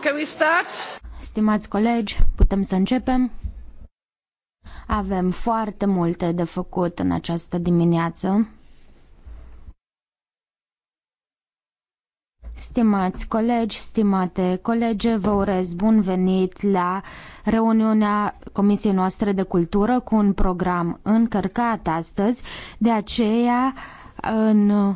can we start? Stimați colegi, putem să începem? Avem foarte multe de făcut în această dimineață. Stimați colegi, stimate colege, vă urez bun venit la reuniunea Comisiei noastre de Cultură cu un program încărcat astăzi, de aceea în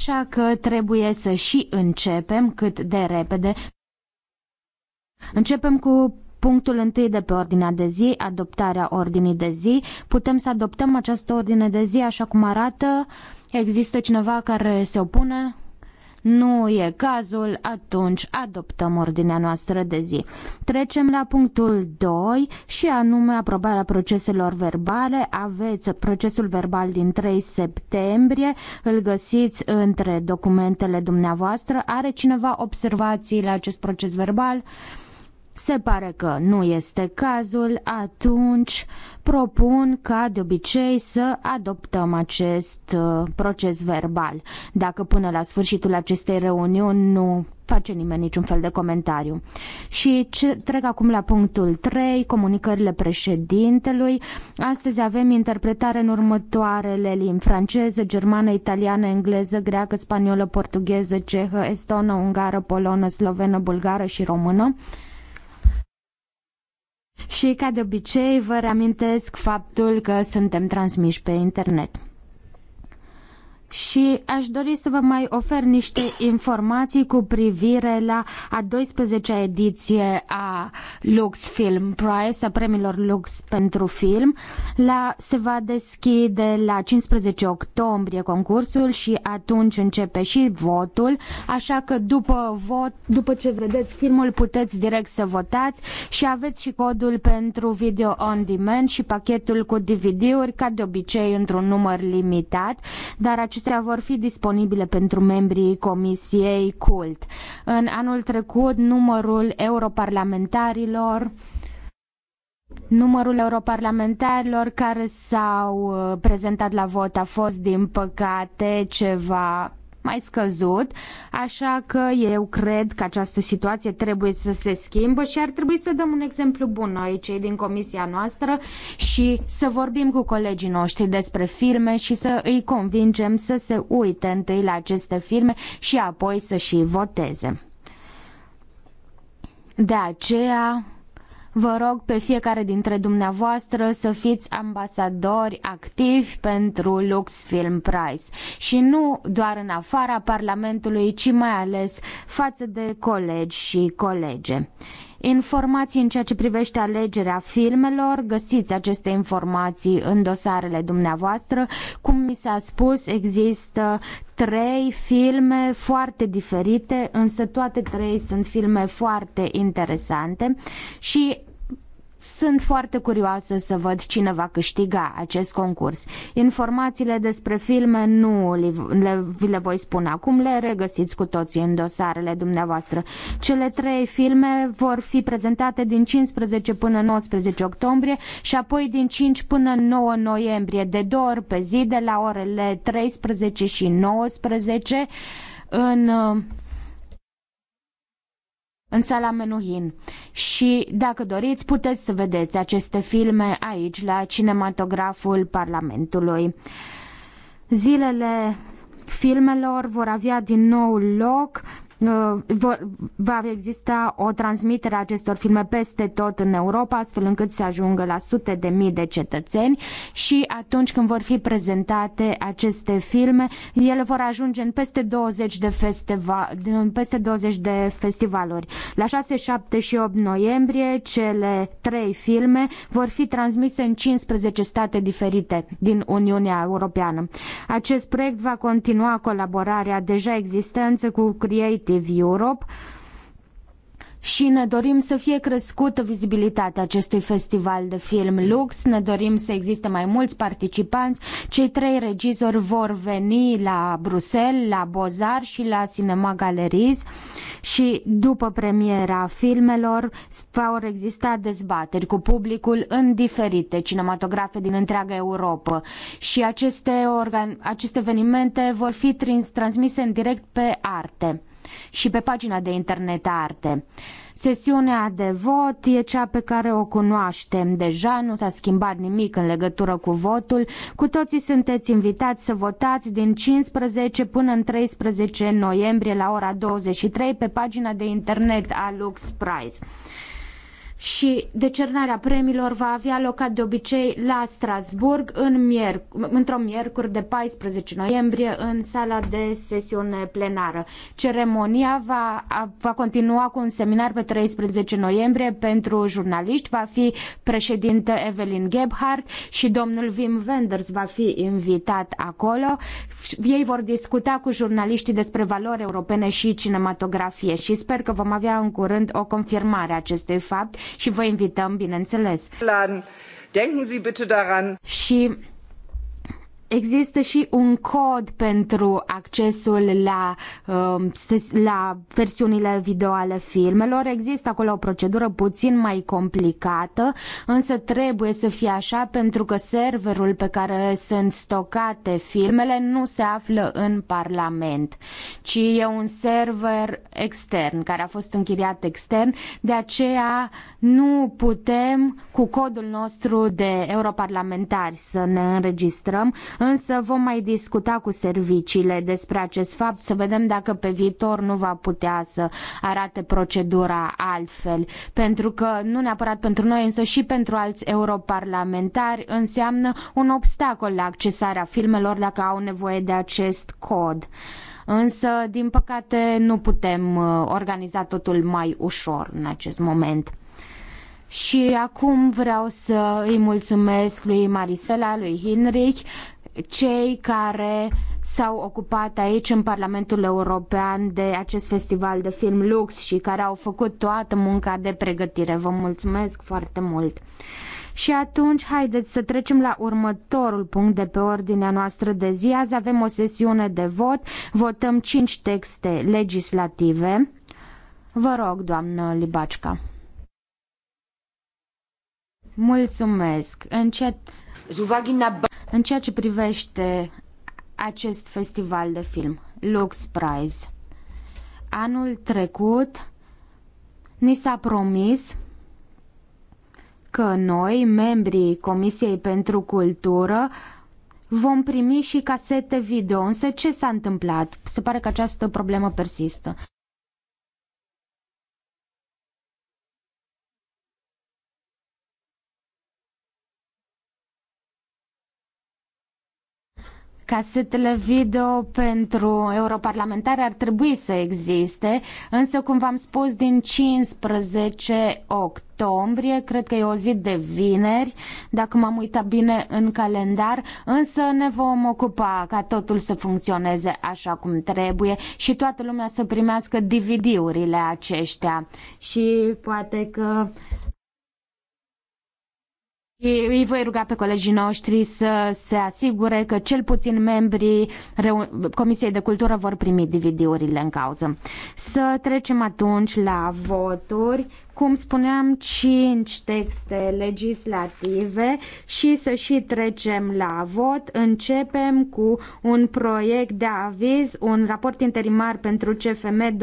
așa că trebuie să și începem cât de repede. Începem cu punctul întâi de pe ordinea de zi, adoptarea ordinii de zi. Putem să adoptăm această ordine de zi așa cum arată. Există cineva care se opune? Nu e cazul, atunci adoptăm ordinea noastră de zi. Trecem la punctul 2 și anume aprobarea proceselor verbale. Aveți procesul verbal din 3 septembrie, îl găsiți între documentele dumneavoastră. Are cineva observații la acest proces verbal? Se pare că nu este cazul, atunci propun ca de obicei să adoptăm acest uh, proces verbal. Dacă până la sfârșitul acestei reuniuni nu face nimeni niciun fel de comentariu. Și trec acum la punctul 3, comunicările președintelui. Astăzi avem interpretare în următoarele limbi franceză, germană, italiană, engleză, greacă, spaniolă, portugheză, cehă, estonă, ungară, polonă, slovenă, bulgară și română. Și ca de obicei vă reamintesc faptul că suntem transmiși pe internet și aș dori să vă mai ofer niște informații cu privire la a 12-a ediție a Lux Film Prize, a premiilor Lux pentru film. La, se va deschide la 15 octombrie concursul și atunci începe și votul, așa că după vot, după ce vedeți filmul puteți direct să votați și aveți și codul pentru video on demand și pachetul cu DVD-uri, ca de obicei într-un număr limitat, dar acest acestea vor fi disponibile pentru membrii Comisiei CULT. În anul trecut, numărul europarlamentarilor Numărul europarlamentarilor care s-au uh, prezentat la vot a fost, din păcate, ceva mai scăzut, așa că eu cred că această situație trebuie să se schimbă și ar trebui să dăm un exemplu bun noi, cei din comisia noastră, și să vorbim cu colegii noștri despre firme și să îi convingem să se uite întâi la aceste firme și apoi să și voteze. De aceea, Vă rog pe fiecare dintre dumneavoastră să fiți ambasadori activi pentru Lux Film Prize și nu doar în afara Parlamentului, ci mai ales față de colegi și colege. Informații în ceea ce privește alegerea filmelor, găsiți aceste informații în dosarele dumneavoastră. Cum mi s-a spus, există trei filme foarte diferite, însă toate trei sunt filme foarte interesante și sunt foarte curioasă să văd cine va câștiga acest concurs. Informațiile despre filme nu le, vi le voi spune acum, le regăsiți cu toții în dosarele dumneavoastră. Cele trei filme vor fi prezentate din 15 până 19 octombrie și apoi din 5 până 9 noiembrie, de două ori pe zi, de la orele 13 și 19 în uh, în sala Menuhin. Și dacă doriți, puteți să vedeți aceste filme aici, la cinematograful Parlamentului. Zilele filmelor vor avea din nou loc va exista o transmitere a acestor filme peste tot în Europa, astfel încât să ajungă la sute de mii de cetățeni și atunci când vor fi prezentate aceste filme, ele vor ajunge în peste 20 de, festival, în peste 20 de festivaluri. La 6, 7 și 8 noiembrie, cele trei filme vor fi transmise în 15 state diferite din Uniunea Europeană. Acest proiect va continua colaborarea deja existență cu Creative Creative Europe și ne dorim să fie crescută vizibilitatea acestui festival de film Lux, ne dorim să existe mai mulți participanți. Cei trei regizori vor veni la Bruxelles, la Bozar și la Cinema Galeries și după premiera filmelor vor exista dezbateri cu publicul în diferite cinematografe din întreaga Europa și aceste, organ- aceste evenimente vor fi transmise în direct pe arte și pe pagina de internet a Arte. Sesiunea de vot e cea pe care o cunoaștem deja, nu s-a schimbat nimic în legătură cu votul. Cu toții sunteți invitați să votați din 15 până în 13 noiembrie la ora 23 pe pagina de internet a Lux Prize și decernarea premiilor va avea loc de obicei la Strasburg în mier- într-o miercuri de 14 noiembrie în sala de sesiune plenară. Ceremonia va, va continua cu un seminar pe 13 noiembrie pentru jurnaliști. Va fi președinte Evelyn Gebhardt și domnul Wim Wenders va fi invitat acolo. Ei vor discuta cu jurnaliștii despre valori europene și cinematografie și sper că vom avea în curând o confirmare a acestui fapt și vă invităm, bineînțeles. Laden. Denken Sie bitte daran. Și Există și un cod pentru accesul la, um, la versiunile video ale filmelor. Există acolo o procedură puțin mai complicată, însă trebuie să fie așa pentru că serverul pe care sunt stocate filmele nu se află în Parlament, ci e un server extern care a fost închiriat extern, de aceea nu putem cu codul nostru de europarlamentari să ne înregistrăm Însă vom mai discuta cu serviciile despre acest fapt să vedem dacă pe viitor nu va putea să arate procedura altfel. Pentru că nu neapărat pentru noi, însă și pentru alți europarlamentari înseamnă un obstacol la accesarea filmelor dacă au nevoie de acest cod. Însă, din păcate, nu putem uh, organiza totul mai ușor în acest moment. Și acum vreau să îi mulțumesc lui Marisela, lui Hinrich cei care s-au ocupat aici în Parlamentul European de acest festival de film Lux și care au făcut toată munca de pregătire. Vă mulțumesc foarte mult! Și atunci, haideți să trecem la următorul punct de pe ordinea noastră de zi. Azi avem o sesiune de vot, votăm cinci texte legislative. Vă rog, doamnă Libacica. Mulțumesc. Încet în ceea ce privește acest festival de film, Lux Prize, anul trecut ni s-a promis că noi, membrii Comisiei pentru Cultură, vom primi și casete video. Însă ce s-a întâmplat? Se pare că această problemă persistă. Casetele video pentru europarlamentare ar trebui să existe, însă, cum v-am spus, din 15 octombrie, cred că e o zi de vineri, dacă m-am uitat bine în calendar, însă ne vom ocupa ca totul să funcționeze așa cum trebuie și toată lumea să primească DVD-urile aceștia. Și poate că îi voi ruga pe colegii noștri să se asigure că cel puțin membrii Comisiei de Cultură vor primi DVD-urile în cauză. Să trecem atunci la voturi cum spuneam, cinci texte legislative și să și trecem la vot. Începem cu un proiect de aviz, un raport interimar pentru CFM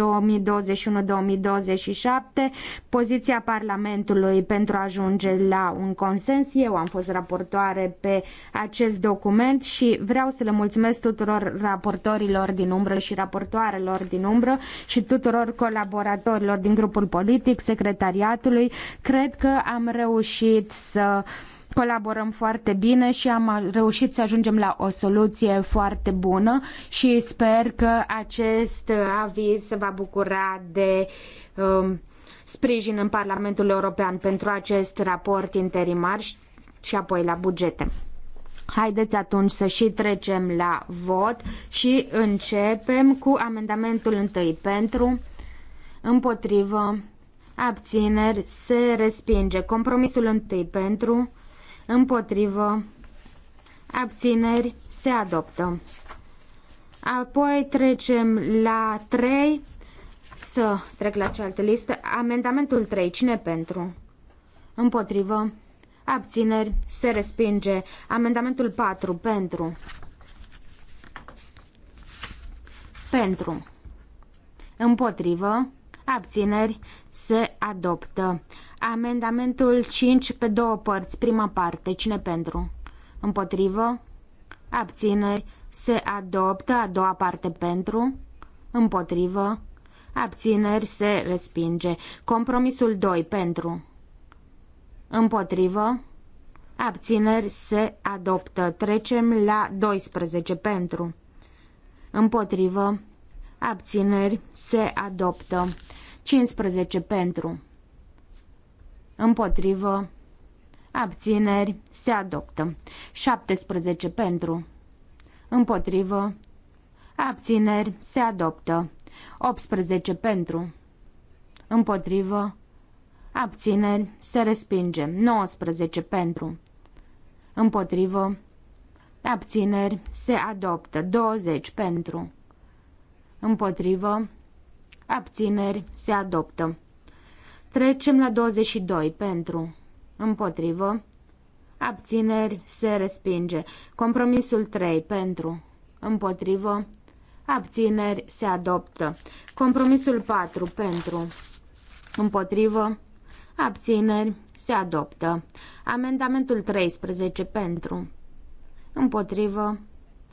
2021-2027, poziția Parlamentului pentru a ajunge la un consens. Eu am fost raportoare pe acest document și vreau să le mulțumesc tuturor raportorilor din umbră și raportoarelor din umbră și tuturor colaboratorilor din grupul politic, secretar secretariatului. Cred că am reușit să colaborăm foarte bine și am reușit să ajungem la o soluție foarte bună și sper că acest aviz se va bucura de um, sprijin în Parlamentul European pentru acest raport interimar și, și apoi la bugete. Haideți atunci să și trecem la vot și începem cu amendamentul întâi pentru, împotrivă, abțineri, se respinge. Compromisul întâi pentru, împotrivă, abțineri, se adoptă. Apoi trecem la 3, să trec la cealaltă listă, amendamentul 3, cine pentru? Împotrivă, abțineri, se respinge. Amendamentul 4, pentru. Pentru. Împotrivă. Abțineri se adoptă. Amendamentul 5 pe două părți, prima parte. Cine pentru? Împotrivă? Abțineri se adoptă. A doua parte pentru? Împotrivă? Abțineri se respinge. Compromisul 2 pentru? Împotrivă? Abțineri se adoptă. Trecem la 12 pentru. Împotrivă. Abțineri se adoptă. 15 pentru. Împotrivă. Abțineri. Se adoptă. 17 pentru. Împotrivă. Abțineri. Se adoptă. 18 pentru. Împotrivă. Abțineri. Se respinge. 19 pentru. Împotrivă. Abțineri. Se adoptă. 20 pentru. Împotrivă. Abțineri se adoptă. Trecem la 22 pentru. Împotrivă. Abțineri se respinge. Compromisul 3 pentru. Împotrivă. Abțineri se adoptă. Compromisul 4 pentru. Împotrivă. Abțineri se adoptă. Amendamentul 13 pentru. Împotrivă.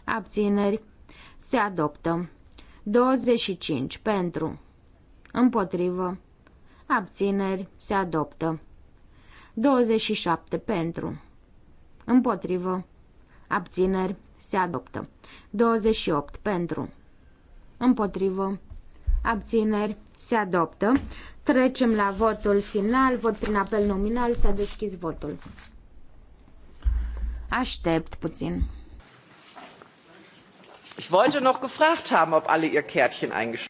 Abțineri se adoptă. 25 pentru. Împotrivă. Abțineri. Se adoptă. 27 pentru. Împotrivă. Abțineri. Se adoptă. 28 pentru. Împotrivă. Abțineri. Se adoptă. Trecem la votul final. Vot prin apel nominal. S-a deschis votul. Aștept puțin.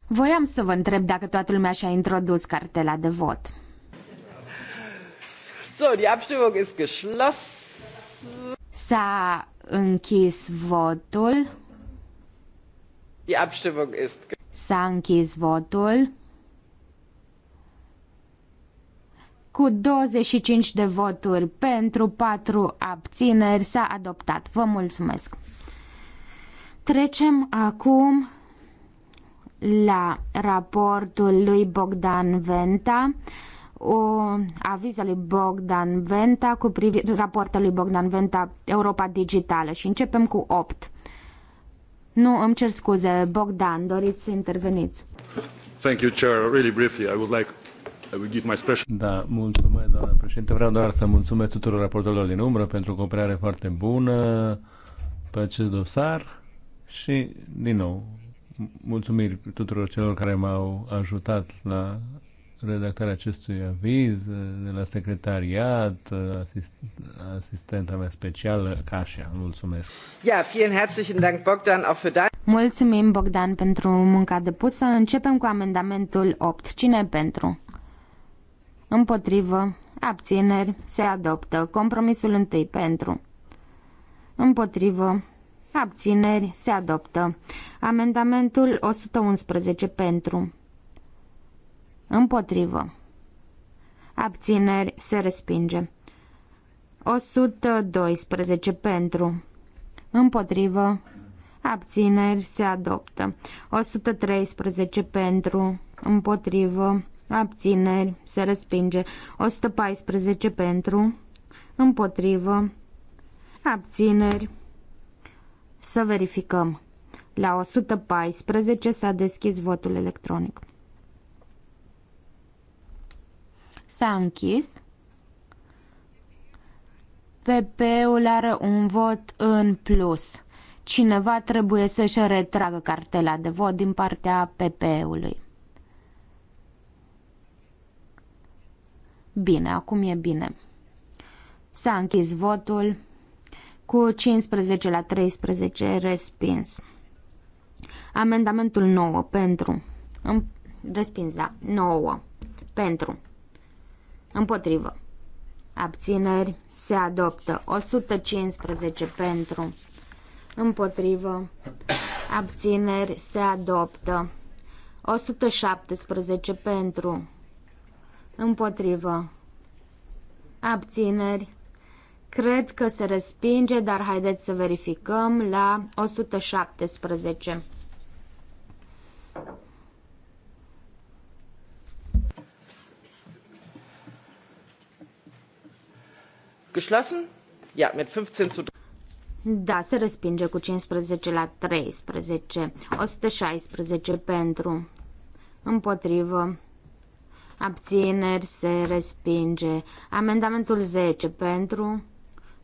Voiam să vă întreb dacă toată lumea și-a introdus cartela de vot. So, die Abstimmung ist geschlossen. S-a închis votul. Die Abstimmung ist S-a închis votul. Cu 25 de voturi pentru 4 abțineri s-a adoptat. Vă mulțumesc! Trecem acum la raportul lui Bogdan Venta, o aviză lui Bogdan Venta cu privire raportul lui Bogdan Venta Europa Digitală și începem cu 8. Nu, îmi cer scuze, Bogdan, doriți să interveniți. Thank you, Chair. Really briefly, I would like I would give my special. da, mulțumesc, doamna președinte. Vreau doar să mulțumesc tuturor raportorilor din umbră pentru cooperare foarte bună pe acest dosar și, din nou, mulțumiri tuturor celor care m-au ajutat la redactarea acestui aviz, de la secretariat, asist, asistenta mea specială, Cașia. Mulțumesc! Ja, vielen herzlichen Dank, Bogdan, auch für dein... Mulțumim, Bogdan, pentru munca depusă. Începem cu amendamentul 8. Cine pentru? Împotrivă. Abțineri. Se adoptă. Compromisul întâi pentru. Împotrivă. Abțineri se adoptă. Amendamentul 111 pentru. Împotrivă. Abțineri se respinge. 112 pentru. Împotrivă. Abțineri se adoptă. 113 pentru. Împotrivă. Abțineri se respinge. 114 pentru. Împotrivă. Abțineri să verificăm. La 114 s-a deschis votul electronic. S-a închis. PP-ul are un vot în plus. Cineva trebuie să-și retragă cartela de vot din partea PP-ului. Bine, acum e bine. S-a închis votul cu 15 la 13 respins. Amendamentul 9 pentru. În, respins, da. 9 pentru. Împotrivă. Abțineri se adoptă. 115 pentru. Împotrivă. Abțineri se adoptă. 117 pentru. Împotrivă. Abțineri Cred că se respinge, dar haideți să verificăm la 117. Geschlossen? Ja, mit 15 zu da, se respinge cu 15 la 13, 116 pentru, împotrivă, abțineri se respinge, amendamentul 10 pentru,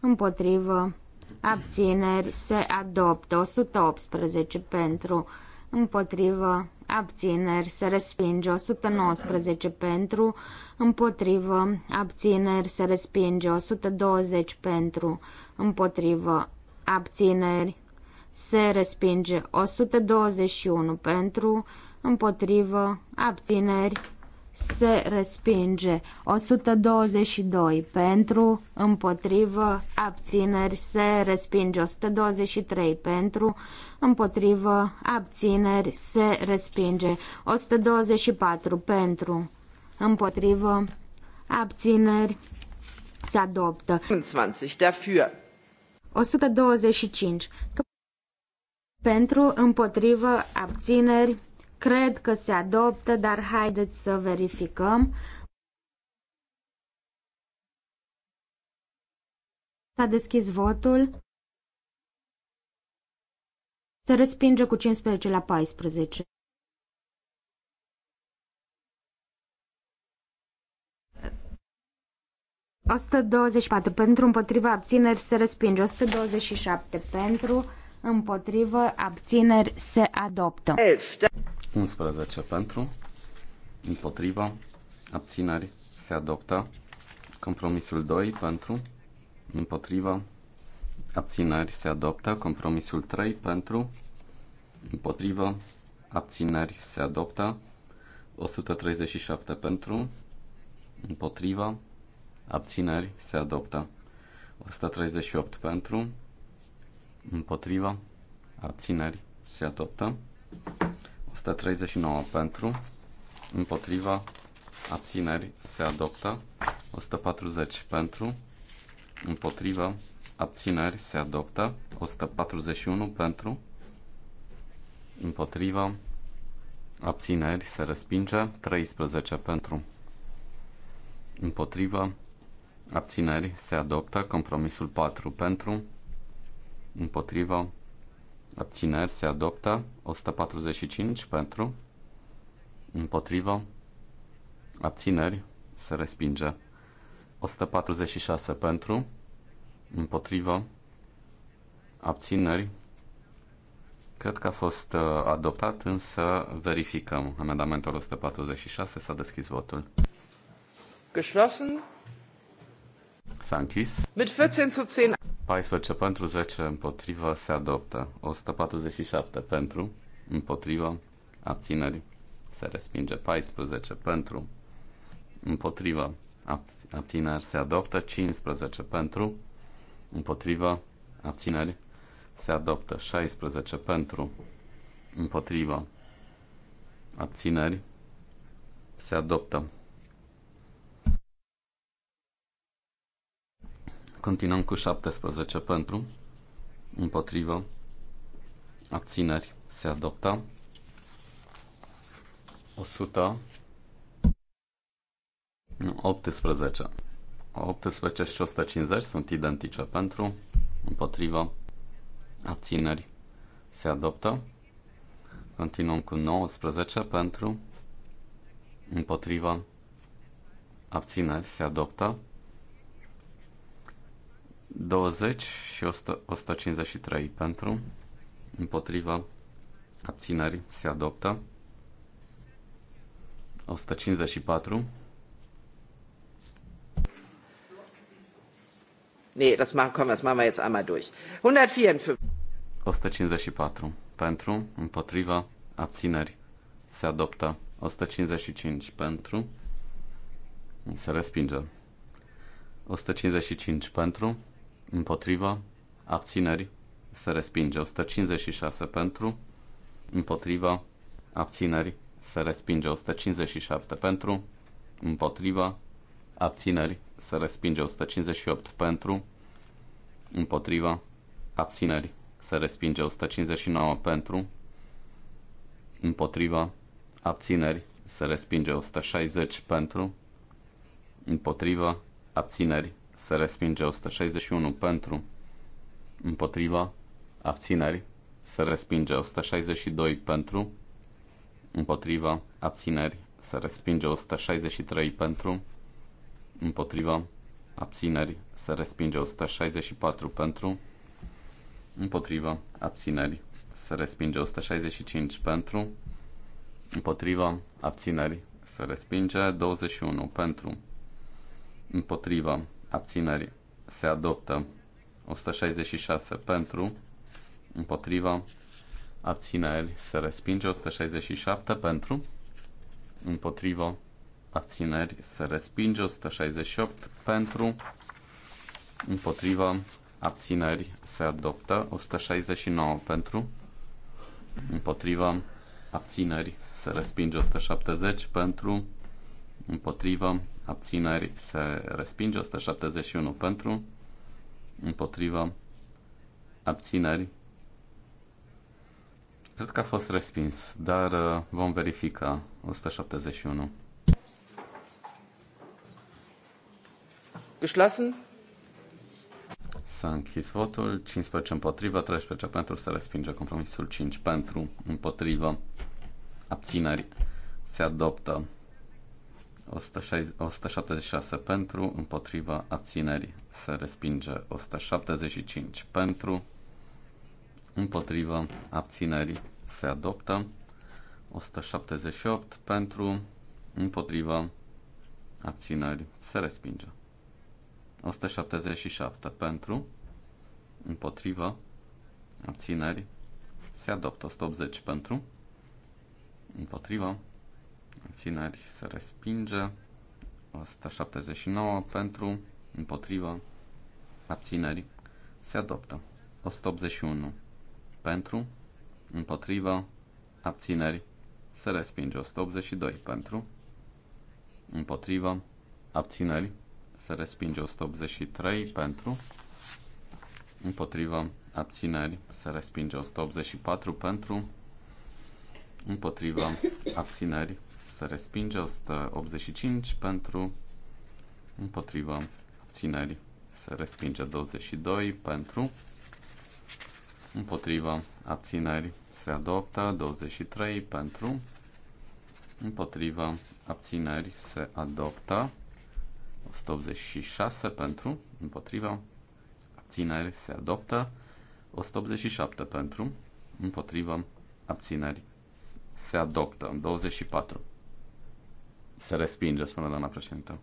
împotrivă, abțineri, se adoptă. 118 pentru, împotrivă, abțineri, se respinge. 119 pentru, împotrivă, abțineri, se respinge. 120 pentru, împotrivă, abțineri, se respinge. 121 pentru, împotrivă, abțineri, se respinge. 122 pentru, împotrivă, abțineri, se respinge. 123 pentru, împotrivă, abțineri, se respinge. 124 pentru, împotrivă, abțineri, se adoptă. 125 pentru, împotrivă, abțineri, Cred că se adoptă, dar haideți să verificăm. S-a deschis votul. Se respinge cu 15 la 14. ...124 pentru, împotriva, abțineri, se respinge. 127 pentru, împotriva abțineri, se adoptă. 11 pentru, împotriva, abțineri, se adoptă. Compromisul 2 pentru, împotriva, abțineri, se adoptă. Compromisul 3 pentru, împotriva, abțineri, se adoptă. 137 pentru, împotriva, abțineri, se adoptă. 138 pentru, împotriva, abțineri, se adoptă. 139 pentru, împotriva, abțineri se adoptă. 140 pentru, împotriva, abțineri se adoptă. 141 pentru, împotriva, abțineri se respinge. 13 pentru, împotriva, abțineri se adoptă. Compromisul 4 pentru, împotriva, abțineri se adoptă, 145 pentru, împotrivă, abțineri se respinge, 146 pentru, împotrivă, abțineri, cred că a fost uh, adoptat, însă verificăm. Amendamentul 146 s-a deschis votul. Geschlossen. S-a închis. Mit 14 zu 10. 14 pentru 10 împotrivă se adoptă. 147 pentru împotrivă abțineri se respinge. 14 pentru împotrivă abțineri se adoptă. 15 pentru împotrivă abțineri se adoptă. 16 pentru împotrivă abțineri se adoptă. Continuăm cu 17 pentru, împotrivă, abțineri, se adoptă. 100, 18. 18 și 150 sunt identice pentru, împotrivă, abțineri, se adoptă. Continuăm cu 19 pentru, împotrivă, abțineri, se adoptă. 20 și 100, 153 pentru, împotriva, abțineri, se adoptă. 154. Nee, das machen, komm, das machen wir jetzt einmal durch. 154. 154. Pentru, împotriva, abțineri, se adoptă. 155 pentru, se respinge. 155 pentru, împotriva, abțineri, se respinge. 156 pentru, împotriva, abțineri, se respinge. 157 pentru, împotriva, abțineri, se respinge. 158 pentru, împotriva, abțineri, se respinge. 159 pentru, împotriva, abțineri, se respinge 160 pentru, împotriva, abțineri, se respinge 161 pentru, împotriva, abțineri, se respinge 162 pentru, împotriva, abțineri, se respinge 163 pentru, împotriva, abțineri, se respinge 164 pentru, împotriva, abțineri, se respinge 165 pentru, împotriva, abțineri, se respinge 21 pentru, împotriva, abțineri se adoptă. 166 pentru, împotriva, abțineri se respinge. 167 pentru, împotriva, abțineri se respinge. 168 pentru, împotriva, abțineri se adoptă. 169 pentru, împotriva, abțineri se respinge. 170 pentru, împotriva, abțineri se respinge, 171 pentru, împotriva, abțineri. Cred că a fost respins, dar uh, vom verifica 171. Geschlossen. S-a închis votul, 15 împotriva, 13 pentru, se respinge compromisul 5 pentru, împotriva, abțineri, se adoptă 176 pentru, împotriva abținerii se respinge 175 pentru, împotriva abținerii se adoptă 178 pentru, împotriva abținerii se respinge 177 pentru, împotriva abținerii se adoptă 180 pentru, împotriva Țineri se respinge. 179 pentru, împotriva, abțineri se adoptă. 181 pentru, împotriva, abțineri se respinge. 182 pentru, împotriva, abțineri se respinge. 183 pentru, împotriva, abțineri se respinge. 184 pentru, împotriva, abțineri se respinge, 185 pentru, împotriva abținerii se respinge, 22 pentru, împotriva abținerii se adoptă, 23 pentru, împotriva abținerii se adoptă, 186 pentru, împotriva abținerii. se adoptă, 187 pentru, împotriva abținerii. se adoptă, 24 se respinge, spune doamna președintă.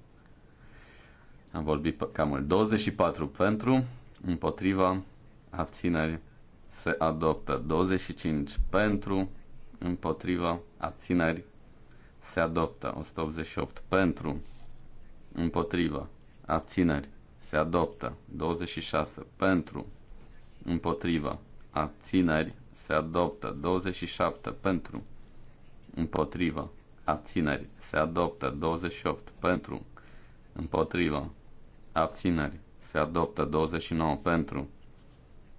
Am vorbit cam mult. 24 pentru, împotriva, abțineri, se adoptă. 25 pentru, împotriva, abțineri, se adoptă. 188 pentru, împotriva, abțineri, se adoptă. 26 pentru, împotriva, abțineri, se adoptă. 27 pentru, împotriva, abțineri, se adoptă 28 pentru, împotrivă, abțineri, se adoptă 29 pentru,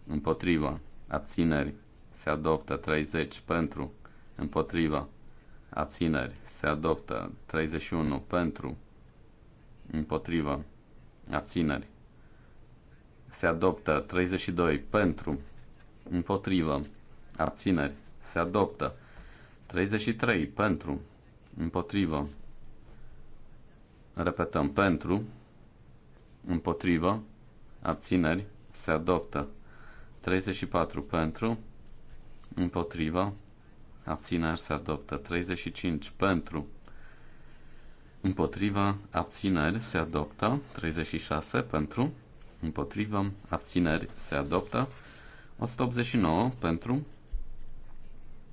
împotrivă, abțineri, se adoptă 30 pentru, împotrivă, abțineri, se adoptă 31 pentru, împotrivă, abțineri, se adoptă 32 pentru, împotrivă, abțineri, se adoptă 33 pentru, împotrivă, repetăm, pentru, împotrivă, abțineri, se adoptă. 34 pentru, împotrivă, abțineri, se adoptă. 35 pentru, împotriva, abțineri, se adoptă. 36 pentru, împotrivă, abțineri, se adoptă. 189 pentru,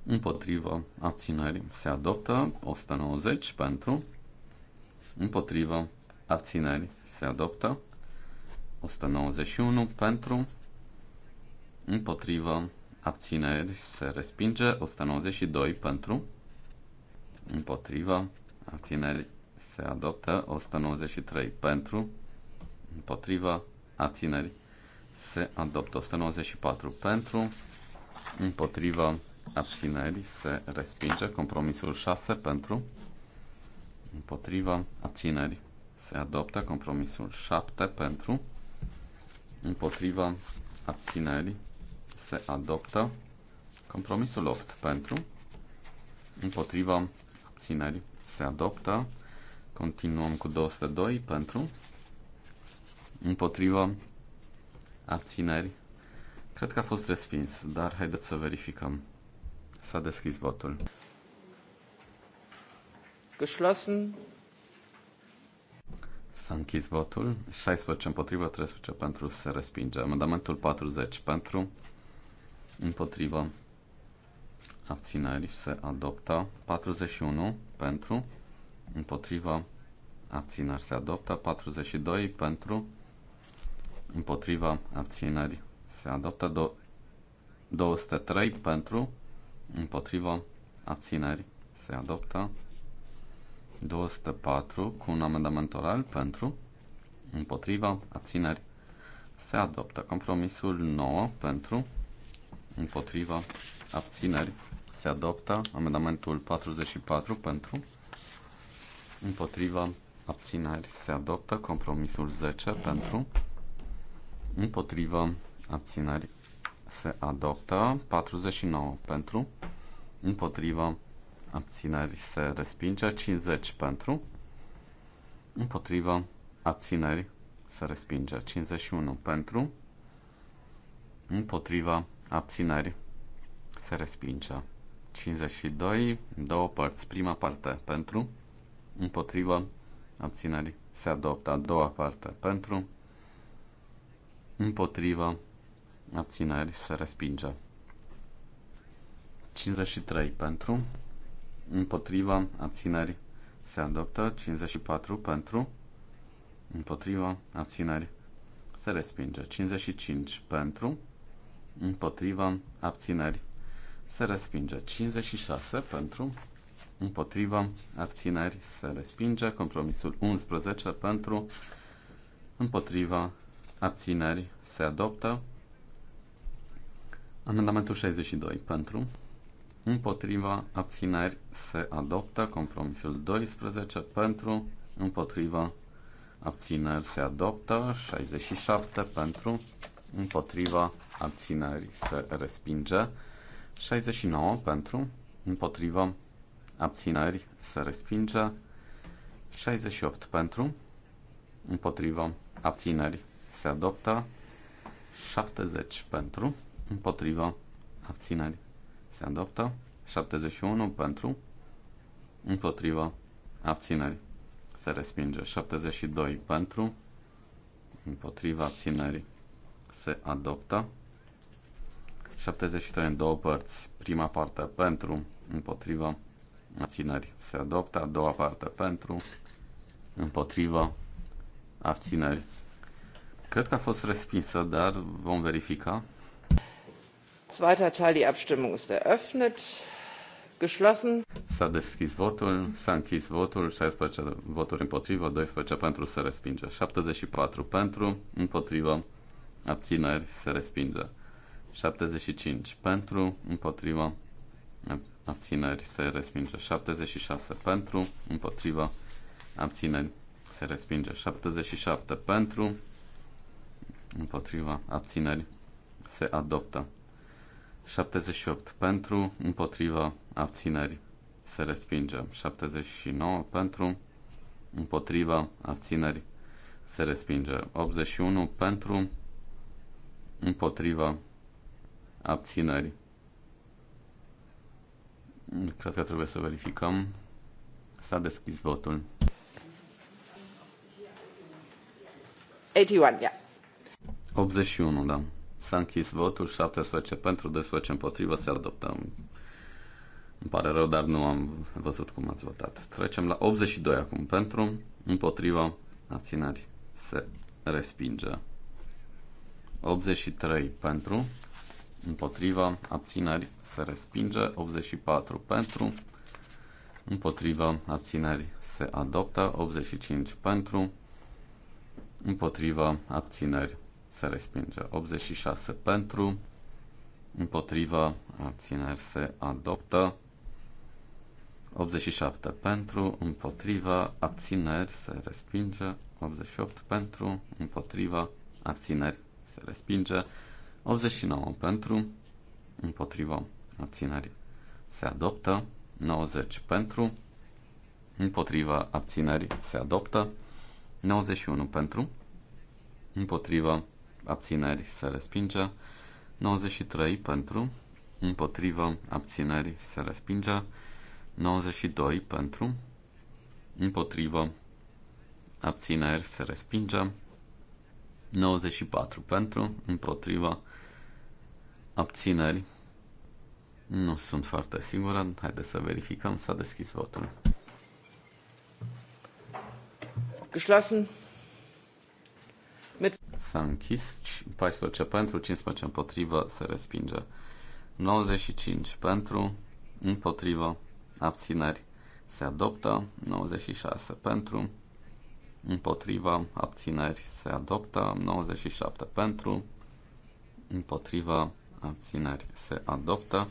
împotriva abținerii. se adoptă, 190 pentru, împotrivă, abținerii. se adoptă, 191 pentru, împotrivă, abțineri se respinge, 192 pentru, împotrivă, abțineri se adoptă, 193 pentru, împotrivă, abțineri se adoptă, 194 pentru, împotrivă, abțineri se respinge. Compromisul 6 pentru, împotriva, abținerii se adoptă. Compromisul 7 pentru, împotriva, abținerii se adoptă. Compromisul 8 pentru, împotriva, abținerii se adoptă. Continuăm cu 202 pentru, împotriva, abțineri Cred că a fost respins, dar haideți să verificăm. S-a deschis votul. Geschlossen. S-a închis votul. 16 împotriva, 13 pentru se respinge. Amendamentul 40 pentru, împotriva, abținerii se adoptă. 41 pentru, împotriva, abțineri se adoptă. 42 pentru, împotriva, abținerii se adoptă. Do- 203 pentru, împotriva, abțineri, se adoptă. 204 cu un amendament oral pentru, împotriva, abțineri, se adoptă. Compromisul 9 pentru, împotriva, abțineri, se adoptă. Amendamentul 44 pentru, împotriva, abțineri, se adoptă. Compromisul 10 pentru, împotriva, abțineri, se adoptă, 49 pentru, împotriva abțineri se respinge, 50 pentru, împotriva abțineri se respinge, 51 pentru, împotriva abțineri se respinge. 52, două părți. Prima parte pentru, împotriva abțineri se adoptă. A doua parte pentru, împotriva abțineri se respinge. 53 pentru, împotriva, abțineri se adoptă. 54 pentru, împotriva, abțineri se respinge. 55 pentru, împotriva, abțineri se respinge. 56 pentru, împotriva, abțineri se respinge. Compromisul 11 pentru, împotriva, abțineri se adoptă. Amendamentul 62 pentru, împotriva, abțineri se adoptă. Compromisul 12 pentru, împotriva, abțineri se adoptă. 67 pentru, împotriva, abțineri se respinge. 69 pentru, împotriva, abțineri se respinge. 68 pentru, împotriva, abțineri se adoptă. 70 pentru, împotrivă. abțineri, se adoptă. 71 pentru, Împotrivă. abțineri, se respinge. 72 pentru, Împotrivă. abțineri, se adoptă. 73 în două părți. Prima parte pentru, Împotrivă. abțineri se adoptă. A doua parte pentru, Împotrivă. abțineri. Cred că a fost respinsă, dar vom verifica. Zweiter Teil, die Abstimmung ist eröffnet. Geschlossen. S-a deschis votul, s-a închis votul, 16 voturi împotrivă, 12 pentru se respinge, 74 pentru, împotrivă, abțineri se respinge, 75 pentru, împotrivă, abțineri se respinge, 76 pentru, împotrivă, abțineri se respinge, 77 pentru, împotriva abțineri se adoptă. 78 pentru, împotriva abțineri se respinge. 79 pentru, împotriva abțineri se respinge. 81 pentru, împotriva abțineri. Cred că trebuie să verificăm. S-a deschis votul. 81, yeah. 81, da. S-a închis votul, 17 pentru, 12 împotrivă, se adoptă. Îmi pare rău, dar nu am văzut cum ați votat. Trecem la 82 acum. Pentru, împotriva, abțineri, se respinge. 83 pentru, împotriva, abțineri, se respinge. 84 pentru, împotriva, abțineri, se adoptă. 85 pentru, împotriva, abțineri, se respinge. 86 pentru, împotriva, abțineri se adoptă. 87 pentru, împotriva, abțineri se respinge. 88 pentru, împotriva, abțineri se respinge. 89 pentru, împotriva, abțineri se adoptă. 90 pentru, împotriva, abțineri se adoptă. 91 pentru, împotriva, abțineri se respinge, 93 pentru, împotrivă, abțineri se respinge, 92 pentru, împotrivă, abțineri se respinge, 94 pentru, împotriva, abțineri, nu sunt foarte sigură, haideți să verificăm, s-a deschis votul. Geschlossen. Mit s-a închis, 14 pentru, 15 împotrivă, se respinge. 95 pentru, împotrivă, abțineri, se adoptă. 96 pentru, împotriva, abțineri, se adoptă. 97 pentru, împotriva, abțineri, se adoptă.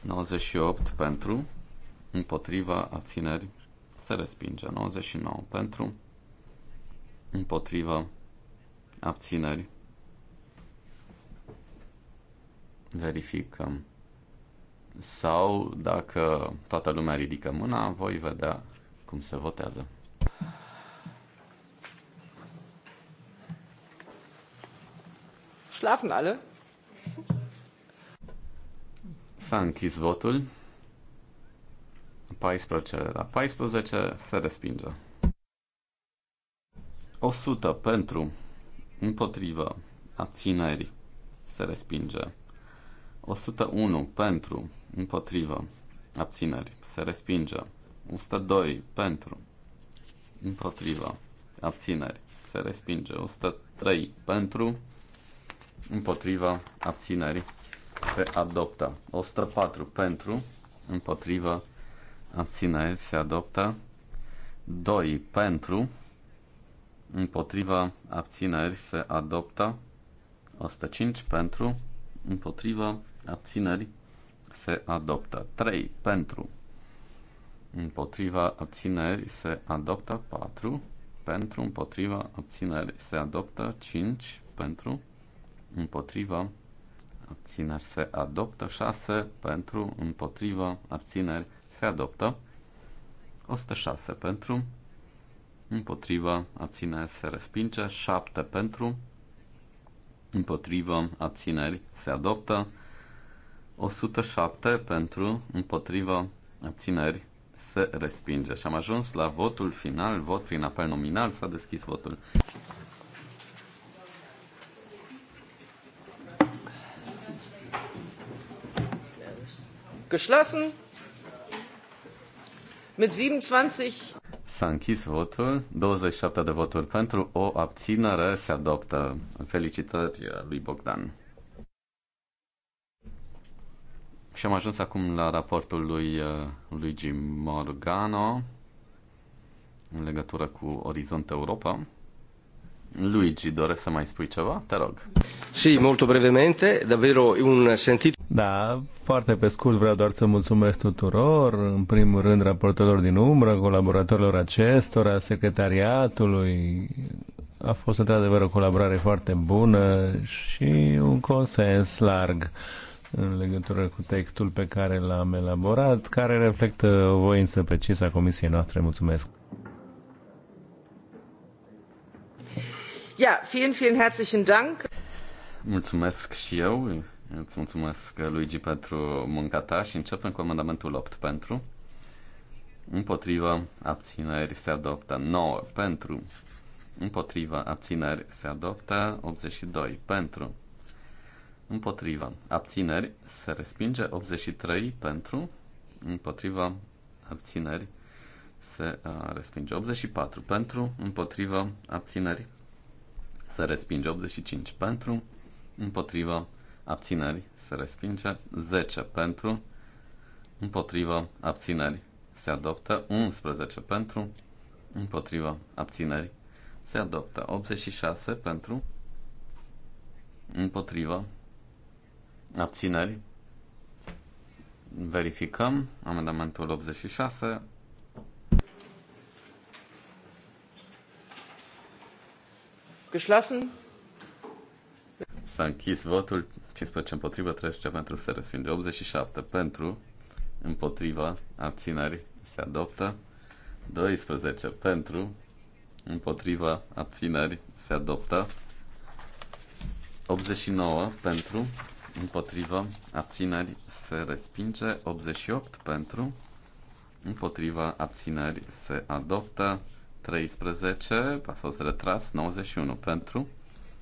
98 pentru, împotriva, abțineri, se respinge. 99 pentru, împotriva, abțineri. Verificăm. Sau dacă toată lumea ridică mâna, voi vedea cum se votează. Schlafen alle? S-a închis votul. 14 la 14 se respinge. 100 pentru împotrivă, abțineri, se respinge. 101 pentru, împotrivă, abțineri, se respinge. 102 pentru, împotrivă, abțineri, se respinge. 103 pentru, împotriva abțineri, se adoptă. 104 pentru, împotriva abțineri, se adoptă. 2 pentru, împotriva abțineri se adoptă 105 pentru împotriva abțineri se adoptă 3 pentru împotriva abțineri se adoptă 4 pentru împotriva abțineri se adoptă 5 pentru împotriva abțineri se adoptă 6 pentru împotriva abțineri se adoptă 106 pentru împotriva, abțineri se respinge, 7 pentru, împotriva, abțineri se adoptă, 107 pentru, împotriva, abțineri se respinge. Și am ajuns la votul final, vot prin apel nominal, s-a deschis votul. Geschlossen mit 27 S-a închis votul, 27 de voturi pentru, o abținere se adoptă. Felicitări uh, lui Bogdan. Și am ajuns acum la raportul lui uh, Luigi Morgano în legătură cu Orizont Europa. Luigi, doresc să mai spui ceva? Te rog. Sì, molto brevemente, davvero un sentito. Da, foarte pe scurt vreau doar să mulțumesc tuturor, în primul rând raportorilor din umbră, colaboratorilor acestora, secretariatului. A fost într-adevăr o colaborare foarte bună și un consens larg în legătură cu textul pe care l-am elaborat, care reflectă o voință precisă a comisiei noastre. Mulțumesc! vielen, vielen herzlichen Dank. Mulțumesc și eu. Îți mulțumesc, uh, Luigi, pentru munca ta și începem cu amendamentul 8 pentru. Împotriva abțineri se adoptă 9 pentru. Împotriva abțineri se adoptă 82 pentru. Împotriva abțineri se respinge 83 pentru. Împotriva abțineri se uh, respinge 84 pentru. Împotriva abțineri se respinge. 85 pentru, împotriva abțineri se respinge. 10 pentru, împotriva abțineri se adoptă. 11 pentru, împotriva abțineri se adoptă. 86 pentru, împotriva abțineri verificăm amendamentul 86 Geschlossen. S-a închis votul. 15 împotriva, 13 pentru se respinge. 87 pentru, împotriva, abțineri se adoptă. 12 pentru, împotriva, abțineri se adoptă. 89 pentru, împotriva, abțineri se respinge. 88 pentru, împotriva, abțineri se adoptă. 13 a fost retras, 91 pentru,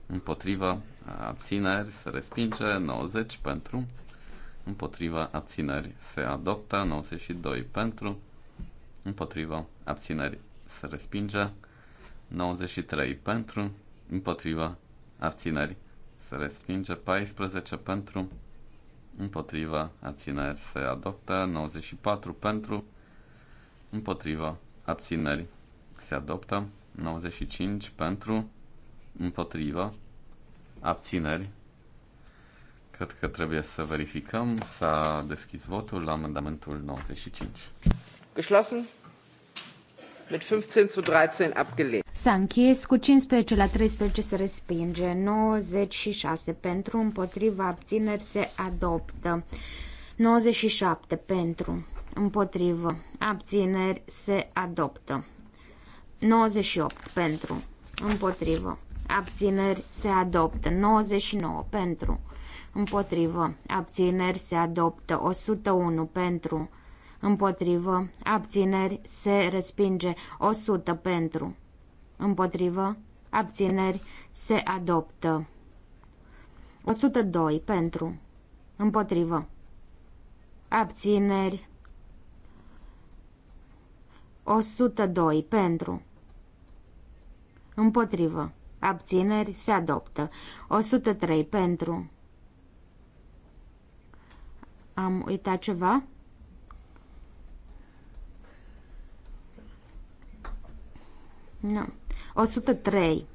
împotriva abțineri se respinge, 90 pentru, împotriva abțineri se adoptă, 92 pentru, împotriva abțineri se respinge, 93 pentru, împotriva abțineri se respinge, 14 pentru, împotriva abțineri se adoptă, 94 pentru, împotriva abțineri se adoptă. 95 pentru, împotrivă, abțineri. Cred că trebuie să verificăm. S-a deschis votul la amendamentul 95. Geschlossen. Mit 15 zu 13 abgelehnt. S-a închis cu 15 la 13 se respinge, 96 pentru, împotriva abțineri se adoptă, 97 pentru, împotrivă, abțineri se adoptă, 98 pentru, împotrivă, abțineri se adoptă, 99 pentru, împotrivă, abțineri se adoptă, 101 pentru, împotrivă, abțineri se respinge, 100 pentru, împotrivă, abțineri se adoptă, 102 pentru, împotrivă, abțineri 102 pentru Împotrivă. Abțineri se adoptă. 103 pentru. Am uitat ceva? Nu. 103.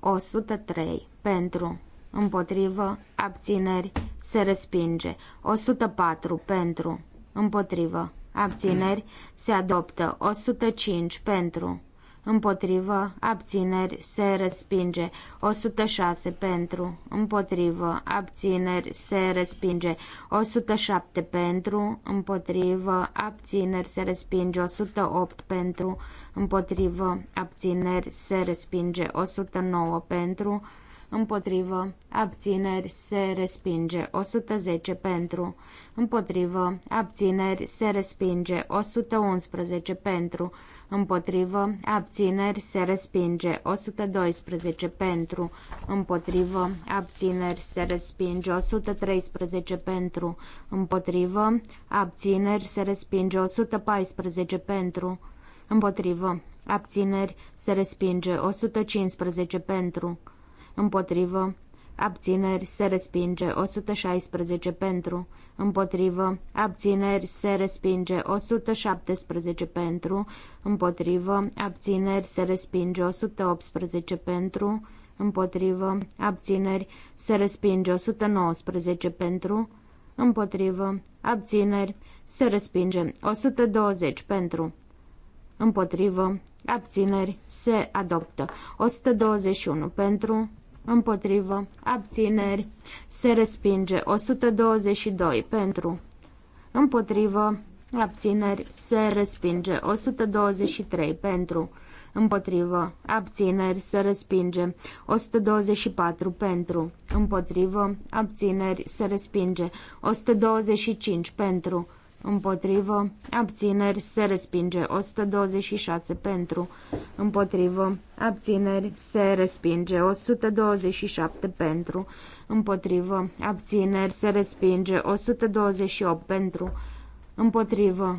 103 pentru. Împotrivă. Abțineri se respinge. 104 pentru. Împotrivă. Abțineri se adoptă. 105 pentru împotrivă, abțineri, se respinge. 106 pentru, împotrivă, abțineri, se respinge. 107 pentru, împotrivă, abțineri, se respinge. 108 pentru, împotrivă, abțineri, se respinge. 109 pentru, împotrivă, abțineri, se respinge, 110 pentru, împotrivă, abțineri, se respinge, 111 pentru, împotrivă, abțineri, se respinge, 112 pentru, împotrivă, abțineri, se respinge, 113 pentru, împotrivă, abțineri, se respinge, 114 pentru, împotrivă, abțineri, se respinge, 115 pentru, împotrivă, abțineri se respinge 116 pentru, împotrivă, abțineri se respinge 117 pentru, împotrivă, abțineri se respinge 118 pentru, împotrivă, abțineri se respinge 119 pentru, împotrivă, abțineri se respinge 120 pentru, împotrivă, abțineri se adoptă 121 pentru, împotrivă, abțineri, se respinge. 122 pentru, împotrivă, abțineri, se respinge. 123 pentru, împotrivă, abțineri, se respinge. 124 pentru, împotrivă, abțineri, se respinge. 125 pentru, împotrivă, abțineri, se respinge. 126 pentru, împotrivă, abțineri, se respinge. 127 pentru, împotrivă, abțineri, se respinge. 128 pentru, împotrivă,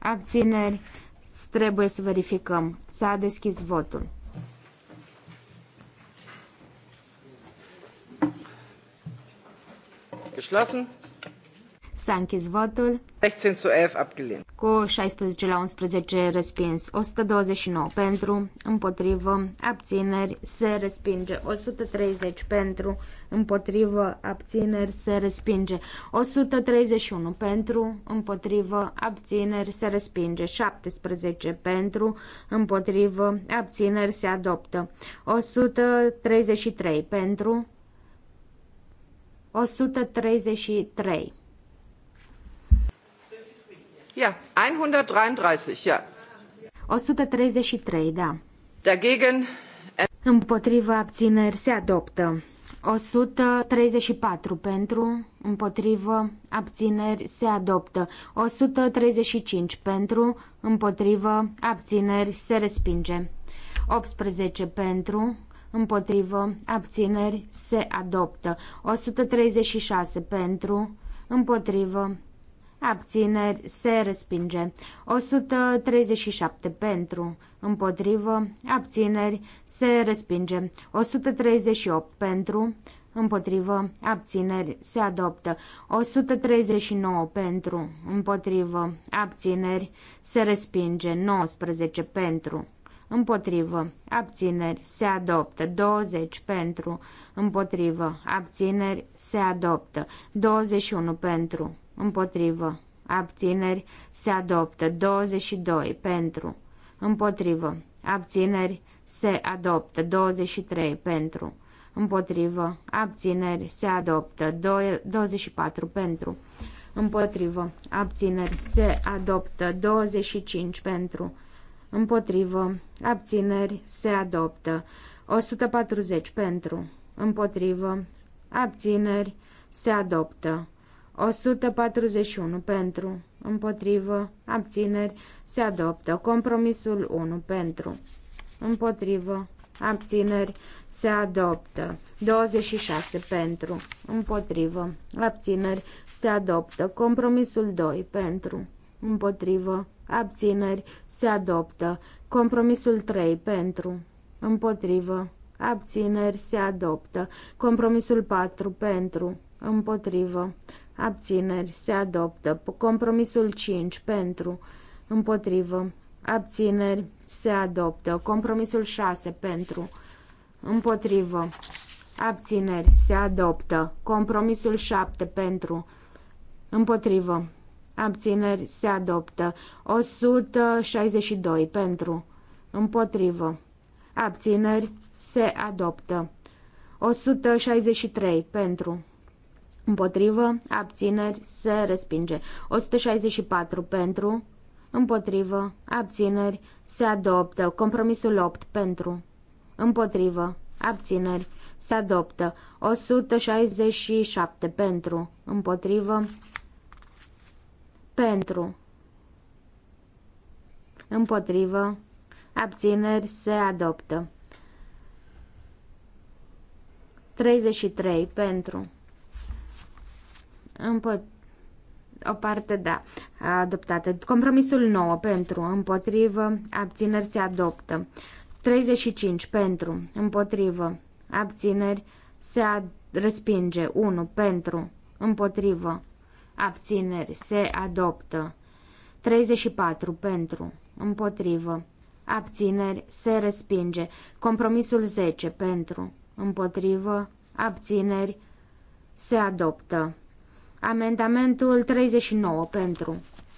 abțineri, trebuie să verificăm. S-a deschis votul. Geschlossen. S-a închis votul. 16 Cu 16 la 11 respins. 129 pentru, împotrivă, abțineri, se respinge. 130 pentru, împotrivă, abțineri, se respinge. 131 pentru, împotrivă, abțineri, se respinge. 17 pentru, împotrivă, abțineri, se adoptă. 133 pentru, 133 133, 133, da. Dagegen. Împotriva abțineri se adoptă. 134 pentru, împotrivă, abțineri se adoptă. 135 pentru, împotrivă, abțineri se respinge. 18 pentru, împotrivă, abțineri se adoptă. 136 pentru, împotrivă, Abțineri se respinge. 137 pentru. Împotrivă. Abțineri se respinge. 138 pentru. Împotrivă. Abțineri se adoptă. 139 pentru. Împotrivă. Abțineri se respinge. 19 pentru. Împotrivă. Abțineri se adoptă. 20 pentru. Împotrivă. Abțineri se adoptă. 21 pentru împotrivă, abțineri, se adoptă. 22 pentru, împotrivă, abțineri, se adoptă. 23 pentru, împotrivă, abțineri, se adoptă. 24 pentru, împotrivă, abțineri, se adoptă. 25 pentru, împotrivă, abțineri, se adoptă. 140 pentru, împotrivă, abțineri, se adoptă. 141 pentru, împotrivă, abțineri, se adoptă. Compromisul 1 pentru, împotrivă, abțineri, se adoptă. 26 pentru, împotrivă, abțineri, se adoptă. Compromisul 2 pentru, împotrivă, abțineri, se adoptă. Compromisul 3 pentru, împotrivă, abțineri, se adoptă. Compromisul 4 pentru, împotrivă, Abțineri. Se adoptă. Compromisul 5. Pentru. Împotrivă. Abțineri. Se adoptă. Compromisul 6. Pentru. Împotrivă. Abțineri. Se adoptă. Compromisul 7. Pentru. Împotrivă. Abțineri. Se adoptă. 162. Pentru. Împotrivă. Abțineri. Se adoptă. 163. Pentru. Împotrivă, abțineri, se respinge. 164 pentru, împotrivă, abțineri, se adoptă. Compromisul 8 pentru, împotrivă, abțineri, se adoptă. 167 pentru, împotrivă, pentru, împotrivă, abțineri, se adoptă. 33 pentru împot O parte da, adoptată. Compromisul 9 pentru, împotrivă, abțineri se adoptă. 35 pentru, împotrivă, abțineri se ad- respinge. 1 pentru, împotrivă, abțineri se adoptă. 34 pentru, împotrivă, abțineri se respinge. Compromisul 10 pentru, împotrivă, abțineri se adoptă. Amendamentul 39 pentru.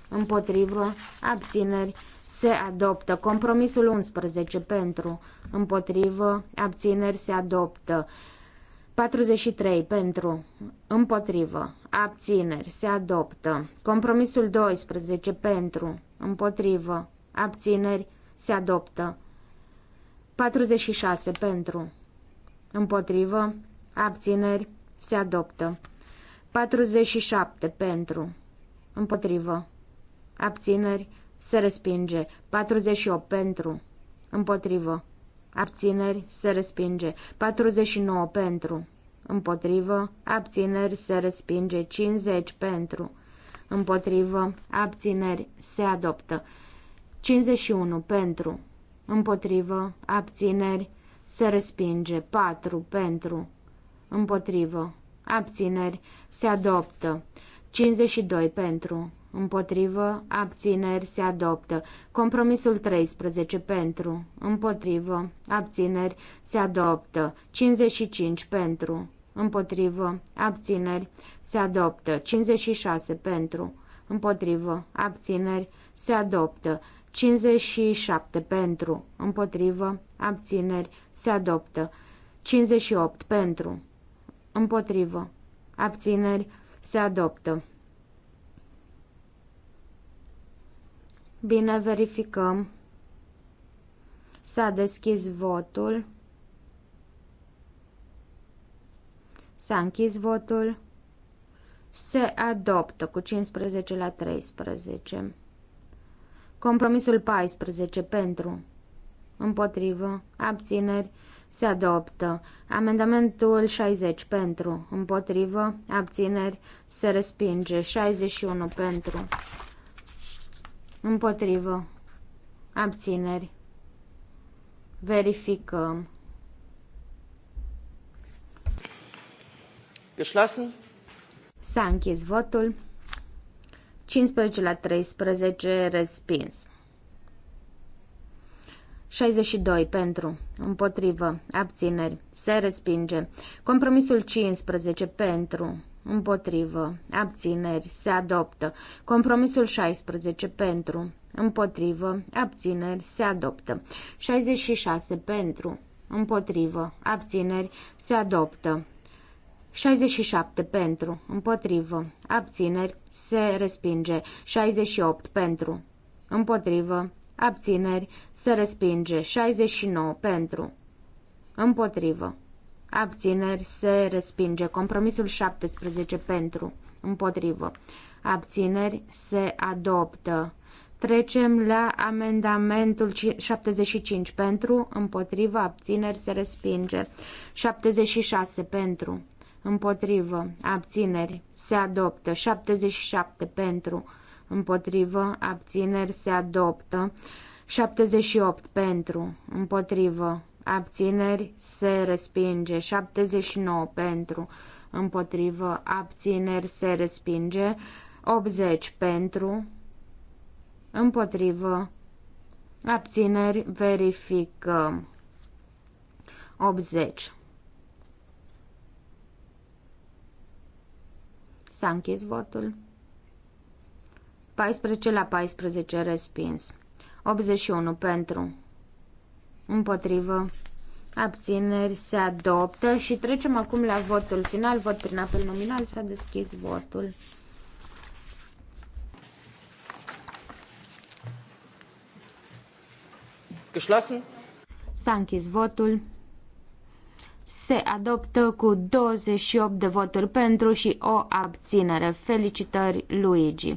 Împotrivă. Abțineri. Se adoptă. Compromisul 11 pentru. Împotrivă. Abțineri. Se adoptă. 43 pentru. Împotrivă. Abțineri. Se adoptă. Compromisul 12 pentru. Împotrivă. Abțineri. Se adoptă. 46 pentru. Împotrivă. Abțineri. Se adoptă. 47 pentru. Împotrivă. Abțineri. Se respinge. 48 pentru. Împotrivă. Abțineri. Se respinge. 49 pentru. Împotrivă. Abțineri. Se respinge. 50 pentru. Împotrivă. Abțineri. Se adoptă. 51 pentru. Împotrivă. Abțineri. Se respinge. 4 pentru. Împotrivă abțineri, se adoptă. 52 pentru, împotrivă, abțineri, se adoptă. Compromisul 13 pentru, împotrivă, abțineri, se adoptă. 55 pentru, împotrivă, abțineri, se adoptă. 56 pentru, împotrivă, abțineri, se adoptă. 57 pentru, împotrivă, abțineri, se adoptă. 58 pentru, Împotrivă. Abțineri. Se adoptă. Bine, verificăm. S-a deschis votul. S-a închis votul. Se adoptă cu 15 la 13. Compromisul 14 pentru. Împotrivă. Abțineri. Se adoptă. Amendamentul 60 pentru. Împotrivă. Abțineri. Se respinge. 61 pentru. Împotrivă. Abțineri. Verificăm. Geschlossen. S-a închis votul. 15 la 13 respins. 62 pentru, împotrivă, abțineri, se respinge. Compromisul 15 pentru, împotrivă, abțineri, se adoptă. Compromisul 16 pentru, împotrivă, abțineri, se adoptă. 66 pentru, împotrivă, abțineri, se adoptă. 67 pentru, împotrivă, abțineri, se respinge. 68 pentru, împotrivă, Abțineri. Se respinge. 69. Pentru. Împotrivă. Abțineri. Se respinge. Compromisul 17. Pentru. Împotrivă. Abțineri. Se adoptă. Trecem la amendamentul 75 pentru, împotrivă, abțineri se respinge. 76 pentru, împotrivă, abțineri se adoptă. 77 pentru, împotrivă, abțineri se adoptă. 78 pentru, împotrivă, abțineri se respinge. 79 pentru, împotrivă, abțineri se respinge. 80 pentru, împotrivă, abțineri verifică, 80. S-a închis votul. 14 la 14 respins. 81 pentru. Împotrivă. Abțineri se adoptă și trecem acum la votul final. Vot prin apel nominal s-a deschis votul. Geschlossen. S-a închis votul. Se adoptă cu 28 de voturi pentru și o abținere. Felicitări, Luigi!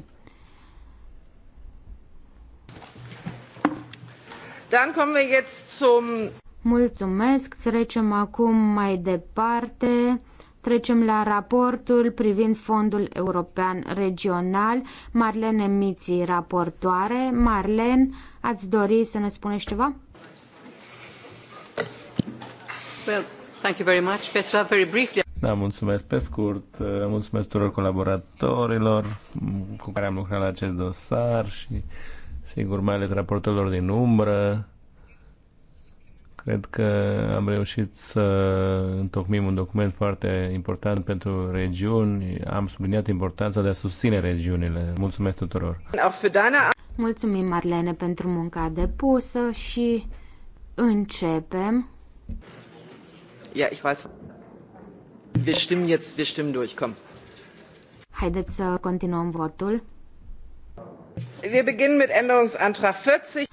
Dann kommen wir jetzt zum Mulțumesc. Trecem acum mai departe. Trecem la raportul privind Fondul European Regional. Marlene Miți, raportoare. Marlen, ați dori să ne spuneți ceva? Well, thank you very much, Petra. Very briefly. Da, mulțumesc pe scurt, mulțumesc tuturor colaboratorilor cu care am lucrat la acest dosar și sigur, mai ales raportelor din umbră. Cred că am reușit să întocmim un document foarte important pentru regiuni. Am subliniat importanța de a susține regiunile. Mulțumesc tuturor! Mulțumim, Marlene, pentru munca depusă și începem. Ja, ich weiß. Wir stimmen jetzt, wir stimmen durch, komm. Haideți să continuăm votul. Wir beginnen mit Änderungsantrag 40.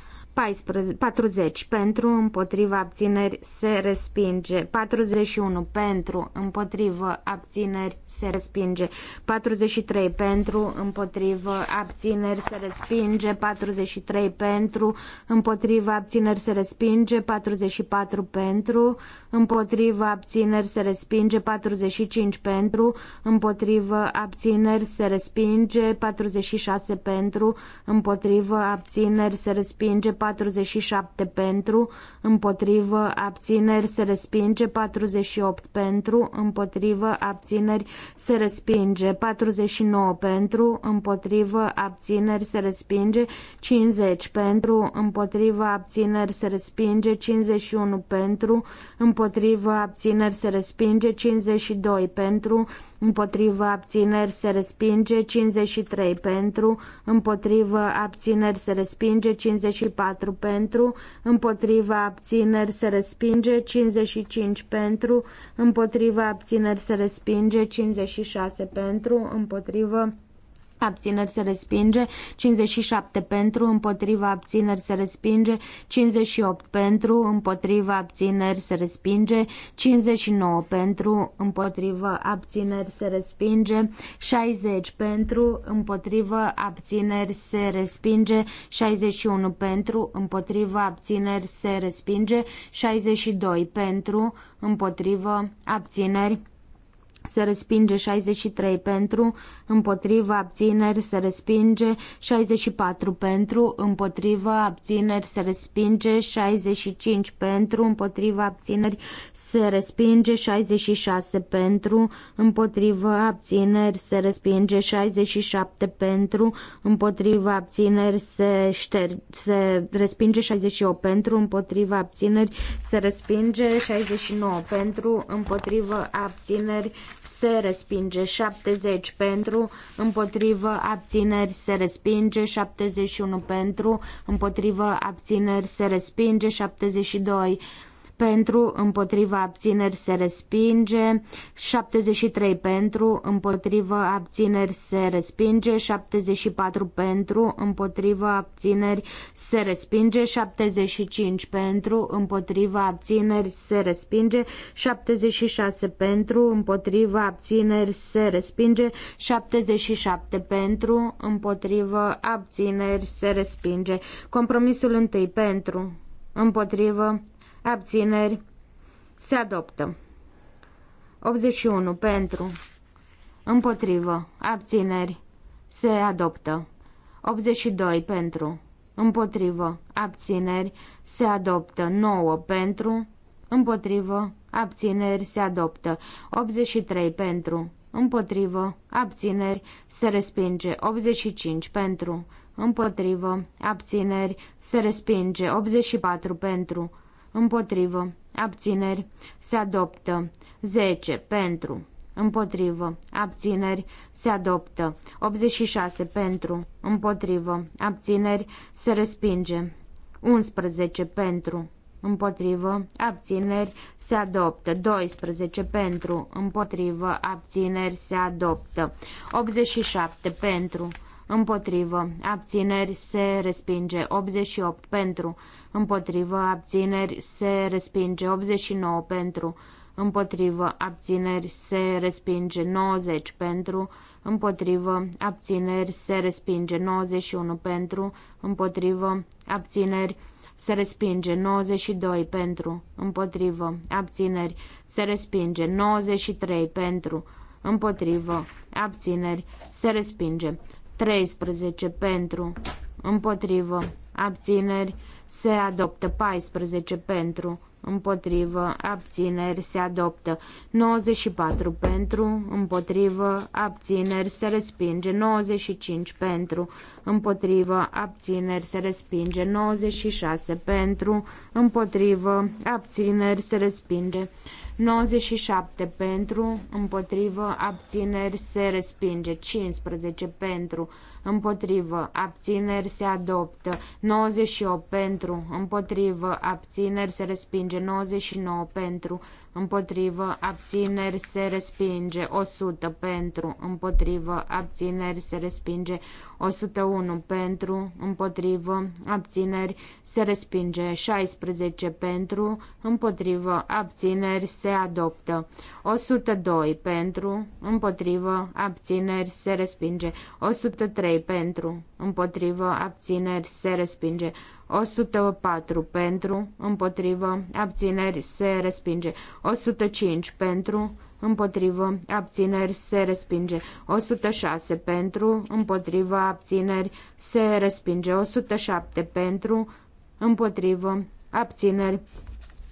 40 pentru, împotriva abțineri se respinge. 41 pentru, împotriva abțineri se respinge. 43 pentru, împotriva abțineri se respinge. 43 pentru, împotriva abțineri se respinge. 44 pentru, împotrivă abțineri se respinge 45 pentru, împotrivă abțineri se respinge 46 pentru, împotrivă abțineri se respinge 47 pentru, împotrivă, abțineri, se respinge, 48 pentru, împotrivă, abțineri, se respinge, 49 pentru, împotrivă, abțineri, se respinge, 50 pentru, împotrivă, abțineri, se respinge, 51 pentru, împotrivă, abțineri, se respinge, 52 pentru, împotrivă abțineri se respinge 53 pentru, împotrivă abțineri se respinge 54 pentru, împotrivă abțineri se respinge 55 pentru, împotrivă abțineri se respinge 56 pentru, împotrivă abțineri se respinge, 57 pentru, împotriva abțineri se respinge, 58 pentru, împotriva abțineri se respinge, 59 pentru, împotriva abțineri se respinge, 60 pentru, împotriva abțineri se respinge, 61 pentru, împotriva abțineri se respinge, 62 pentru, împotriva abțineri se respinge 63 pentru, împotriva abțineri se respinge 64 pentru, împotriva abțineri se respinge 65 pentru, împotriva abțineri se respinge 66 pentru, împotriva abțineri se respinge 67 pentru, împotriva abțineri se, șter- se respinge 68 pentru, împotriva abțineri se respinge 69 pentru, împotriva abțineri se respinge 70 pentru, împotrivă abțineri se respinge 71 pentru, împotrivă abțineri se respinge 72 pentru, împotriva abțineri se respinge, 73 pentru, împotriva abțineri se respinge, 74 pentru, împotriva abțineri se respinge, 75 pentru, împotriva abțineri se respinge, 76 pentru, împotriva abțineri se respinge, 77 pentru, împotriva abțineri se respinge. Compromisul întâi pentru, împotrivă, abțineri, se adoptă. 81 pentru, împotrivă, abțineri, se adoptă. 82 pentru, împotrivă, abțineri, se adoptă. 9 pentru, împotrivă, abțineri, se adoptă. 83 pentru, împotrivă, abțineri, se respinge. 85 pentru, împotrivă, abțineri, se respinge. 84 pentru, Împotrivă. Abțineri. Se adoptă. 10. Pentru. Împotrivă. Abțineri. Se adoptă. 86. Pentru. Împotrivă. Abțineri. Se respinge. 11. Pentru. Împotrivă. Abțineri. Se adoptă. 12. Pentru. Împotrivă. Abțineri. Se adoptă. 87. Pentru. Împotrivă. Abțineri se respinge. 88 pentru. Împotrivă. Abțineri se respinge. 89 pentru. Împotrivă. Abțineri se respinge. 90 pentru. Împotrivă. Abțineri se respinge. 91 pentru. Împotrivă. Abțineri se respinge 92 pentru, împotrivă, abțineri, se respinge 93 pentru, împotrivă, abțineri, se respinge 13 pentru, împotrivă, abțineri, se adoptă 14 pentru, împotrivă, abțineri, se adoptă 94 pentru, împotrivă, abțineri, se respinge 95 pentru, împotrivă, abțineri, se respinge 96 pentru, împotrivă, abțineri, se respinge 97 pentru, împotrivă, abțineri, se respinge. 15 pentru, împotrivă, abțineri, se adoptă. 98 pentru, împotrivă, abțineri, se respinge. 99 pentru, împotrivă, abțineri, se respinge, 100 pentru, împotrivă, abțineri, se respinge, 101 pentru, împotrivă, abțineri, se respinge, 16 pentru, împotrivă, abțineri, se adoptă, 102 pentru, împotrivă, abțineri, se respinge, 103 pentru, împotrivă, abțineri, se respinge, 104 pentru, împotrivă, abțineri se respinge. 105 pentru, împotrivă, abțineri se respinge. 106 pentru, împotrivă, abțineri se respinge. 107 pentru, împotrivă, abțineri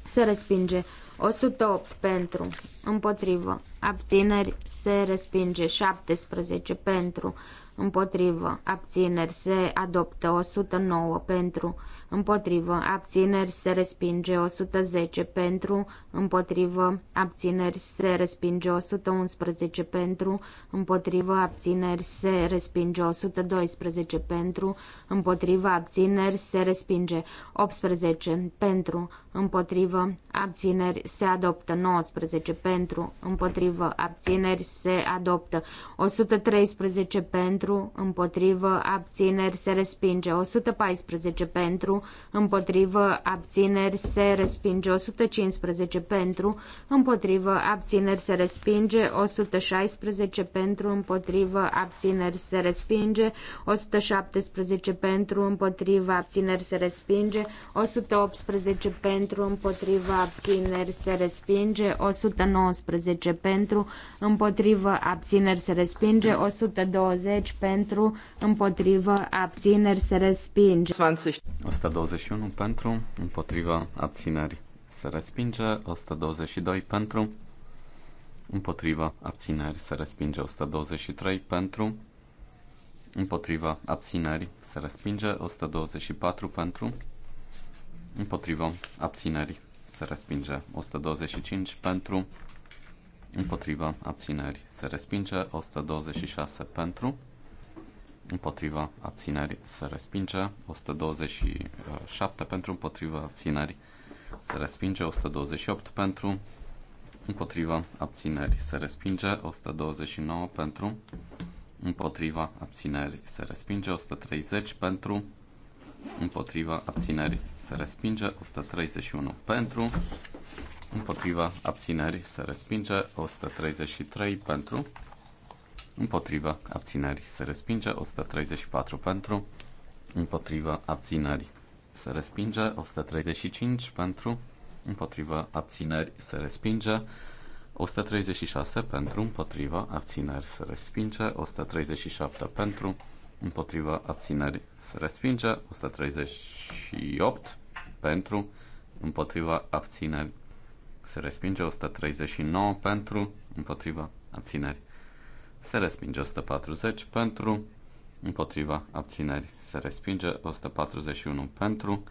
se respinge. 108 pentru, împotrivă, abțineri se respinge. 17 pentru, împotrivă, abțineri se adoptă 109 pentru, împotrivă, abțineri se respinge 110 pentru, împotrivă, abțineri se respinge 111 pentru, împotrivă, abțineri se respinge 112 pentru, împotrivă, abțineri se respinge 18 pentru, împotrivă, abțineri se adoptă 19 pentru, împotrivă, abțineri se adoptă 113 pentru, împotrivă, abțineri se respinge 114 pentru, împotrivă, abțineri, se respinge 115 pentru, împotrivă, abțineri, se respinge 116 pentru, împotrivă, abțineri, se respinge 117 pentru, împotrivă, abțineri, se respinge 118 pentru, împotrivă, abțineri, se respinge 119 pentru, împotrivă, abțineri, se respinge 120 pentru, împotrivă, abțineri, se respinge. 120. 121 pentru, împotriva abțineri se respinge, 122 pentru, împotriva abțineri se respinge, 123 pentru, împotriva abțineri se respinge, 124 pentru, împotriva abțineri se respinge, 125 pentru, împotriva abțineri se respinge, 126 pentru, împotriva abțineri se respinge, 127 pentru împotriva abțineri se respinge, 128 pentru împotriva abțineri se respinge, 129 pentru împotriva abțineri se respinge, 130 pentru împotriva abțineri se respinge, 131 pentru împotriva abțineri se respinge, 133 pentru împotriva abținerii se respinge, 134 pentru, împotriva abținerii se respinge, 135 pentru, împotriva abținerii se respinge, 136 pentru, împotriva abținerii se respinge, 137 pentru, împotriva abținerii se respinge, 138 pentru, împotriva abținerii se respinge, 139 pentru, împotriva abținerii se respinge 140 pentru, împotriva abțineri se respinge 141 pentru,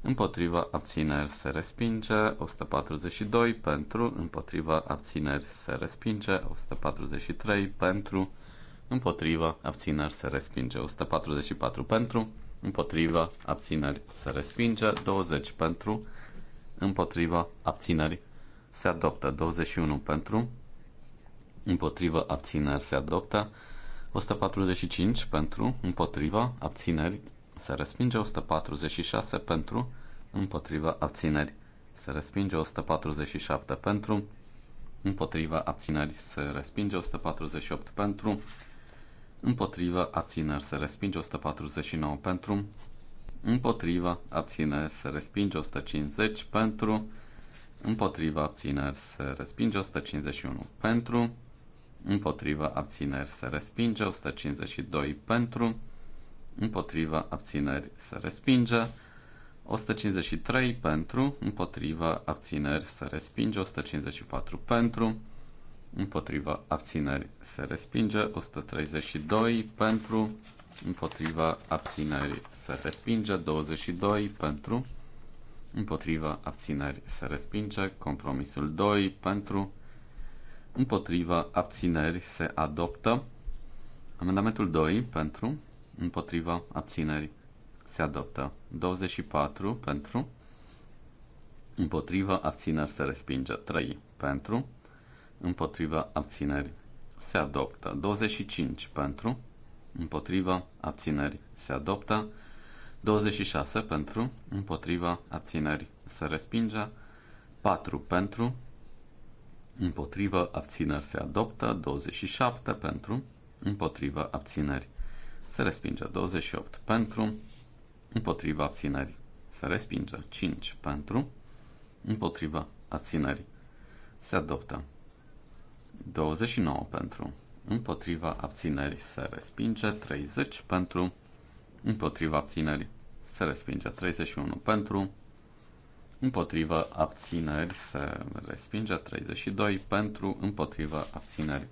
împotriva abțineri se respinge 142 pentru, împotriva abțineri se respinge 143 pentru, împotriva abțineri se respinge 144 pentru, împotriva abțineri se respinge 20 pentru, împotriva abțineri se adoptă 21 pentru, împotrivă, abțineri se adoptă. 145 pentru, împotriva, abțineri se respinge. 146 pentru, împotriva, abțineri se respinge. 147 pentru, împotriva, abțineri se respinge. 148 pentru, împotriva, abțineri se respinge. 149 pentru, împotriva, abțineri se respinge. 150 pentru, împotriva, abțineri se respinge. 151 pentru, împotriva abțineri se respinge, 152 pentru, împotriva abțineri se respinge, 153 pentru, împotriva abțineri se respinge, 154 pentru, împotriva abțineri se respinge, 132 pentru, împotriva abțineri se respinge, 22 pentru, împotriva abțineri se respinge, compromisul 2 pentru, împotriva abțineri se adoptă. Amendamentul 2 pentru, împotriva abțineri se adoptă. 24 pentru, împotriva abțineri se respinge. 3 pentru, împotriva abțineri se adoptă. 25 pentru, împotriva abțineri se adoptă. 26 pentru, împotriva abțineri se respinge. 4 pentru, împotrivă, abțineri se adoptă, 27 pentru, împotrivă, abțineri se respinge, 28 pentru, împotriva abțineri se respinge, 5 pentru, împotriva abțineri se adoptă, 29 pentru, împotriva abțineri se respinge, 30 pentru, împotriva abțineri se respinge, 31 pentru, împotriva abțineri se respinge, 32 pentru, împotriva abțineri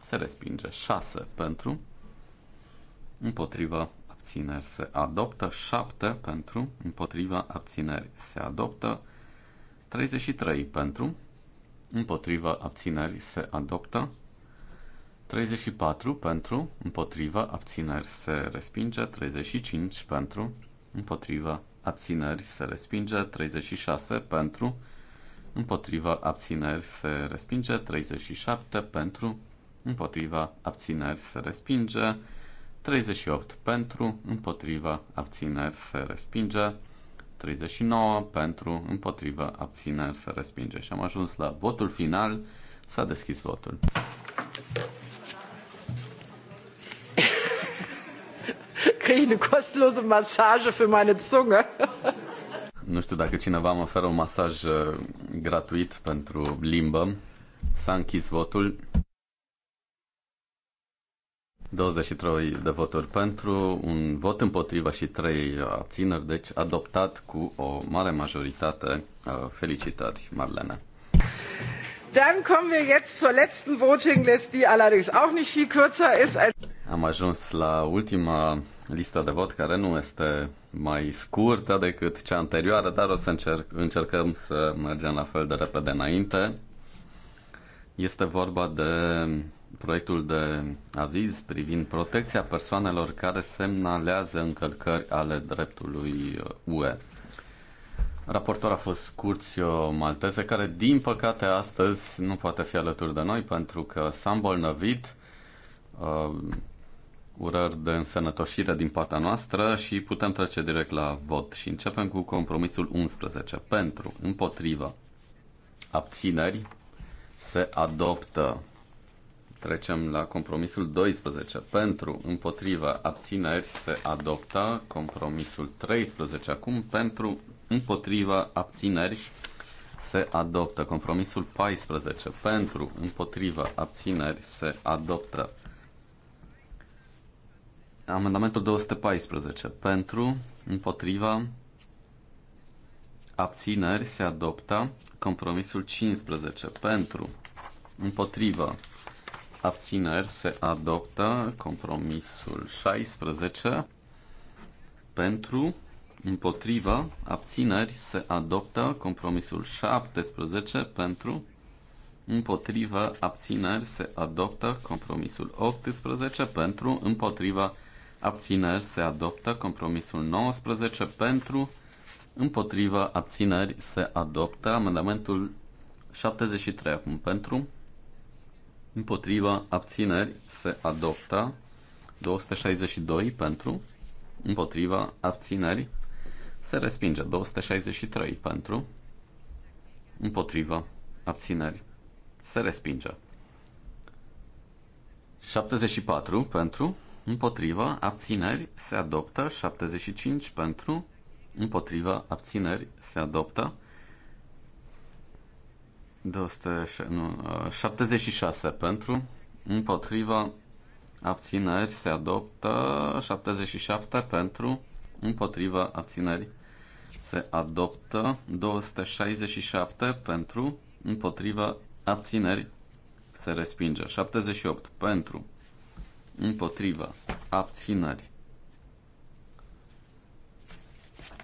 se respinge, 6 pentru, împotriva abțineri se adoptă, 7 pentru, împotriva abțineri se adoptă, 33 pentru, împotriva abțineri se adoptă, 34 pentru, împotriva abțineri se respinge, 35 pentru, împotriva abțineri se respinge, 36 pentru, împotriva abțineri se respinge, 37 pentru, împotriva abțineri se respinge, 38 pentru, împotriva abțineri se respinge, 39 pentru, împotriva abțineri se respinge. Și am ajuns la votul final, s-a deschis votul. kriege ich eine kostenlose Massage für meine Zunge. Nu știu dacă cineva mă oferă un masaj uh, gratuit pentru limbă. S-a închis votul. 23 de voturi pentru, un vot împotriva și 3 abțineri, deci adoptat cu o mare majoritate. Uh, felicitări, Marlene. Dann kommen wir jetzt zur letzten Voting List, die allerdings auch nicht viel kürzer ist. Am ajuns la ultima lista de vot care nu este mai scurtă decât cea anterioară, dar o să încerc, încercăm să mergem la fel de repede înainte. Este vorba de proiectul de aviz privind protecția persoanelor care semnalează încălcări ale dreptului uh, UE. Raportor a fost Curțio Malteze, care din păcate astăzi nu poate fi alături de noi pentru că s-a îmbolnăvit. Uh, urări de însănătoșire din partea noastră și putem trece direct la vot. Și începem cu compromisul 11. Pentru, împotrivă, abțineri, se adoptă. Trecem la compromisul 12. Pentru, împotrivă, abțineri, se adoptă. Compromisul 13. Acum, pentru, împotrivă, abțineri, se adoptă. Compromisul 14. Pentru, împotrivă, abțineri, se adoptă. Amendamentul 214. Pentru, împotriva, abțineri se adoptă compromisul 15. Pentru, împotriva, abțineri se adoptă compromisul 16. Pentru, împotriva, abțineri se adoptă compromisul 17. Pentru, împotriva, abțineri se adoptă compromisul 18. Pentru, împotriva, abțineri se adoptă. Compromisul 19 pentru, împotriva, abțineri se adoptă. Amendamentul 73 acum pentru, împotriva, abțineri se adoptă. 262 pentru, împotriva, abțineri se respinge. 263 pentru, împotriva, abțineri se respinge. 74 pentru, Împotrivă, abțineri, se adoptă 75 pentru. Împotrivă, abțineri, se adoptă 200, nu, 76 uh, pentru. Împotrivă, abțineri, se adoptă 77 pentru. Împotrivă, abțineri, se adoptă 267 pentru. Împotrivă, abțineri, se respinge 78 pentru împotriva, abținări.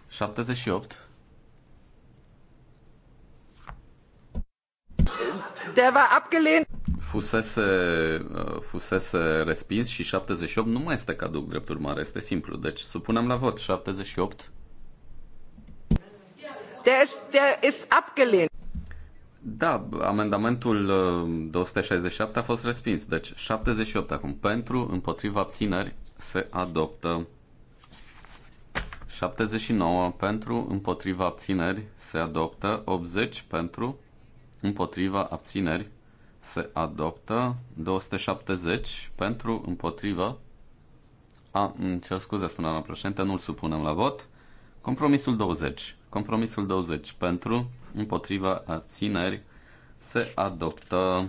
78. Der war abgelehnt. Fusese, uh, fusese respins și 78 nu mai este caduc drept urmare, este simplu. Deci supunem la vot 78. Der ist, der ist abgelehnt. Da, amendamentul 267 uh, a fost respins, deci 78 acum. Pentru, împotriva abțineri, se adoptă. 79 pentru, împotriva abțineri, se adoptă. 80 pentru, împotriva abțineri, se adoptă. 270 pentru, împotriva. A, ce scuze, spune la președinte, nu-l supunem la vot. Compromisul 20 Compromisul 20 pentru, împotriva abțineri se adoptă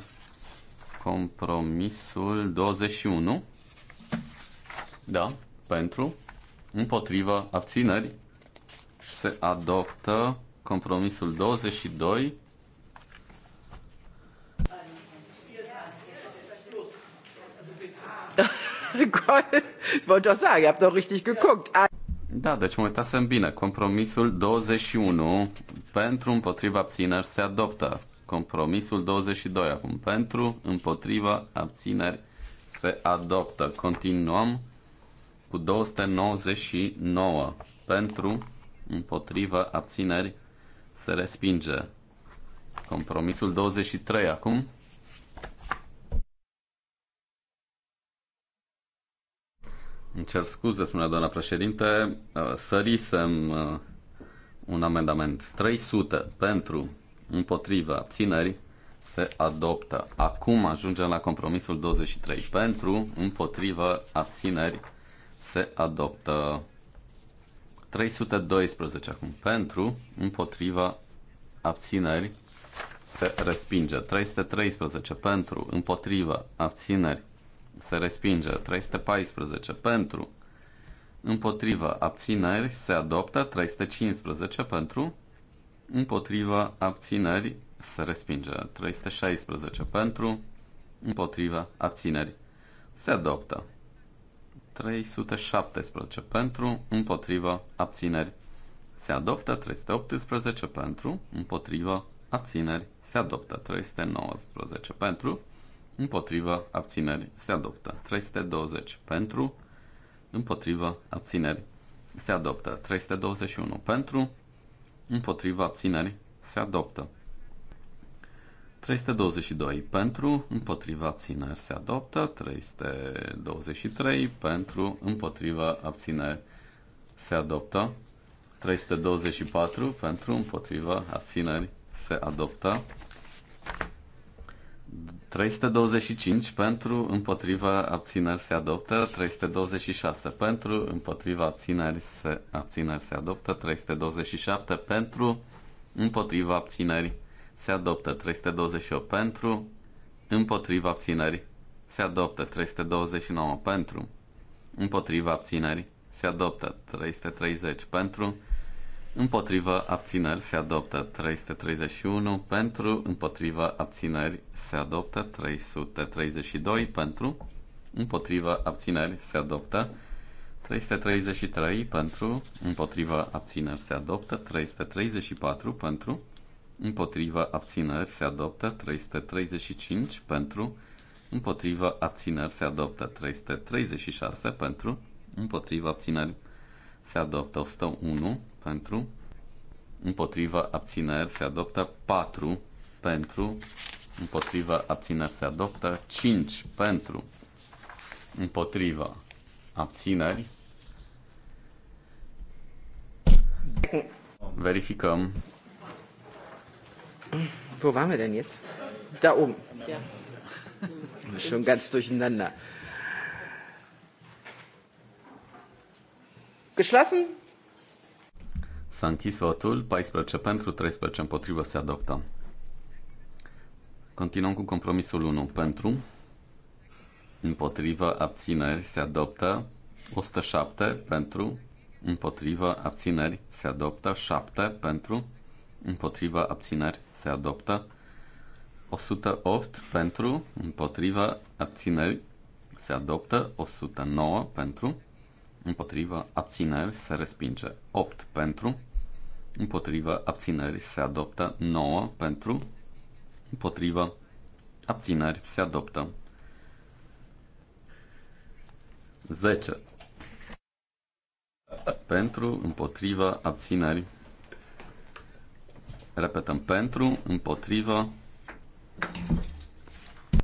compromisul 21. Da, pentru, împotriva abțineri se adoptă compromisul 22 Ich wollte doch sagen, ihr habt doch richtig geguckt. Ja. Da, deci mă uitasem bine. Compromisul 21 pentru împotriva abțineri se adoptă. Compromisul 22 acum pentru împotriva abțineri se adoptă. Continuăm cu 299 pentru împotriva abțineri se respinge. Compromisul 23 acum Îmi cer scuze, spune doamna președinte, uh, sărisem uh, un amendament. 300 pentru, împotriva, țineri, se adoptă. Acum ajungem la compromisul 23. Pentru, împotriva, abțineri, se adoptă. 312 acum. Pentru, împotriva, abțineri, se respinge. 313 pentru, împotriva, abțineri, se respinge. 314 pentru, împotriva abțineri, se adoptă. 315 pentru, împotriva abțineri, se respinge. 316 pentru, împotriva abțineri, se adoptă. 317 pentru, împotriva abțineri. Se adoptă 318 pentru, împotriva abțineri. Se adoptă 319 pentru, împotriva abțineri Se adoptă 320 pentru, împotriva abțineri Se adoptă 321 pentru, împotriva abțineri Se adoptă 322 pentru, împotriva abțineri se adoptă, 323 pentru, împotriva abțineri se adoptă, 324 pentru, împotriva abțineri se adoptă, 325 pentru, împotriva, abțineri se adoptă, 326 pentru, împotriva, abțineri se, abțineri se adoptă, 327 pentru, împotriva, abțineri se adoptă, 328 pentru, împotriva, abțineri se adoptă, 329 pentru, împotriva, abțineri se adoptă, 330 pentru, împotrivă abțineri se adoptă 331 pentru, împotrivă abțineri se adoptă 332 pentru, împotrivă abțineri se adoptă 333 pentru, împotrivă abțineri se adoptă 334 pentru, împotrivă abțineri se adoptă 335 pentru, împotrivă abțineri se adoptă 336 pentru, împotrivă abțineri se adoptă 101 pentru, împotriva abțineri se adoptă 4 pentru, împotriva abțineri se adoptă 5 pentru, împotriva abțineri. Verificăm. Wo waren wir denn jetzt? Da oben. Ja. Schon ganz durcheinander. Geschlossen? S-a închis votul, 14 pentru, 13 împotrivă se adoptă. Continuăm cu compromisul 1 pentru, împotrivă, abțineri se adoptă, 107 pentru, împotrivă, abțineri se adoptă, 7 pentru, împotrivă, abțineri se adoptă, 108 pentru, împotrivă, abțineri, se adoptă, 109 pentru, împotrivă, abțineri, se respinge, 8 pentru, împotrivă, abțineri se adoptă, 9 pentru, împotrivă, abțineri se adoptă, 10 pentru, împotrivă, abțineri, repetăm, pentru, împotrivă,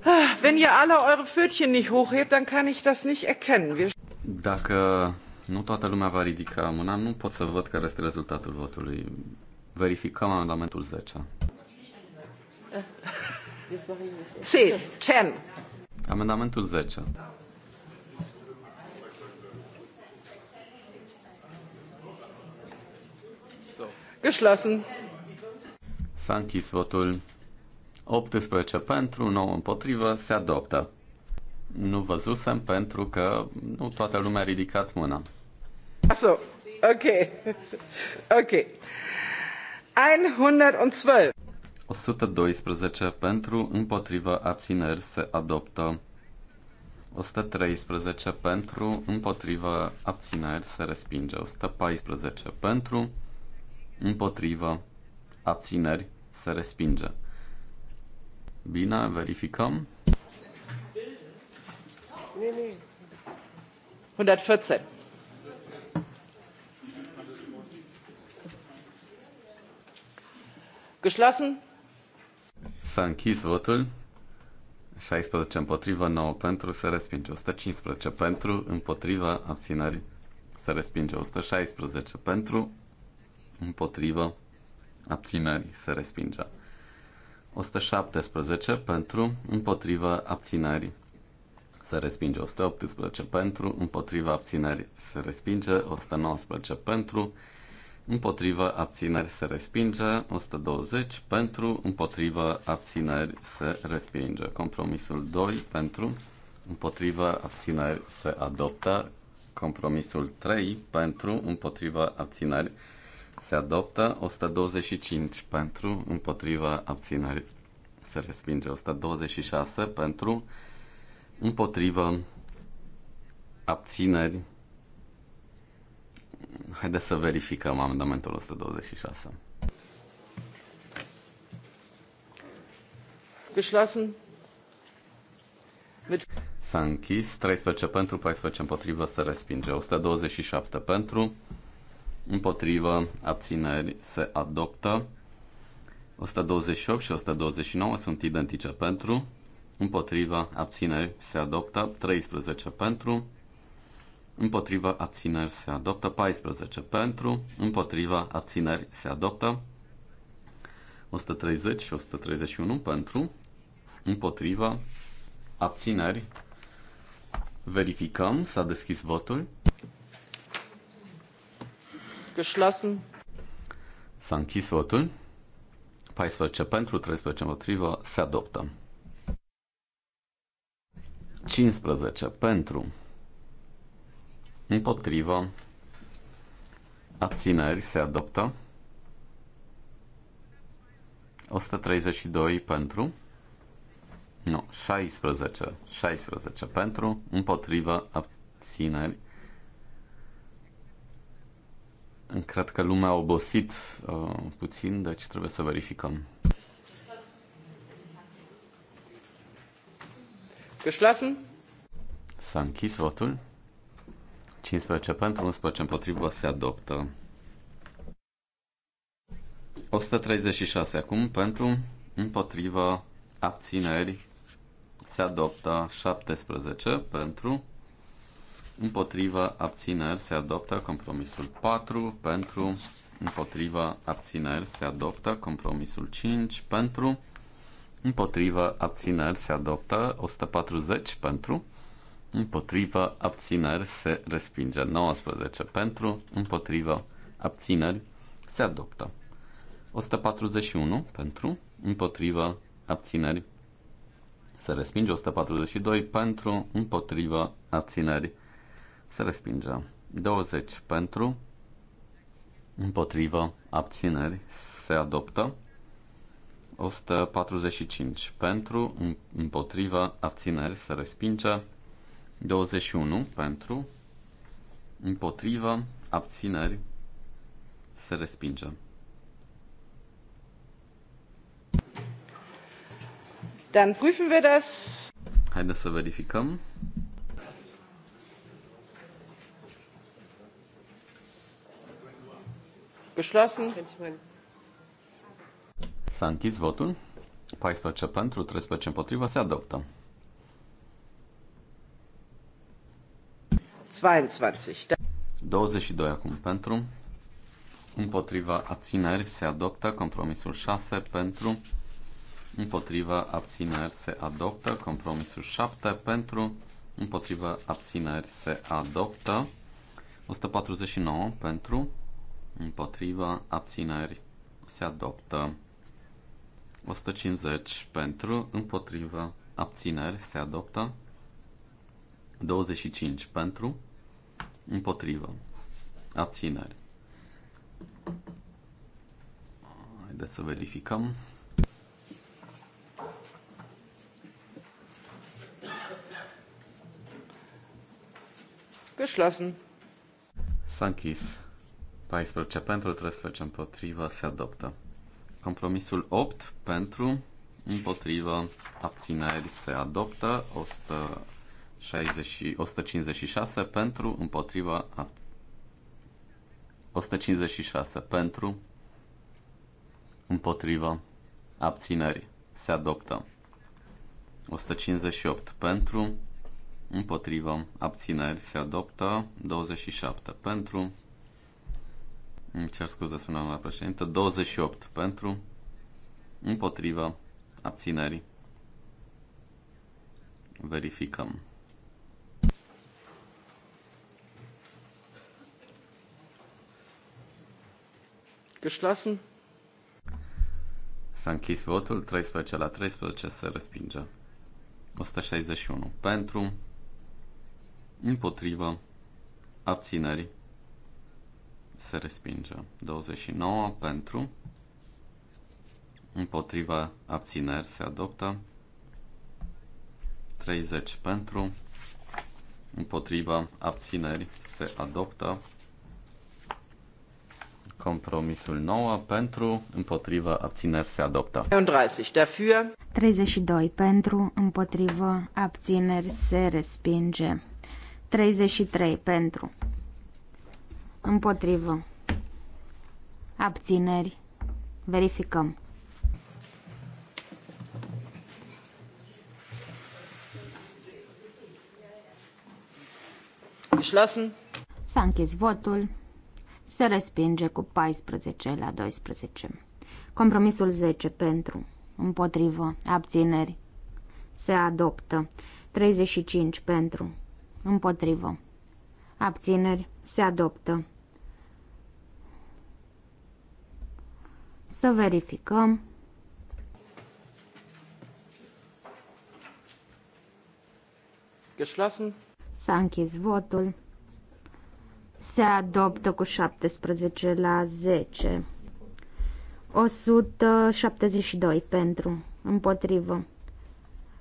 ah, Wenn ihr alle eure Pfötchen nicht hochhebt, dann kann ich das nicht erkennen. Wir Dacă nu toată lumea va ridica mâna, nu pot să văd care este rezultatul votului. Verificăm amendamentul 10. Si, 10. Amendamentul 10. Geschlossen. S-a închis votul. 18 pentru, 9 împotrivă, se adoptă. Nu văzusem pentru că nu toată lumea a ridicat mâna. Achso, okay. Okay. 112. 112 pentru, împotriva abțineri se adoptă. 113 pentru, împotriva abțineri se respinge. 114 pentru, împotriva abțineri se respinge. Bine, verificăm. 114. Geschlossen. S-a închis votul. 16 împotriva, 9 pentru, se respinge 115 pentru, împotriva, abținări, se respinge 116 pentru, împotriva, abținări, se respinge 117 pentru, împotriva, abținări, se respinge 118 pentru, împotriva, abținări, se respinge 119 pentru, împotrivă abțineri se respinge, 120 pentru, împotrivă abțineri se respinge. Compromisul 2 pentru, împotrivă abțineri se adoptă, compromisul 3 pentru, împotrivă abțineri se adoptă, 125 pentru, împotrivă abțineri se respinge, 126 pentru, împotrivă abțineri Haideți să verificăm amendamentul 126. Geschlossen. S-a închis 13 pentru, 14 împotrivă, se respinge. 127 pentru, împotrivă, abțineri, se adoptă. 128 și 129 sunt identice pentru, împotriva, abțineri, se adoptă. 13 pentru, împotriva abțineri se adoptă, 14 pentru, împotriva abțineri se adoptă, 130 și 131 pentru, împotriva abțineri. Verificăm, s-a deschis votul. Geschlossen. S-a închis votul. 14 pentru, 13 împotriva, se adoptă. 15 pentru, împotrivă, abțineri se adoptă, 132 pentru, nu, 16, 16 pentru, împotrivă, abțineri. Cred că lumea a obosit uh, puțin, deci trebuie să verificăm. Geschlossen? S-a închis votul. 15 pentru, 11 împotrivă se adoptă. 136 acum pentru, împotrivă, abțineri se adoptă 17 pentru, împotrivă, abțineri se adoptă compromisul 4 pentru, împotrivă, abțineri se adoptă compromisul 5 pentru, împotrivă, abțineri se adoptă 140 pentru, împotriva, abțineri, se respinge. 19 pentru, împotriva, abțineri, se adoptă. 141 pentru, împotriva, abțineri, se respinge. 142 pentru, împotriva, abțineri, se respinge. 20 pentru, împotriva, abțineri, se adoptă. 145 pentru, împotriva, abțineri, se respinge. 21 pentru, împotrivă, abțineri, se respinge. Dann prüfen wir das. Haideți să verificăm. Geschlossen. S-a închis votul. 14 pentru, 13 împotrivă, se adoptă. 22. 22 da. acum pentru. Împotriva abțineri se adoptă compromisul 6 pentru. Împotriva abțineri se adoptă compromisul 7 pentru. Împotriva abțineri se adoptă 149 pentru. Împotriva abțineri se adoptă 150 pentru. Împotriva abțineri se adoptă 25 pentru Împotrivă. Abțineri. Haideți să verificăm. Geschlossen. S-a închis. 14 pentru, 13 împotrivă, se adoptă. Compromisul 8 pentru, împotrivă, abțineri se adoptă. 100 60, 156 pentru, împotriva 156 pentru, împotriva abținerii. Se adoptă. 158 pentru, împotriva abțineri. Se adoptă. 27 pentru, îmi cer scuze, spuneam la președinte, 28 pentru, împotriva abținerii. Verificăm. Geschlossen. S-a închis votul, 13 la 13 se respinge. 161 pentru, împotrivă, abțineri, se respinge. 29 pentru, împotriva, abțineri, se adoptă. 30 pentru, împotriva, abțineri, se adoptă. Compromisul 9 pentru, împotriva, abțineri se adoptă. 32 pentru, împotriva abțineri se respinge. 33 pentru, împotriva abțineri, verificăm. Geschlossen. S-a închis votul. Se respinge cu 14 la 12. Compromisul 10 pentru, împotrivă, abțineri. Se adoptă. 35 pentru, împotrivă. Abțineri. Se adoptă. Să verificăm. Geschlossen. S-a închis votul se adoptă cu 17 la 10. 172 pentru, împotrivă.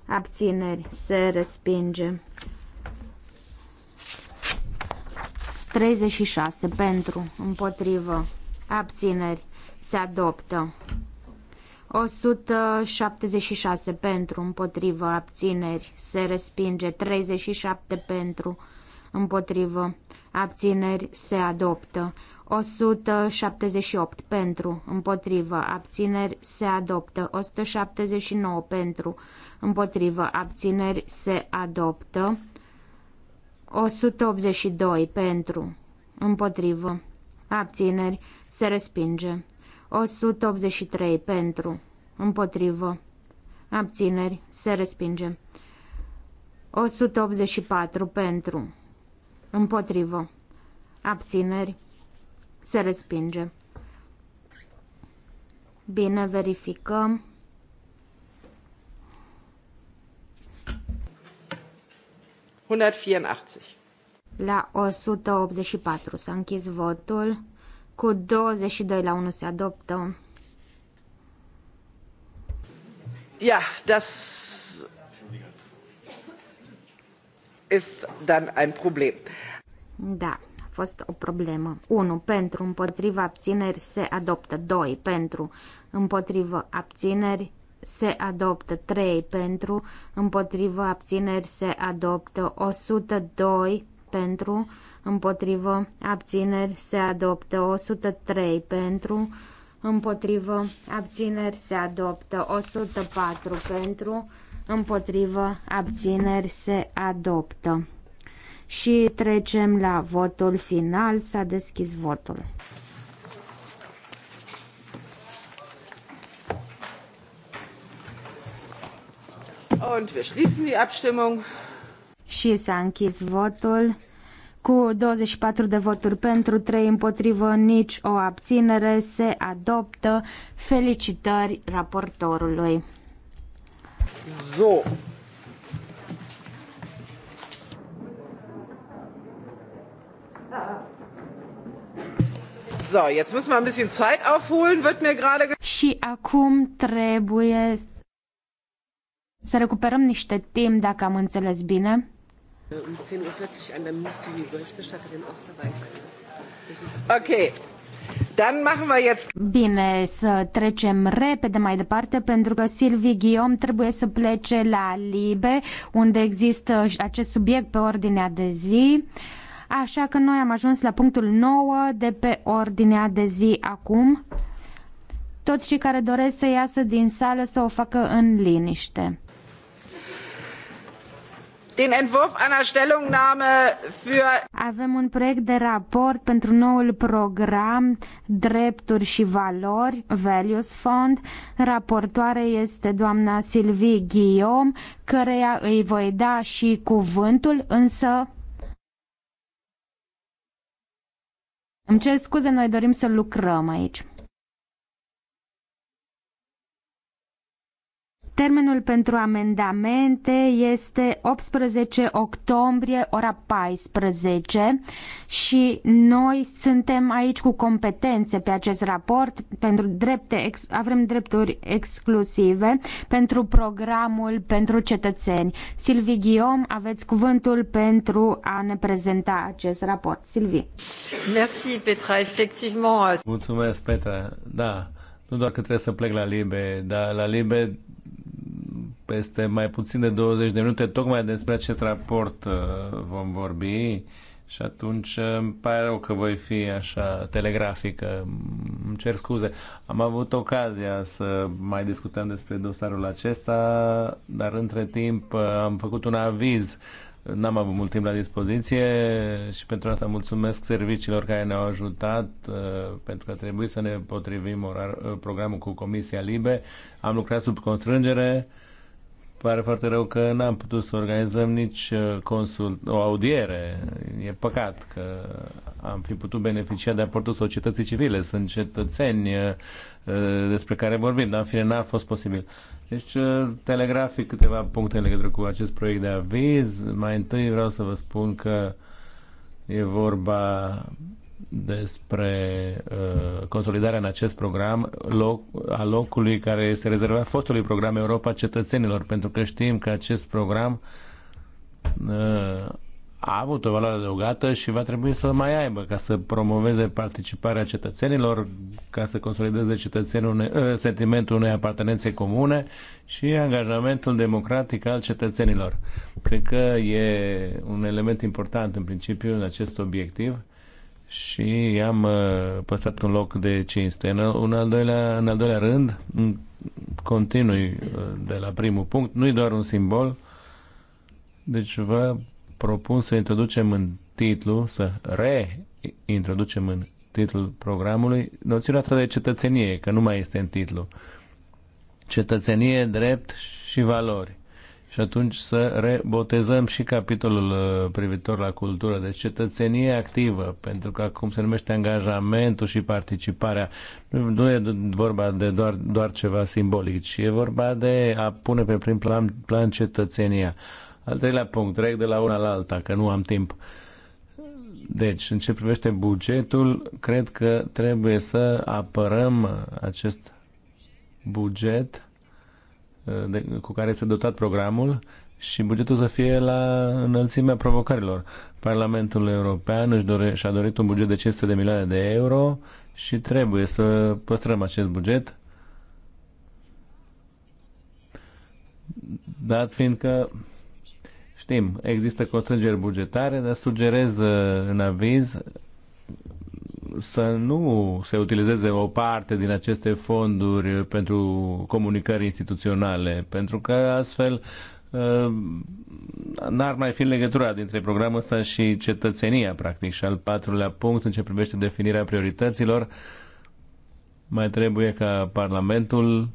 Abțineri, se respinge. 36 pentru, împotrivă. Abțineri, se adoptă. 176 pentru, împotrivă, abțineri, se respinge. 37 pentru, împotrivă, abțineri se adoptă. 178 pentru, împotrivă, abțineri se adoptă. 179 pentru, împotrivă, abțineri se adoptă. 182 pentru, împotrivă, abțineri se respinge. 183 pentru, împotrivă, abțineri se respinge. 184 pentru, Împotrivă. Abțineri. Se respinge. Bine, verificăm. La 184 s-a închis votul. Cu 22 la 1 se adoptă. Ja, das ist dann ein Problem. Da, a fost o problemă. 1 pentru, împotriva abțineri se adoptă. 2 pentru, împotriva abțineri se adoptă 3 pentru, împotriva abțineri se adoptă 102 pentru, împotriva abțineri se adoptă 103 pentru, împotriva abțineri se adoptă 104 pentru, împotrivă, abțineri se adoptă. Și trecem la votul final, s-a deschis votul. Und wir schließen die Abstimmung. Și s-a închis votul cu 24 de voturi pentru, 3 împotrivă, nici o abținere, se adoptă. Felicitări raportorului! So. So, jetzt müssen wir ein bisschen Zeit aufholen, wird mir gerade Și acum trebuie să recuperăm niște timp, dacă am înțeles bine. Um 10.40 an, die Berichterstatterin auch dabei sein. Okay, Bine, să trecem repede mai departe pentru că Silvi Ghiom trebuie să plece la Libe, unde există acest subiect pe ordinea de zi. Așa că noi am ajuns la punctul 9 de pe ordinea de zi acum. Toți cei care doresc să iasă din sală să o facă în liniște din Entwurf einer Stellungnahme für Avem un proiect de raport pentru noul program Drepturi și Valori, Values Fund. Raportoare este doamna Silvie Guillaume, căreia îi voi da și cuvântul, însă îmi cer scuze, noi dorim să lucrăm aici. Termenul pentru amendamente este 18 octombrie, ora 14 și noi suntem aici cu competențe pe acest raport, pentru drepte, ex, avem drepturi exclusive pentru programul pentru cetățeni. Silvi Ghiom, aveți cuvântul pentru a ne prezenta acest raport. Silvi. Merci, Petra. Efectivement. Euh, Mulțumesc, Petra. Da, nu doar că trebuie să plec la Libe, dar la Libe peste mai puțin de 20 de minute tocmai despre acest raport uh, vom vorbi și atunci uh, îmi pare rău că voi fi așa telegrafică, îmi cer scuze. Am avut ocazia să mai discutăm despre dosarul acesta, dar între timp uh, am făcut un aviz N-am avut mult timp la dispoziție și pentru asta mulțumesc serviciilor care ne-au ajutat pentru că trebuie să ne potrivim orar, programul cu Comisia Libe. Am lucrat sub constrângere pare foarte rău că n-am putut să organizăm nici uh, consult, o audiere. E păcat că am fi putut beneficia de aportul societății civile. Sunt cetățeni uh, uh, despre care vorbim, dar în fine n-a fost posibil. Deci, telegrafic câteva puncte în legătură cu acest proiect de aviz. Mai întâi vreau să vă spun că e vorba despre uh, consolidarea în acest program loc, a locului care este rezervat fostului program Europa Cetățenilor, pentru că știm că acest program uh, a avut o valoare adăugată și va trebui să mai aibă ca să promoveze participarea cetățenilor, ca să consolideze cetățenul une, uh, sentimentul unei apartenențe comune și angajamentul democratic al cetățenilor. Cred că e un element important în principiu în acest obiectiv și am uh, păstrat un loc de cinste. În, un al doilea, în al doilea rând, continui uh, de la primul punct, nu e doar un simbol, deci vă propun să introducem în titlu, să reintroducem în titlul programului noțiunea asta de cetățenie, că nu mai este în titlu. Cetățenie, drept și valori și atunci să rebotezăm și capitolul uh, privitor la cultură, deci cetățenie activă, pentru că acum se numește angajamentul și participarea. Nu e vorba de doar, doar ceva simbolic, ci e vorba de a pune pe prim plan, plan cetățenia. Al treilea punct, trec de la una la alta, că nu am timp. Deci, în ce privește bugetul, cred că trebuie să apărăm acest buget de, cu care este dotat programul și bugetul să fie la înălțimea provocărilor. Parlamentul European își dore, și-a dorit un buget de 500 de milioane de euro și trebuie să păstrăm acest buget dat fiindcă știm, există constrângeri bugetare, dar sugerez uh, în aviz să nu se utilizeze o parte din aceste fonduri pentru comunicări instituționale, pentru că astfel uh, n-ar mai fi legătura dintre programul ăsta și cetățenia, practic. Și al patrulea punct, în ce privește definirea priorităților, mai trebuie ca Parlamentul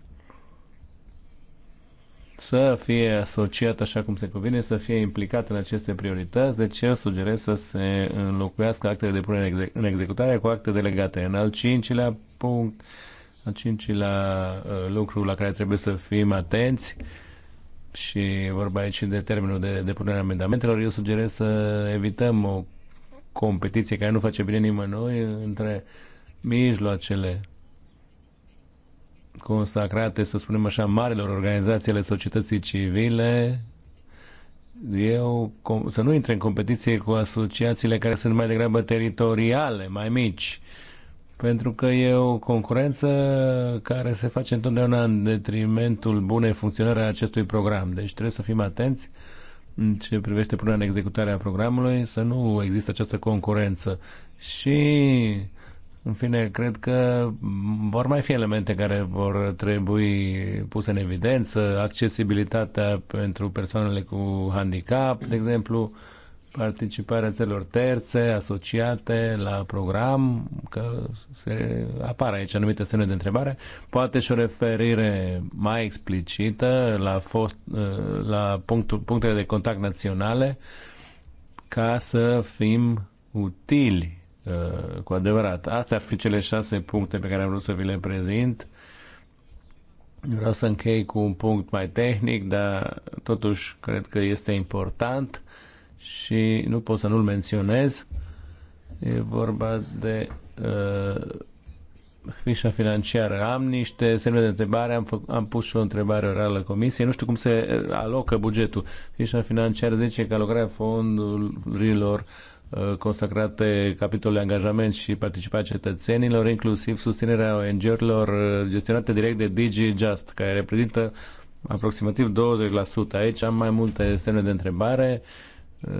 să fie asociat așa cum se cuvine, să fie implicat în aceste priorități, deci eu sugerez să se înlocuiască actele de punere în executare cu acte delegate. În al cincilea punct, al cincilea uh, lucru la care trebuie să fim atenți, și vorba aici de termenul de depunere a amendamentelor, eu sugerez să evităm o competiție care nu face bine nimănui între mijloacele consacrate, să spunem așa, marilor organizații ale societății civile, eu să nu intre în competiție cu asociațiile care sunt mai degrabă teritoriale, mai mici, pentru că e o concurență care se face întotdeauna în detrimentul bunei funcționări a acestui program. Deci trebuie să fim atenți în ce privește până în executarea programului, să nu există această concurență. Și în fine, cred că vor mai fi elemente care vor trebui puse în evidență, accesibilitatea pentru persoanele cu handicap, de exemplu, participarea celor terțe asociate la program, că se apar aici anumite semne de întrebare, poate și o referire mai explicită la, fost, la punctul, punctele de contact naționale ca să fim utili Uh, cu adevărat. Astea ar fi cele șase puncte pe care am vrut să vi le prezint. Vreau să închei cu un punct mai tehnic, dar totuși cred că este important și nu pot să nu-l menționez. E vorba de uh, fișa financiară. Am niște semne de întrebare, am, fă, am pus și o întrebare orală comisiei, nu știu cum se alocă bugetul. Fișa financiară zice că alocarea fondurilor uh, Uh, consacrate capitolului angajament și participarea cetățenilor, inclusiv susținerea ONG-urilor uh, gestionate direct de DigiJust, care reprezintă aproximativ 20%. Aici am mai multe semne de întrebare. Uh,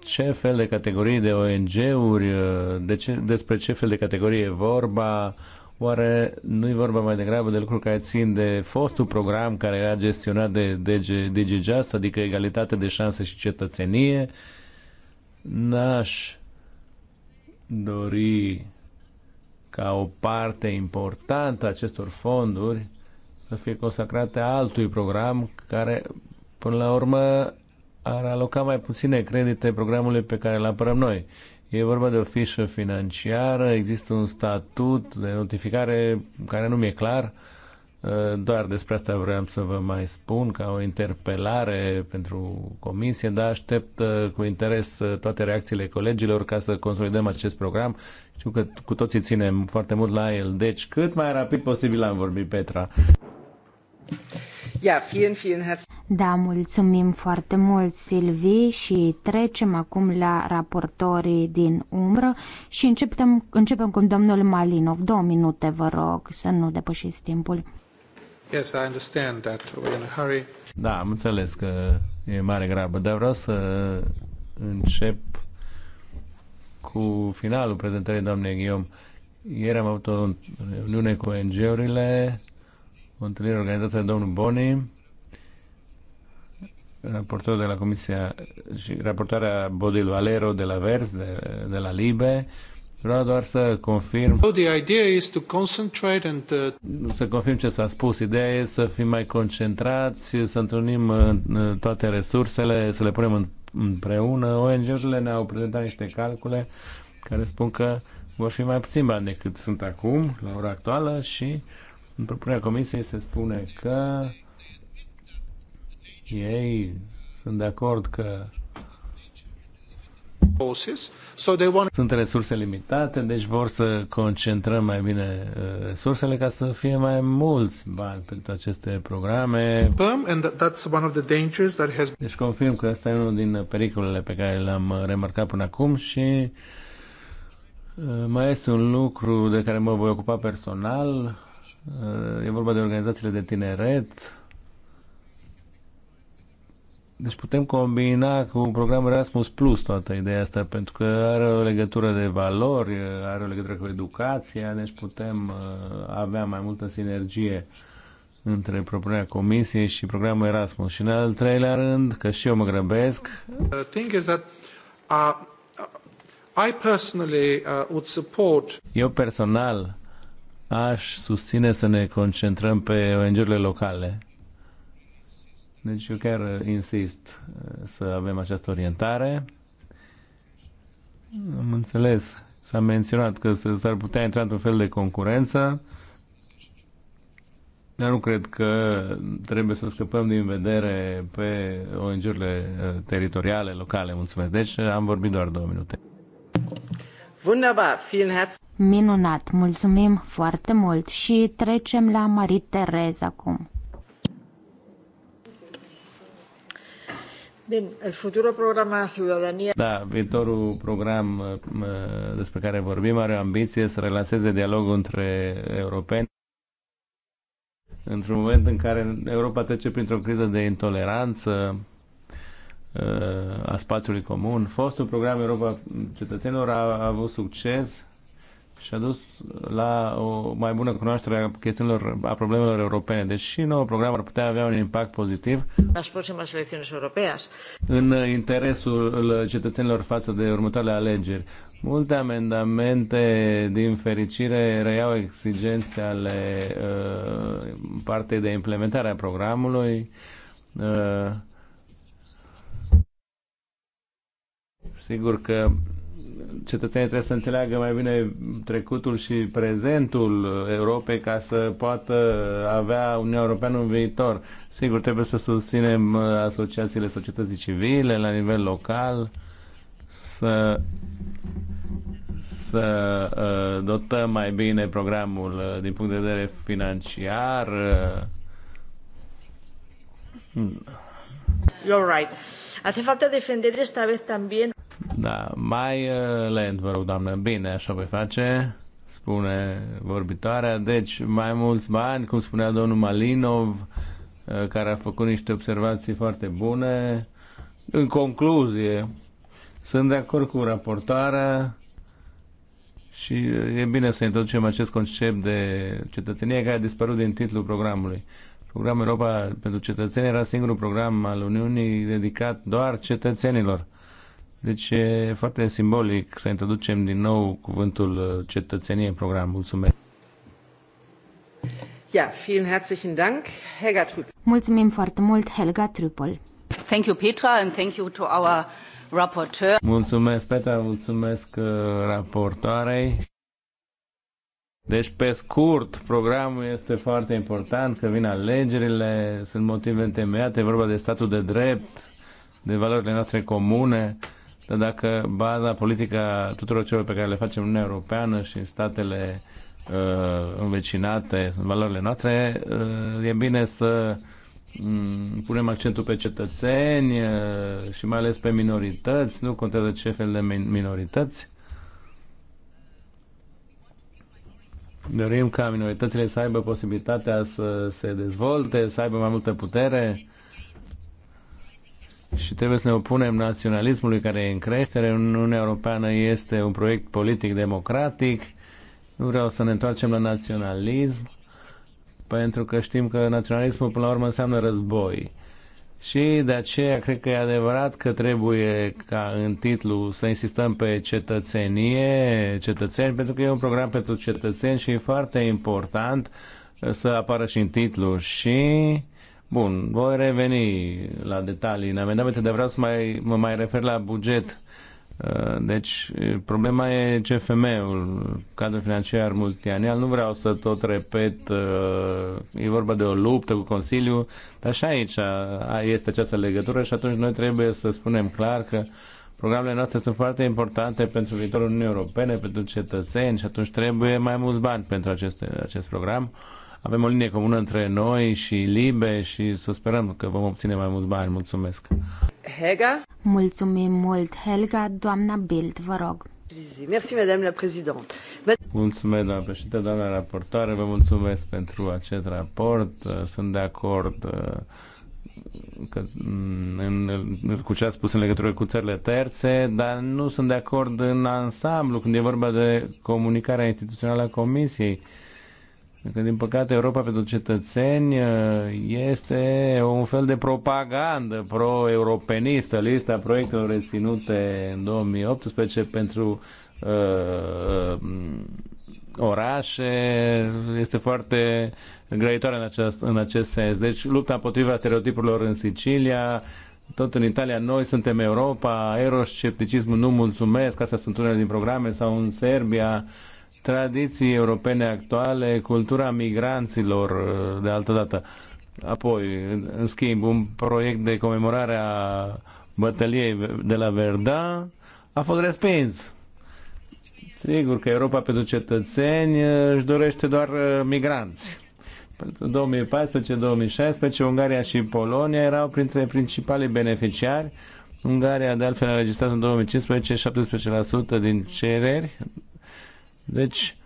ce fel de categorii de ONG-uri, de ce, despre ce fel de categorie e vorba, Oare nu-i vorba mai degrabă de lucruri care țin de fostul program care era gestionat de DG, Just, adică egalitate de șanse și cetățenie? Uh, N-aș dori ca o parte importantă a acestor fonduri să fie consacrate altui program care, până la urmă, ar aloca mai puține credite programului pe care îl apărăm noi. E vorba de o fișă financiară, există un statut de notificare care nu mi-e clar, uh, Uh, doar despre asta vreau să vă mai spun ca o interpelare pentru comisie, dar aștept uh, cu interes uh, toate reacțiile colegilor ca să consolidăm acest program. Știu că cu toții ținem foarte mult la el, deci cât mai rapid posibil am vorbit, Petra. Da, mulțumim foarte mult, Silvi, și trecem acum la raportorii din umbră și începem, începem cu domnul Malinov. Două minute, vă rog, să nu depășiți timpul. Yes, I understand that we're in a hurry. Da, am înțeles că e mare grabă, dar vreau să încep cu finalul prezentării doamnei Ghiom. Ieri am avut o reuniune cu ONG-urile, o întâlnire organizată de domnul Boni, raportorul de la Comisia și raportarea Bodil Valero de la Vers, de, de la Libe, Vreau doar să confirm. So the idea is to concentrate and uh... să confirm ce s-a spus. Ideea e să fim mai concentrați, să întâlnim uh, uh, toate resursele, să le punem împreună. ONG-urile ne-au prezentat niște calcule care spun că vor fi mai puțin bani decât sunt acum, la ora actuală, și în propunerea comisiei se spune că ei sunt de acord că sunt resurse limitate, deci vor să concentrăm mai bine uh, resursele ca să fie mai mulți bani pentru aceste programe. Deci confirm că asta e unul din pericolele pe care le-am uh, remarcat până acum și uh, mai este un lucru de care mă voi ocupa personal. E vorba de organizațiile de tineret deci putem combina cu un program Erasmus Plus toată ideea asta, pentru că are o legătură de valori, are o legătură cu educația, deci putem uh, avea mai multă sinergie între propunerea comisiei și programul Erasmus. Și în al treilea rând, că și eu mă grăbesc. The thing is that, uh, I personally uh, would support... Eu personal aș susține să ne concentrăm pe ONG-urile locale deci eu chiar insist uh, să avem această orientare. Am înțeles, s-a menționat că s-ar putea intra într-un fel de concurență, dar nu cred că trebuie să scăpăm din vedere pe ONG-urile uh, teritoriale, locale. Mulțumesc. Deci uh, am vorbit doar două minute. Wunderbar, vielen Minunat, mulțumim foarte mult și trecem la Marie Terez acum. Bine, el futuro programa Da, viitorul program uh, despre care vorbim are o ambiție să relanseze dialogul între europeni într-un moment în care Europa trece printr-o criză de intoleranță uh, a spațiului comun. Fostul program Europa Cetățenilor a avut succes și a dus la o mai bună cunoaștere a chestiunilor, a problemelor europene. Deci și nouă program ar putea avea un impact pozitiv în interesul cetățenilor față de următoarele alegeri. Multe amendamente, din fericire, reiau exigențe ale uh, partei de implementare a programului. Uh, sigur că cetățenii trebuie să înțeleagă mai bine trecutul și prezentul Europei ca să poată avea Uniunea Europeană un viitor. Sigur, trebuie să susținem asociațiile societății civile la nivel local, să să uh, dotăm mai bine programul uh, din punct de vedere financiar. You're right. Hace falta defender esta vez también da, mai uh, lent, vă rog, doamnă. Bine, așa voi face, spune vorbitoarea. Deci, mai mulți bani, cum spunea domnul Malinov, uh, care a făcut niște observații foarte bune. În concluzie, sunt de acord cu raportarea și uh, e bine să introducem acest concept de cetățenie care a dispărut din titlul programului. Programul Europa pentru cetățeni era singurul program al Uniunii dedicat doar cetățenilor. Deci e foarte simbolic să introducem din nou cuvântul uh, cetățenie în program. Mulțumesc! Ja, vielen herzlichen Dank, Helga Trüppel. Mulțumim foarte mult, Helga Trüppel. Thank you, Petra, and thank you to our rapporteur. Mulțumesc, Petra, mulțumesc uh, raportoarei. Deci, pe scurt, programul este foarte important, că vin alegerile, sunt motive întemeiate, vorba de statul de drept, de valorile noastre comune dar dacă baza politică a tuturor celor pe care le facem în Uniunea Europeană și în statele uh, învecinate sunt valorile noastre, uh, e bine să um, punem accentul pe cetățeni uh, și mai ales pe minorități, nu contează ce fel de minorități. Dorim ca minoritățile să aibă posibilitatea să se dezvolte, să aibă mai multă putere și trebuie să ne opunem naționalismului care e în creștere. Uniunea Europeană este un proiect politic-democratic. Nu vreau să ne întoarcem la naționalism, pentru că știm că naționalismul până la urmă înseamnă război. Și de aceea cred că e adevărat că trebuie ca în titlu să insistăm pe cetățenie, cetățeni, pentru că e un program pentru cetățeni și e foarte important să apară și în titlu. Și Bun, voi reveni la detalii în amendamente, dar vreau să mai, mă mai refer la buget. Uh, deci, problema e CFM-ul, cadrul financiar multianual. Nu vreau să tot repet, uh, e vorba de o luptă cu Consiliul, dar și aici este această legătură și atunci noi trebuie să spunem clar că programele noastre sunt foarte importante pentru viitorul Uniunii Europene, pentru cetățeni și atunci trebuie mai mulți bani pentru aceste, acest program avem o linie comună între noi și Libe și să sperăm că vom obține mai mulți bani. Mulțumesc! Helga? Mulțumim mult, Helga. Doamna Bild, vă rog. Merci, Madame la Présidente. Mulțumesc, doamna președinte, doamna raportoare, vă mulțumesc pentru acest raport. Sunt de acord uh, că, mm, în, cu ce a spus în legătură cu țările terțe, dar nu sunt de acord în ansamblu când e vorba de comunicarea instituțională a Comisiei. Uh, că, din păcate, Europa pentru cetățeni uh, este un fel de propagandă pro-europenistă. Lista proiectelor reținute în 2018 pentru uh, uh, orașe este foarte grăitoare în acest, în acest sens. Deci, lupta împotriva stereotipurilor în Sicilia, tot în Italia, noi suntem Europa, eroscepticismul nu mulțumesc, astea sunt unele din programe, sau în Serbia, uh, tradiții europene actuale, cultura migranților uh, de altă dată. Apoi, în schimb, un proiect de comemorare a bătăliei de la Verdun a fost respins. Sigur că Europa pentru cetățeni uh, își dorește doar uh, migranți. Pentru 2014-2016, Ungaria și Polonia erau printre principalii beneficiari. Ungaria, de altfel, a registrat în 2015 17% din cereri deci,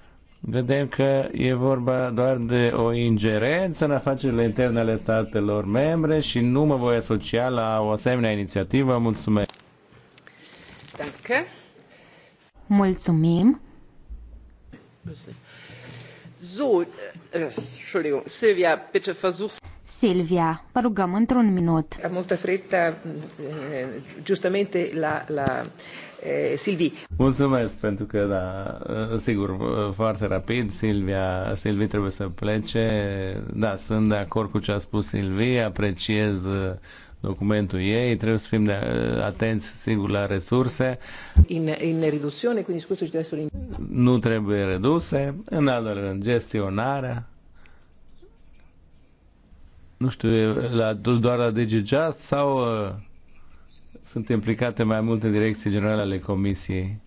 vedem că e vorba doar de o ingerență în afacerile interne ale statelor membre și nu mă voi asocia la o asemenea inițiativă. Mulțumesc! Danke. Mulțumim! So, uh, Entschuldigung, Silvia, bitte versuch's. Silvia, vă rugăm într-un minut. Am multă frită, giustamente la, la Eh, Silvi. Mulțumesc pentru că, da, eh, sigur, foarte rapid, Silvia, Silvi trebuie să plece. Da, sunt de acord cu ce a spus Silvi, apreciez eh, documentul ei, trebuie să fim de, atenți, sigur, la resurse. In, in reducțiune, cu discursul și deve essere... Nu trebuie reduse, în al doilea rând, gestionarea. Nu știu, la, doar la DigiJust sau sunt implicate mai multe direcții generale ale Comisiei.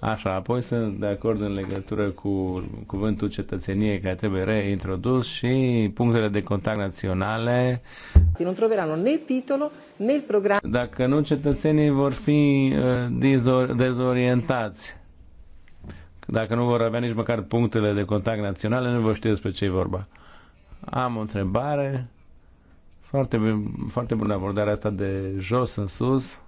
Așa, apoi sunt de acord în legătură cu cuvântul cetățenie care trebuie reintrodus și punctele de contact naționale. Nu troveranno né titolo né il programma. Dacă nu, cetățenii vor fi uh, dezorientați. Dacă nu vor avea nici măcar punctele de contact naționale, nu vor ști despre ce e vorba. Am o întrebare foarte, foarte bună abordarea asta de jos în sus.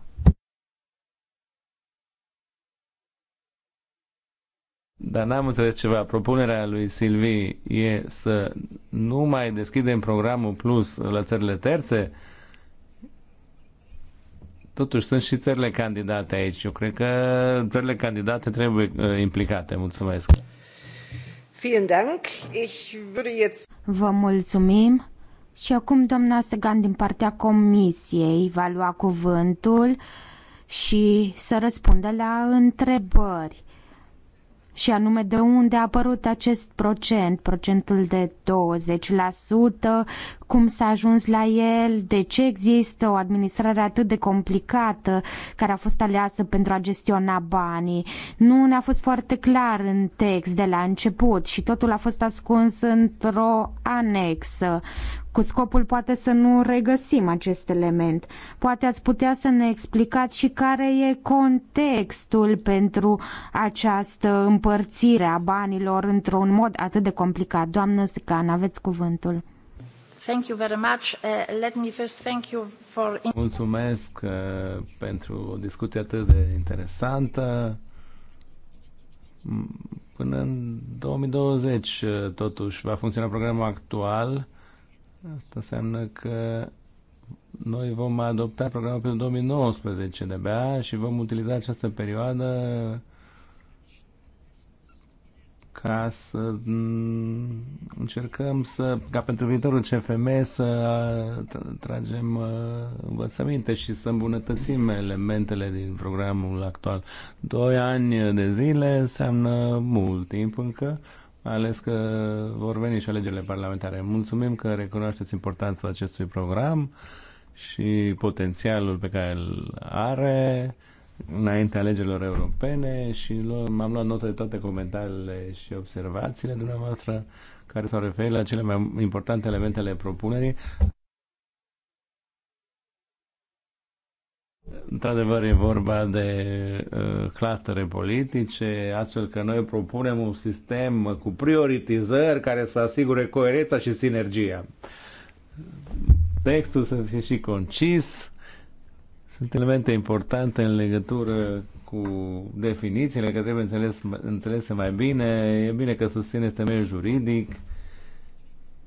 Dar n-am înțeles ceva. Propunerea lui Silvi e să nu mai deschidem programul plus la țările terțe. Totuși sunt și țările candidate aici. Eu cred că țările candidate trebuie uh, implicate. Mulțumesc. Vă mulțumim. Și acum doamna Săgan din partea comisiei va lua cuvântul și să răspundă la întrebări. Și anume de unde a apărut acest procent, procentul de 20%, cum s-a ajuns la el, de ce există o administrare atât de complicată care a fost aleasă pentru a gestiona banii. Nu ne-a fost foarte clar în text de la început și totul a fost ascuns într-o anexă. Cu scopul poate să nu regăsim acest element. Poate ați putea să ne explicați și care e contextul pentru această împărțire a banilor într-un mod atât de complicat. Doamnă Scan, aveți cuvântul. Mulțumesc pentru o discuție atât de interesantă. Până în 2020, uh, totuși, va funcționa programul actual Asta înseamnă că noi vom adopta programul pentru 2019 de-abia și vom utiliza această perioadă ca să încercăm să, ca pentru viitorul CFM să tragem uh, învățăminte și să îmbunătățim elementele din programul actual. Doi ani de zile înseamnă mult timp încă, mai ales că vor veni și alegerile parlamentare. Mulțumim că recunoașteți importanța acestui program și potențialul pe care îl are înainte alegerilor europene și m-am luat notă de toate comentariile și observațiile dumneavoastră care s-au referit la cele mai importante elemente ale propunerii. Într-adevăr, e vorba de uh, clastere politice, astfel că noi propunem un sistem cu prioritizări care să asigure coerența și sinergia. Textul să fie și concis. Sunt elemente importante în legătură cu definițiile, că trebuie înțeles, înțelese mai bine. E bine că susțineți temeiul juridic.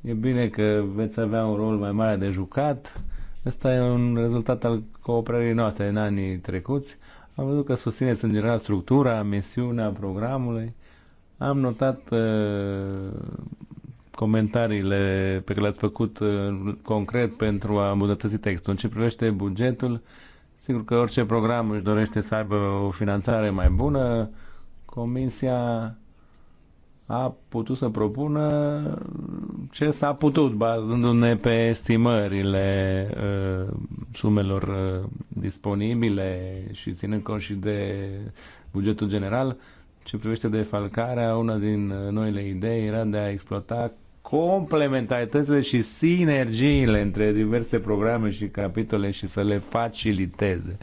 E bine că veți avea un rol mai mare de jucat Ăsta e un rezultat al cooperării noastre în anii trecuți. Am văzut că susțineți în general structura, misiunea programului. Am notat uh, comentariile pe care le-ați făcut uh, concret pentru a îmbunătăți textul. În ce privește bugetul, sigur că orice program își dorește să aibă o finanțare mai bună. Comisia a putut să propună ce s-a putut, bazându-ne pe estimările uh, sumelor uh, disponibile și ținând cont și de bugetul general. Ce privește defalcarea, una din uh, noile idei era de a exploata complementaritățile și sinergiile între diverse programe și capitole și să le faciliteze.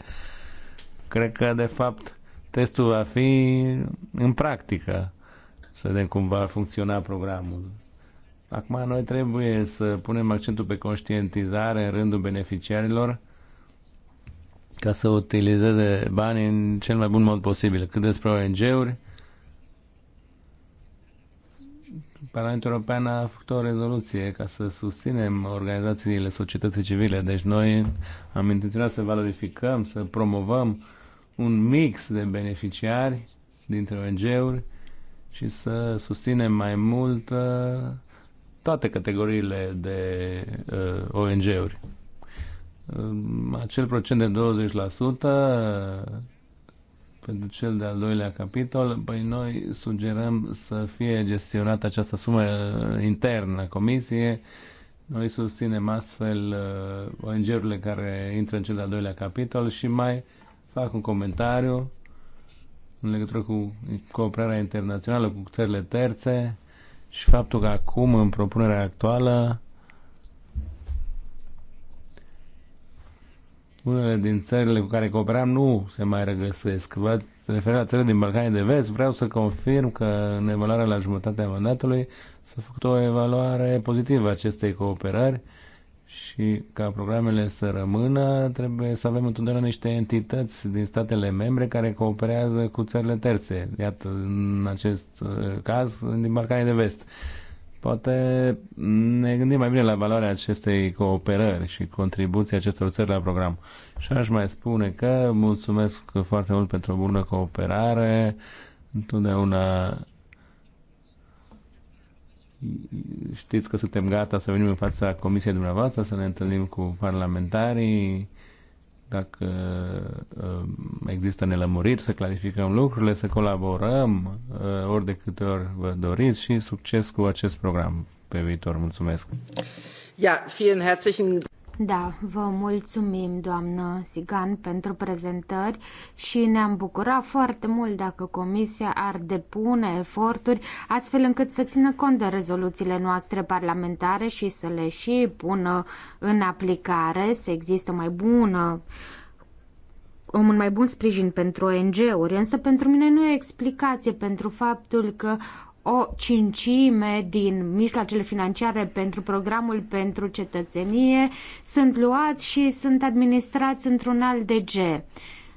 Cred că, de fapt, testul va fi în practică să vedem cum va funcționa programul. Acum noi trebuie să punem accentul pe conștientizare în rândul beneficiarilor ca să utilizeze banii în cel mai bun mod posibil. Cât despre ONG-uri, Parlamentul European a făcut o rezoluție ca să susținem organizațiile societății civile. Deci noi am intenționat să valorificăm, să promovăm un mix de beneficiari dintre ONG-uri și să susținem mai mult uh, toate categoriile de uh, ONG-uri. Um, acel procent de 20% uh, pentru cel de-al doilea capitol, păi noi sugerăm să fie gestionată această sumă uh, internă comisie. Noi susținem astfel ONG-urile care intră în cel de-al doilea capitol și mai fac un comentariu în legătură cu cooperarea internațională cu țările terțe și faptul că acum, în propunerea actuală, unele din țările cu care cooperam nu se mai regăsesc. Vă refer la țările din Balcanii de Vest. Vreau să confirm că în evaluarea la jumătatea mandatului s-a făcut o evaluare pozitivă a acestei cooperări și ca programele să rămână, trebuie să avem întotdeauna niște entități din statele membre care cooperează cu țările terțe. Iată, în acest uh, caz, din Balcanii de Vest. Poate ne gândim mai bine la valoarea acestei cooperări și contribuția acestor țări la program. Și aș mai spune că mulțumesc foarte mult pentru o bună cooperare. Întotdeauna știți că suntem gata să venim în fața comisiei dumneavoastră, să ne întâlnim cu parlamentarii, dacă um, există nelămuriri, să clarificăm lucrurile, să colaborăm uh, ori de câte ori vă doriți și succes cu acest program pe viitor. Mulțumesc! Ja, vielen herzlichen da, vă mulțumim, doamnă Sigan, pentru prezentări și ne-am bucurat foarte mult dacă Comisia ar depune eforturi astfel încât să țină cont de rezoluțiile noastre parlamentare și să le și pună în aplicare, să există o mai bună un mai bun sprijin pentru ONG-uri, însă pentru mine nu e explicație pentru faptul că o cincime din mijloacele financiare pentru programul pentru cetățenie sunt luați și sunt administrați într-un alt DG.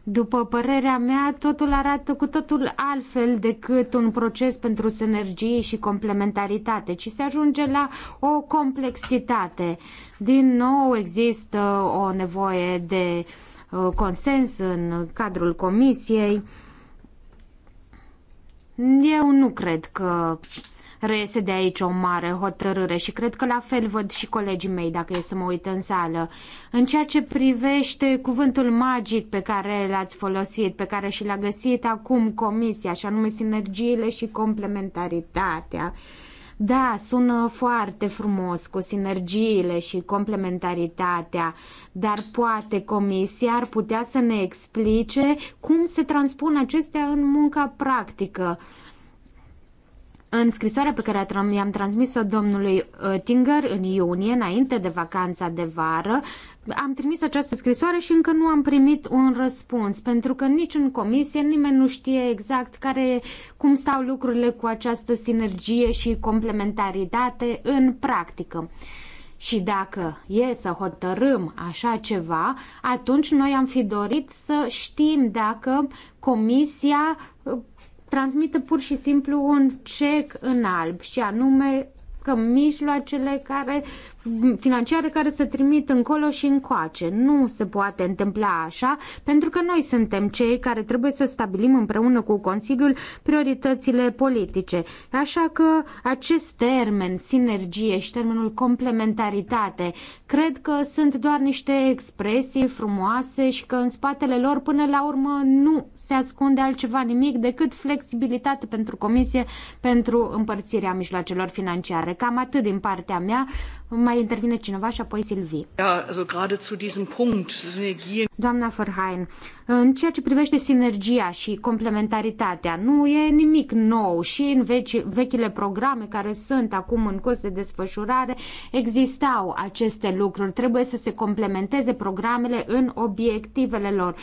După părerea mea, totul arată cu totul altfel decât un proces pentru sinergie și complementaritate, ci se ajunge la o complexitate. Din nou există o nevoie de uh, consens în cadrul comisiei. Eu nu cred că reiese de aici o mare hotărâre și cred că la fel văd și colegii mei dacă e să mă uit în sală. În ceea ce privește cuvântul magic pe care l-ați folosit, pe care și l-a găsit acum comisia, și anume sinergiile și complementaritatea, uh, da, sună uh, foarte frumos cu sinergiile și complementaritatea, dar poate comisia ar putea să ne explice cum se transpun acestea în munca practică. În scrisoarea pe care i-am transmis-o domnului Oettinger uh, în iunie, înainte de vacanța de vară, am trimis această scrisoare și încă nu am primit un răspuns, pentru că nici în comisie nimeni nu știe exact care, cum stau lucrurile cu această sinergie și complementaritate în practică. Și dacă e să hotărâm așa ceva, atunci noi am fi dorit să știm dacă comisia uh, transmite pur și simplu un cec în alb și anume că mijloacele care financiare care să trimit încolo și încoace. Nu se poate întâmpla așa, pentru că noi suntem cei care trebuie să stabilim împreună cu Consiliul prioritățile politice. Așa că acest termen, sinergie și termenul complementaritate, cred că sunt doar niște expresii frumoase și că în spatele lor până la urmă nu se ascunde altceva nimic decât flexibilitate pentru Comisie pentru împărțirea mijloacelor financiare. Cam atât din partea mea. Mai mai intervine cineva și apoi Silvi. Da, also zu diesem Doamna Verheyen, în ceea ce privește sinergia și complementaritatea, nu e nimic nou și în veci, vechile programe care sunt acum în curs de desfășurare existau aceste lucruri. Trebuie să se complementeze programele în obiectivele lor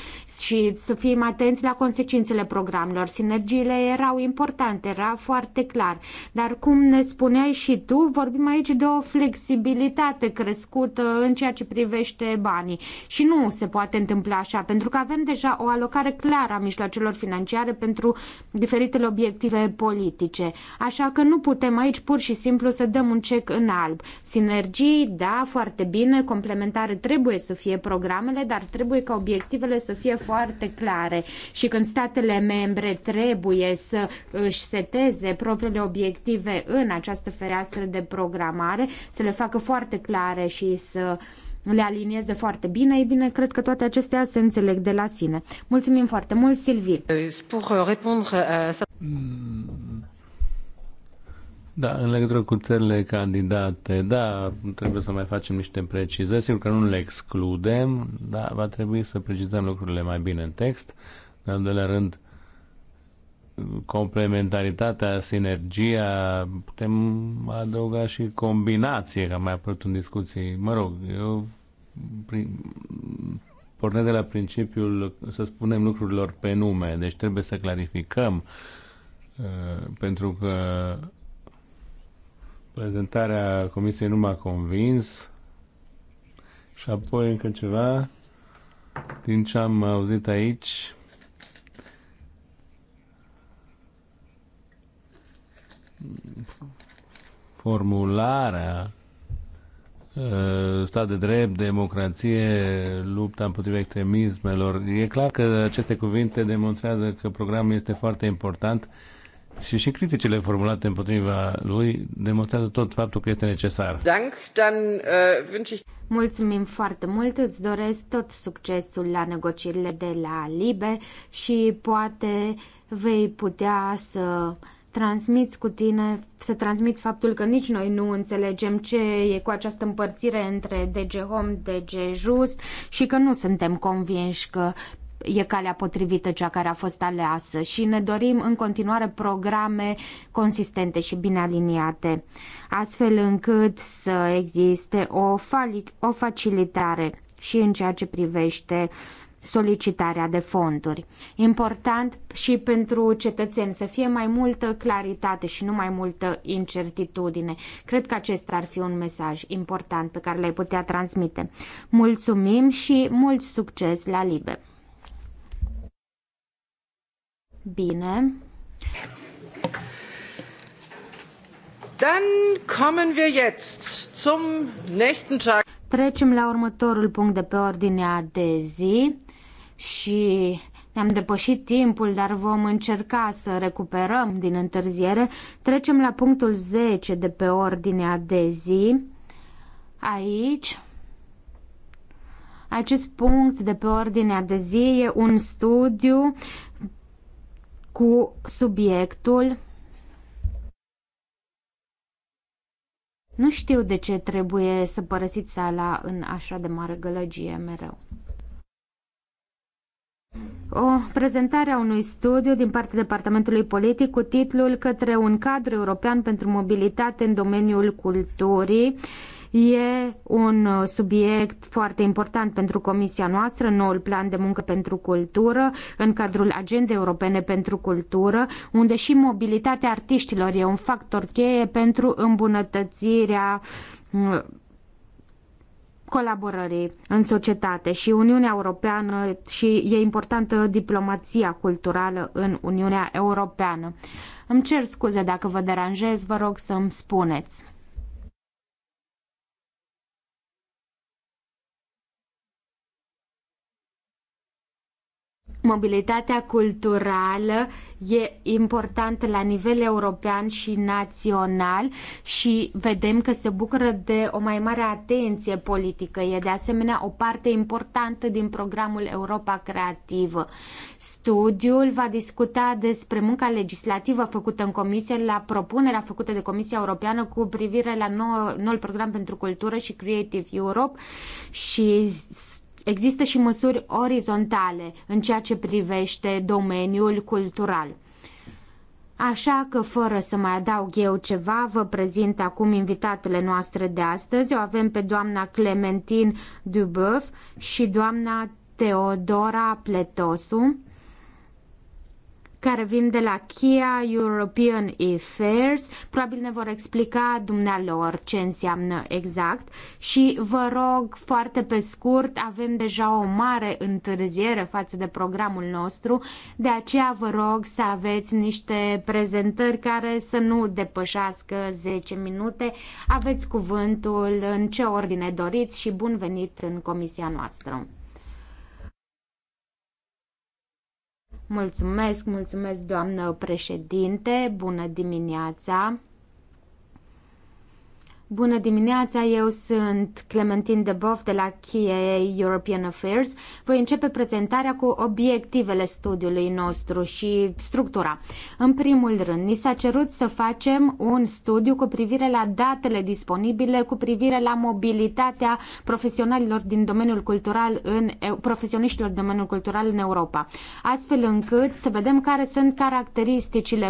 și să fim atenți la consecințele programelor. Sinergiile erau importante, era foarte clar. Dar cum ne spuneai și tu, vorbim aici de o flexibilitate crescută în ceea ce privește banii. Și nu se poate întâmpla așa, pentru că avem deja deja o alocare clară a mijloacelor financiare pentru diferitele obiective politice. Așa că nu putem aici pur și simplu să dăm un cec în alb. Sinergii, da, foarte bine, complementare trebuie să fie programele, dar trebuie ca obiectivele să fie foarte clare. Și când statele membre trebuie să își seteze propriile obiective în această fereastră de programare, să le facă foarte clare și să uh, le alinieze foarte bine, ei bine, cred că toate acestea se înțeleg de la sine. Mulțumim foarte mult, Silvi. Euh, mm. Da, în legătură cu țările candidate, da, trebuie să mai facem niște precizări, sigur că nu le excludem, dar va trebui să precizăm lucrurile mai bine în text. În al doilea rând, complementaritatea, sinergia, putem adăuga și combinație, că mai apărut în discuții. Mă rog, eu prin, pornesc de la principiul, să spunem lucrurilor pe nume, deci trebuie să clarificăm, uh, pentru că prezentarea comisiei nu m-a convins și apoi încă ceva din ce am auzit aici formularea uh, stat de drept, democrație, lupta împotriva extremismelor. E clar că aceste cuvinte demonstrează că programul este foarte important și și criticile formulate împotriva lui demonstrează tot faptul că este necesar. Dank, dann, uh, ich... Mulțumim foarte mult, îți doresc tot succesul la negocierile de la Libe și poate vei putea să transmiți cu tine, să transmiți faptul că nici noi nu înțelegem ce e cu această împărțire între DG Home, DG Just și că nu suntem convinși că e calea potrivită cea care a fost aleasă și ne dorim în continuare programe consistente și bine aliniate, astfel încât să existe o, o facilitare și în ceea ce privește solicitarea de fonduri. Important și pentru cetățeni să fie mai multă claritate și nu mai multă incertitudine. Cred că acesta ar fi un mesaj important pe care l-ai putea transmite. Mulțumim și mult succes la Libe! Bine. Dann kommen wir jetzt zum nächsten Tag. Trecem la următorul punct de pe ordinea de zi și ne-am depășit timpul, dar vom încerca să recuperăm din întârziere. Trecem la punctul 10 de pe ordinea de zi. Aici acest punct de pe ordinea de zi e un studiu cu subiectul Nu știu de ce trebuie să părăsiți sala în așa de mare gălăgie mereu o prezentare a unui studiu din partea Departamentului Politic cu titlul Către un cadru european pentru mobilitate în domeniul culturii. E un subiect foarte important pentru Comisia noastră, noul plan de muncă pentru cultură, în cadrul Agendei Europene pentru Cultură, unde și mobilitatea artiștilor e un factor cheie pentru îmbunătățirea colaborării în societate și Uniunea Europeană și e importantă diplomația culturală în Uniunea Europeană. Îmi cer scuze dacă vă deranjez, vă rog să-mi spuneți. Mobilitatea culturală e importantă la nivel european și național și vedem că se bucură de o mai mare atenție politică. E de asemenea o parte importantă din programul Europa Creativă. Studiul va discuta despre munca legislativă făcută în comisie la propunerea făcută de Comisia Europeană cu privire la nou, noul program pentru cultură și Creative Europe și Există și măsuri orizontale în ceea ce privește domeniul cultural. Așa că, fără să mai adaug eu ceva, vă prezint acum invitatele noastre de astăzi. O avem pe doamna Clementine Duboeuf și doamna Teodora Pletosu care vin de la Kia European Affairs. Probabil ne vor explica dumnealor ce înseamnă exact și vă rog foarte pe scurt, avem deja o mare întârziere față de programul nostru, de aceea vă rog să aveți niște prezentări care să nu depășească 10 minute. Aveți cuvântul în ce ordine doriți și bun venit în comisia noastră. Mulțumesc, mulțumesc doamnă președinte, bună dimineața! Bună dimineața, eu sunt Clementin Debov de la KIA European Affairs. Voi începe prezentarea cu obiectivele studiului nostru și structura. În primul rând, ni s-a cerut să facem un studiu cu privire la datele disponibile, cu privire la mobilitatea profesionalilor din domeniul cultural în, profesioniștilor din domeniul cultural în Europa, astfel încât să vedem care sunt caracteristicile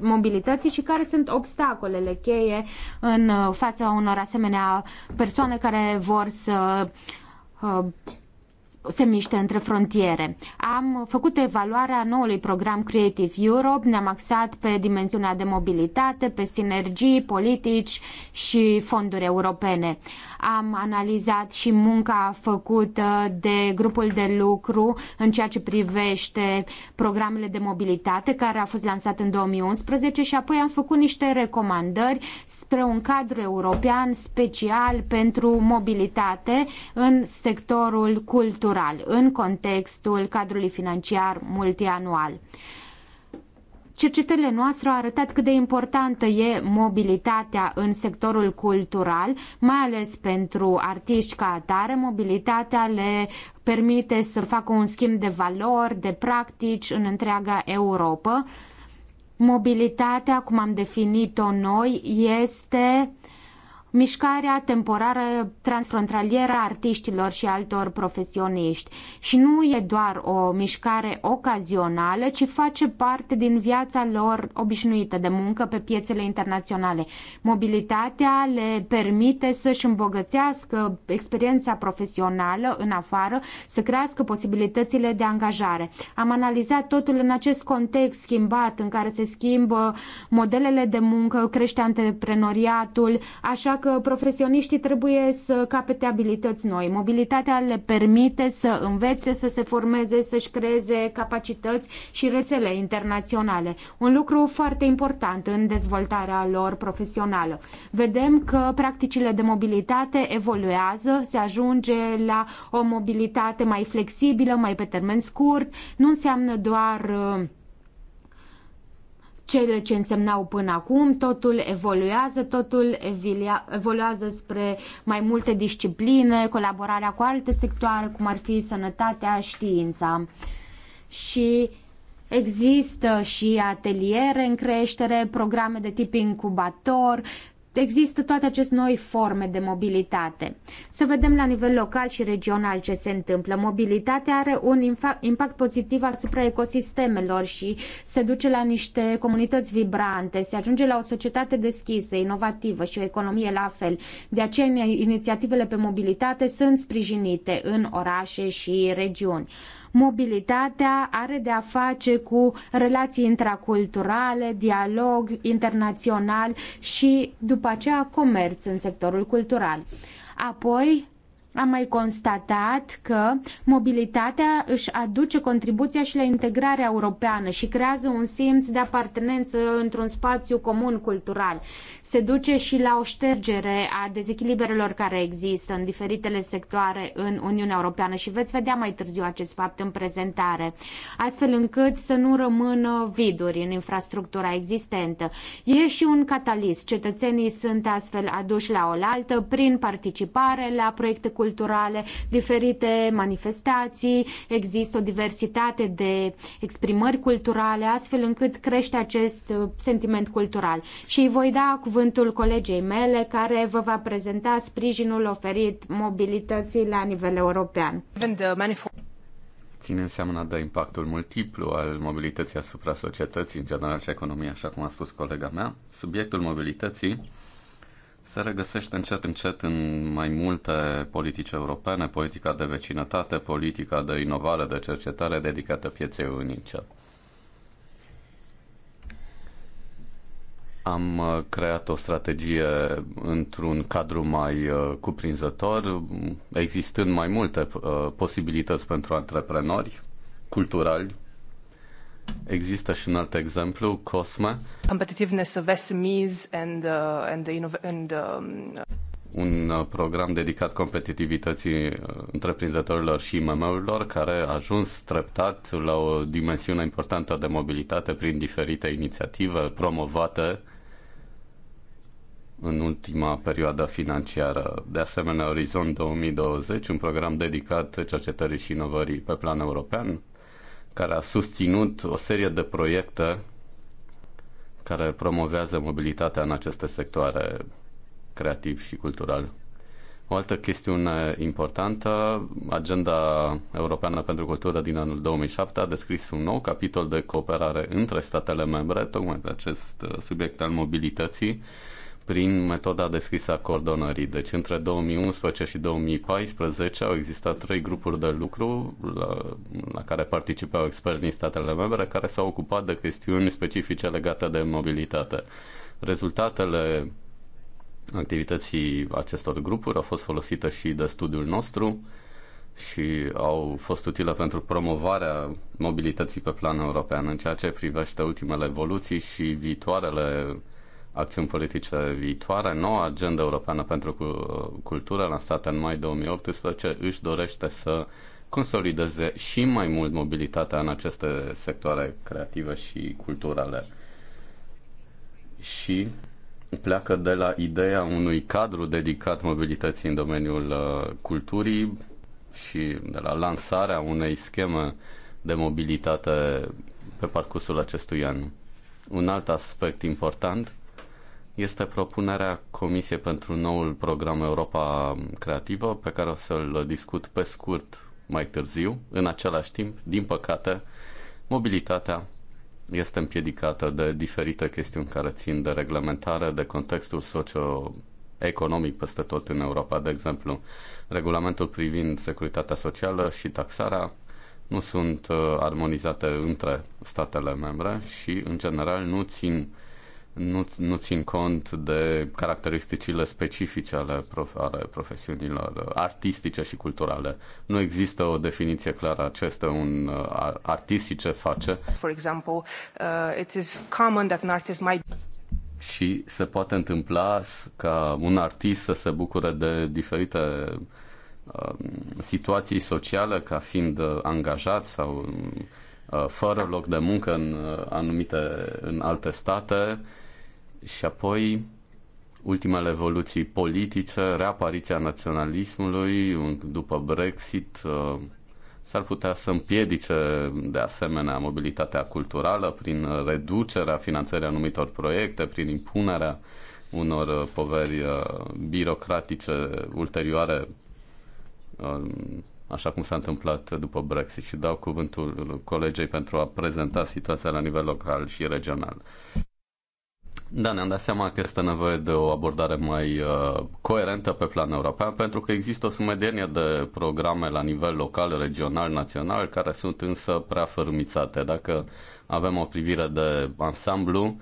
mobilității și care sunt obstacolele cheie în fața unor asemenea persoane care vor să uh, se miște între frontiere. Am făcut evaluarea noului program Creative Europe, ne-am axat pe dimensiunea de mobilitate, pe sinergii, politici și fonduri europene. Am analizat și munca făcută de grupul de lucru în ceea ce privește programele de mobilitate care a fost lansat în 2011 și apoi am făcut niște recomandări spre un cadru european special pentru mobilitate în sectorul cultural, în contextul cadrului financiar multianual. Cercetările noastre au arătat cât de importantă e mobilitatea în sectorul cultural, mai ales pentru artiști ca atare. Mobilitatea le permite să facă un schimb de valori, de practici în întreaga Europa. Mobilitatea, cum am definit-o noi, este mișcarea temporară transfrontalieră a artiștilor și altor profesioniști. Și nu e doar o mișcare ocazională, ci face parte din viața lor obișnuită de muncă pe piețele internaționale. Mobilitatea le permite să-și îmbogățească experiența profesională în afară, să crească posibilitățile de angajare. Am analizat totul în acest context schimbat în care se schimbă modelele de muncă, crește antreprenoriatul, așa că profesioniștii trebuie să capete abilități noi. Mobilitatea le permite să învețe, să se formeze, să-și creeze capacități și rețele internaționale. Un lucru foarte important în dezvoltarea lor profesională. Vedem că practicile de mobilitate evoluează, se ajunge la o mobilitate mai flexibilă, mai pe termen scurt. Nu înseamnă doar uh, cele ce însemnau până acum, totul evoluează, totul evoluează spre mai multe discipline, colaborarea cu alte sectoare, cum ar fi sănătatea, știința. Și există și ateliere în creștere, programe de tip incubator, există toate aceste noi forme de mobilitate. Să vedem la nivel local și regional ce se întâmplă. Mobilitatea are un impact pozitiv asupra ecosistemelor și se duce la niște comunități vibrante, se ajunge la o societate deschisă, inovativă și o economie la fel. De aceea, inițiativele pe mobilitate sunt sprijinite în orașe și regiuni. Mobilitatea are de a face cu relații intraculturale, dialog internațional și după aceea comerț în sectorul cultural. Apoi, am mai constatat că mobilitatea își aduce contribuția și la integrarea europeană și creează un simț de apartenență într-un spațiu comun cultural. Se duce și la o ștergere a dezechilibrelor care există în diferitele sectoare în Uniunea Europeană și veți vedea mai târziu acest fapt în prezentare, astfel încât să nu rămână viduri în infrastructura existentă. E și un catalist. Cetățenii sunt astfel aduși la oaltă prin participare la proiecte cu culturale, diferite manifestații, există o diversitate de exprimări culturale, astfel încât crește acest uh, sentiment cultural. Și îi voi da cuvântul colegei mele care vă va prezenta sprijinul oferit mobilității la nivel european. Uh, Ține înseamnă de da impactul multiplu al mobilității asupra societății, în general și economiei, așa cum a spus colega mea. Subiectul mobilității se regăsește încet încet în mai multe politici europene, politica de vecinătate, politica de inovare, de cercetare dedicată pieței unice. Am uh, creat o strategie într-un cadru mai uh, cuprinzător, existând mai multe uh, posibilități pentru antreprenori culturali Există și un alt exemplu, COSME. Competitiveness of SMEs and, uh, and the, and, um... un uh, program dedicat competitivității uh, întreprinzătorilor și IMM-urilor care a ajuns treptat la o dimensiune importantă de mobilitate prin diferite inițiative promovate în ultima perioadă financiară. De asemenea, Orizont 2020, un program dedicat cercetării și inovării pe plan european, care a susținut o serie de proiecte care promovează mobilitatea în aceste sectoare creativ și cultural. O altă chestiune importantă, agenda europeană pentru cultură din anul 2007 a descris un nou capitol de cooperare între statele membre, tocmai pe acest uh, subiect al mobilității, prin metoda descrisă a coordonării. Deci între 2011 și 2014 au existat trei grupuri de lucru la, la care participau experți din statele membre care s-au ocupat de chestiuni specifice legate de mobilitate. Rezultatele activității acestor grupuri au fost folosite și de studiul nostru și au fost utile pentru promovarea mobilității pe plan european în ceea ce privește ultimele evoluții și viitoarele acțiuni politice viitoare. Noua agenda europeană pentru cultură, lansată în mai 2018, își dorește să consolideze și mai mult mobilitatea în aceste sectoare creative și culturale. Și pleacă de la ideea unui cadru dedicat mobilității în domeniul uh, culturii și de la lansarea unei scheme de mobilitate pe parcursul acestui an. Un alt aspect important este propunerea Comisiei pentru noul program Europa Creativă, pe care o să-l discut pe scurt mai târziu. În același timp, din păcate, mobilitatea este împiedicată de diferite chestiuni care țin de reglementare, de contextul socio economic peste tot în Europa. De exemplu, regulamentul privind securitatea socială și taxarea nu sunt uh, armonizate între statele membre și, în general, nu țin nu, nu țin cont de caracteristicile specifice ale, prof, ale profesiunilor artistice și culturale. Nu există o definiție clară a ce este un artist și ce face. For example, uh, it is common that an artist might și se poate întâmpla ca un artist să se bucure de diferite uh, situații sociale ca fiind angajat sau uh, fără loc de muncă în uh, anumite în alte state și apoi ultimele evoluții politice, reapariția naționalismului după Brexit uh, s-ar putea să împiedice de asemenea mobilitatea culturală prin reducerea finanțării anumitor proiecte, prin impunerea unor uh, poveri uh, birocratice ulterioare um, așa cum s-a întâmplat după Brexit și dau cuvântul colegei pentru a prezenta situația la nivel local și regional. Da, ne-am dat seama că este nevoie de o abordare mai uh, coerentă pe plan european, pentru că există o sumedenie de programe la nivel local, regional, național, care sunt însă prea fărâmițate. Dacă avem o privire de ansamblu,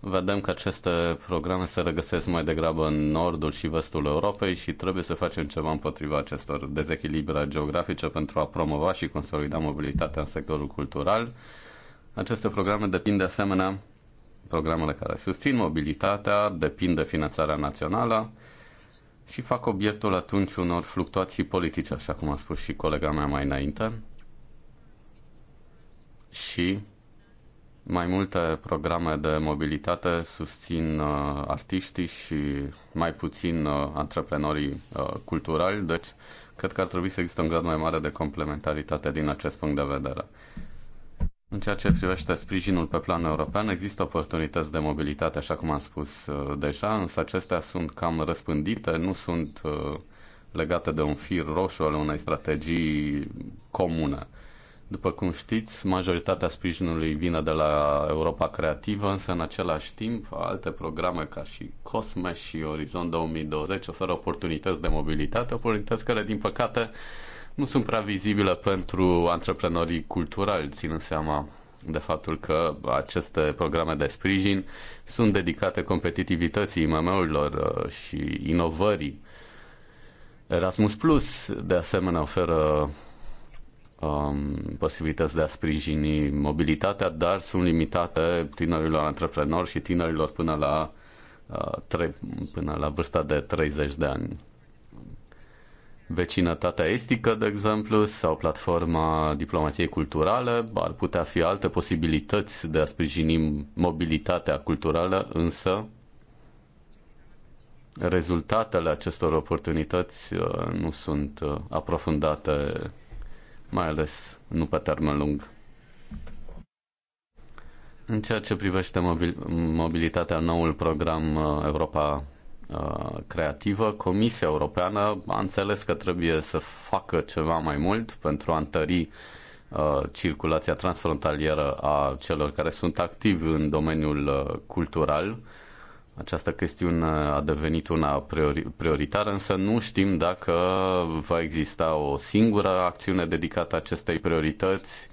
vedem că aceste programe se regăsesc mai degrabă în nordul și vestul Europei și trebuie să facem ceva împotriva acestor dezechilibre geografice pentru a promova și consolida mobilitatea în sectorul cultural. Aceste programe depind de asemenea programele care susțin mobilitatea depind de finanțarea națională și fac obiectul atunci unor fluctuații politice, așa cum a spus și colega mea mai înainte. Și mai multe programe de mobilitate susțin uh, artiștii și mai puțin uh, antreprenorii uh, culturali, deci cred că ar trebui să există un grad mai mare de complementaritate din acest punct de vedere. În ceea ce privește sprijinul pe plan european, există oportunități de mobilitate, așa cum am spus uh, deja, însă acestea sunt cam răspândite, nu sunt uh, legate de un fir roșu al unei strategii comune. După cum știți, majoritatea sprijinului vine de la Europa Creativă, însă în același timp alte programe ca și COSME și Orizont 2020 oferă oportunități de mobilitate, oportunități care, din păcate, nu sunt prea vizibile pentru antreprenorii culturali, ținând seama de faptul că aceste programe de sprijin sunt dedicate competitivității IMM-urilor uh, și inovării. Erasmus Plus, de asemenea, oferă um, posibilități de a sprijini mobilitatea, dar sunt limitate tinerilor antreprenori și tinerilor până la, uh, tre- până la vârsta de 30 de ani vecinătatea estică, de exemplu, sau platforma diplomației culturale. Ar putea fi alte posibilități de a sprijini mobilitatea culturală, însă rezultatele acestor oportunități uh, nu sunt uh, aprofundate, mai ales nu pe termen lung. În ceea ce privește mobil- mobilitatea, noul program uh, Europa Uh, creativă, Comisia Europeană a înțeles că trebuie să facă ceva mai mult pentru a întări uh, circulația transfrontalieră a celor care sunt activi în domeniul uh, cultural. Această chestiune a devenit una priori- prioritară, însă nu știm dacă va exista o singură acțiune dedicată acestei priorități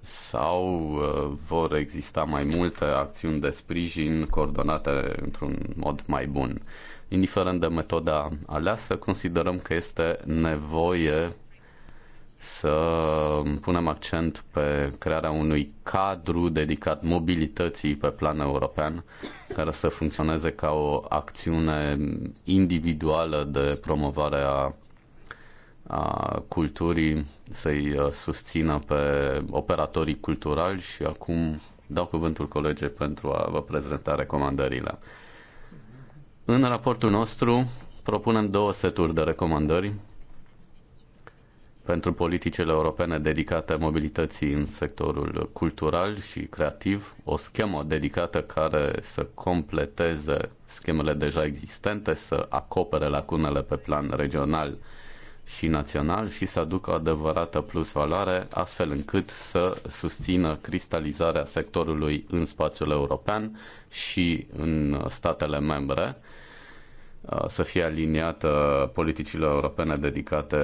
sau vor exista mai multe acțiuni de sprijin coordonate într-un mod mai bun indiferent de metoda aleasă, considerăm că este nevoie să punem accent pe crearea unui cadru dedicat mobilității pe plan european, care să funcționeze ca o acțiune individuală de promovare a, a culturii, să-i uh, susțină pe operatorii culturali și acum dau cuvântul colegii pentru a vă prezenta recomandările. În raportul nostru propunem două seturi de recomandări pentru politicile europene dedicate mobilității în sectorul cultural și creativ, o schemă dedicată care să completeze schemele deja existente, să acopere lacunele pe plan regional și național și să aducă o adevărată plus valoare, astfel încât să susțină cristalizarea sectorului în spațiul european și în statele membre, Uh, să fie aliniată politicile europene dedicate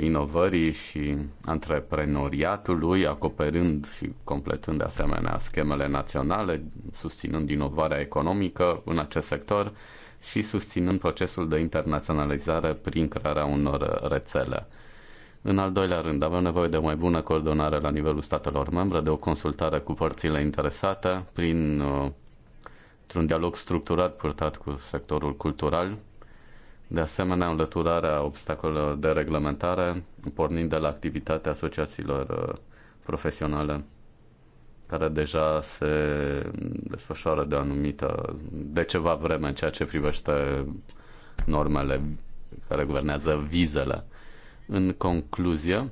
inovării și antreprenoriatului, acoperând și completând de asemenea schemele naționale, susținând inovarea economică în acest sector și susținând procesul de internaționalizare prin crearea unor rețele. În al doilea rând, avem nevoie de o mai bună coordonare la nivelul statelor membre, de o consultare cu părțile interesate prin uh, într-un dialog structurat purtat cu sectorul cultural, de asemenea înlăturarea obstacolelor de reglementare, pornind de la activitatea asociațiilor uh, profesionale care deja se desfășoară de anumită, de ceva vreme în ceea ce privește normele care guvernează vizele. În concluzie,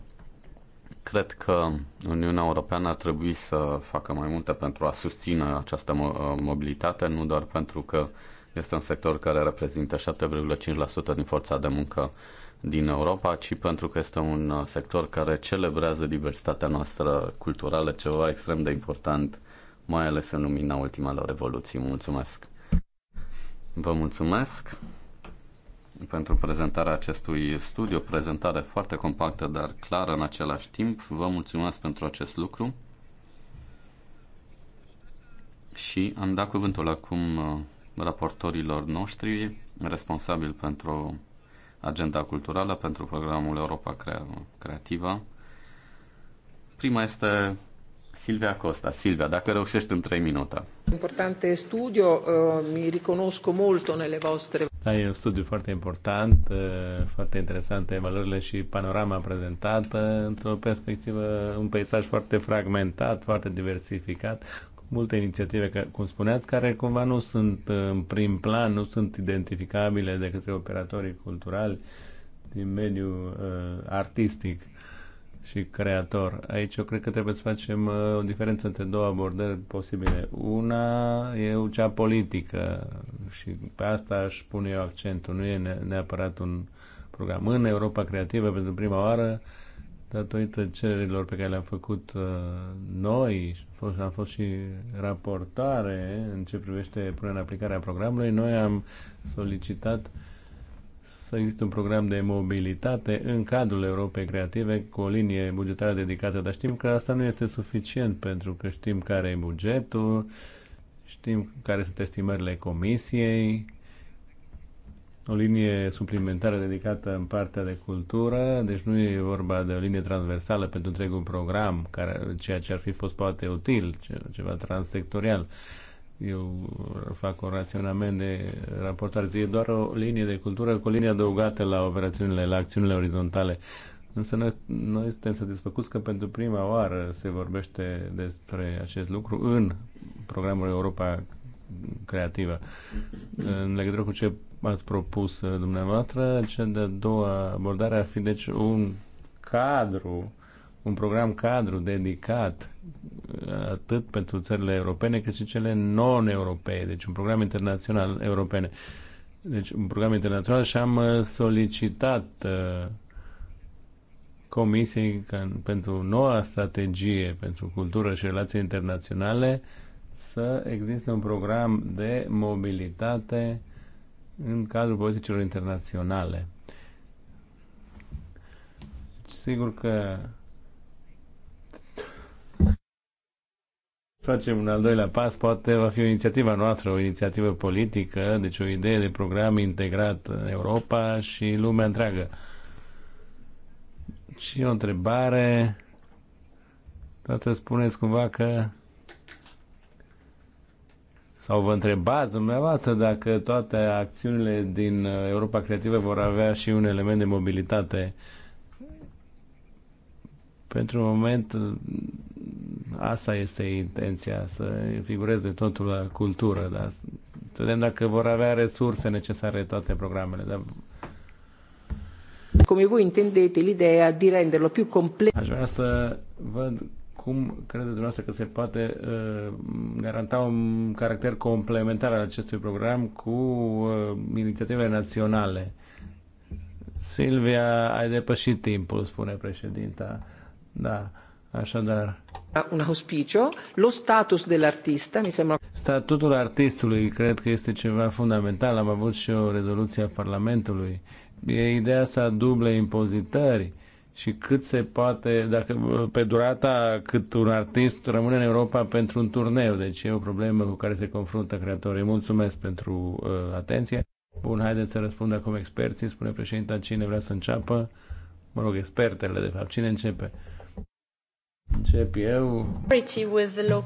Cred că Uniunea Europeană ar trebui să facă mai multe pentru a susține această uh, mobilitate, nu doar pentru că este un sector care reprezintă 7,5% din forța de muncă din Europa, ci pentru că este un uh, sector care celebrează diversitatea noastră culturală, ceva extrem de important, mai ales în lumina ultimelor evoluții. Mulțumesc! Vă mulțumesc! pentru prezentarea acestui studiu, o prezentare foarte compactă, dar clară în același timp. Vă mulțumesc pentru acest lucru. Și am dat cuvântul acum uh, raportorilor noștri, responsabil pentru agenda culturală, pentru programul Europa Creativă. Prima este Silvia Costa. Silvia, dacă reușești în 3 minute. Importante studio, uh, mi riconosco molto nelle vostre da, e un studiu foarte important, uh, foarte interesant, valorile și panorama prezentată într-o perspectivă, un peisaj foarte fragmentat, foarte diversificat, cu multe inițiative, cum spuneați, care cumva nu sunt uh, în prim plan, nu sunt identificabile de către operatorii culturali din mediul uh, artistic și creator. Aici eu cred că trebuie să facem uh, o diferență între două abordări posibile. Una e cea politică și pe asta aș pune eu accentul. Nu e neapărat un program. În Europa Creativă, pentru prima oară, datorită cererilor pe care le-am făcut uh, noi, am fost și raportare în ce privește punerea în aplicare a programului, noi am solicitat uh, să existe un program de mobilitate în cadrul Europei Creative cu o linie bugetară dedicată, dar știm că asta nu este suficient pentru că știm care e bugetul, știm care sunt estimările comisiei, o linie suplimentară dedicată în partea de cultură, deci nu e vorba de o linie transversală pentru întregul program, care, ceea ce ar fi fost poate util, ceva transsectorial. Uh, eu fac un raționament de raportare. E doar o linie de cultură cu o linie adăugată la operațiunile, la acțiunile orizontale. Însă noi, noi suntem satisfăcuți că pentru prima oară se vorbește despre acest lucru în programul Europa Creativă. În legătură cu ce ați propus uh, dumneavoastră, cea de-a doua abordare ar fi deci un cadru, un program cadru dedicat atât pentru țările europene cât și cele non-europene, deci un program internațional europene. Deci un program internațional și am uh, solicitat uh, Comisiei pentru noua strategie pentru cultură și relații internaționale să existe un program de mobilitate în cadrul politicilor internaționale. sigur că facem un al doilea pas, poate va fi o inițiativă noastră, o inițiativă politică, deci o idee de program integrat în Europa și lumea întreagă. Și o întrebare, toată spuneți cumva că sau vă întrebați dumneavoastră dacă toate acțiunile din Europa Creativă vor avea și un element de mobilitate uh, pentru moment, asta este intenția, să figureze totul la cultură, dar să vedem dacă vor avea resurse necesare toate programele. Dar come voi ideea de a renderlo più complet? Aș vrea să văd cum credeți dumneavoastră că se poate uh, garanta un caracter complementar al acestui program cu uh, inițiativele naționale. Silvia, ai depășit timpul, spune președinta. Da, așadar. Da, un auspicio, lo status dell'artista, mi sembra. Statutul artistului cred că este ceva fundamental. Am avut și o rezoluție a Parlamentului. E ideea să duble impozitări și cât se poate, dacă pe durata cât un artist rămâne în Europa pentru un turneu. Deci e o problemă cu care se confruntă creatorii. Mulțumesc pentru uh, atenție. Bun, haideți să răspund acum experții, spune președinta cine vrea să înceapă. Mă rog, expertele, de fapt, cine începe? Încep eu. Uh,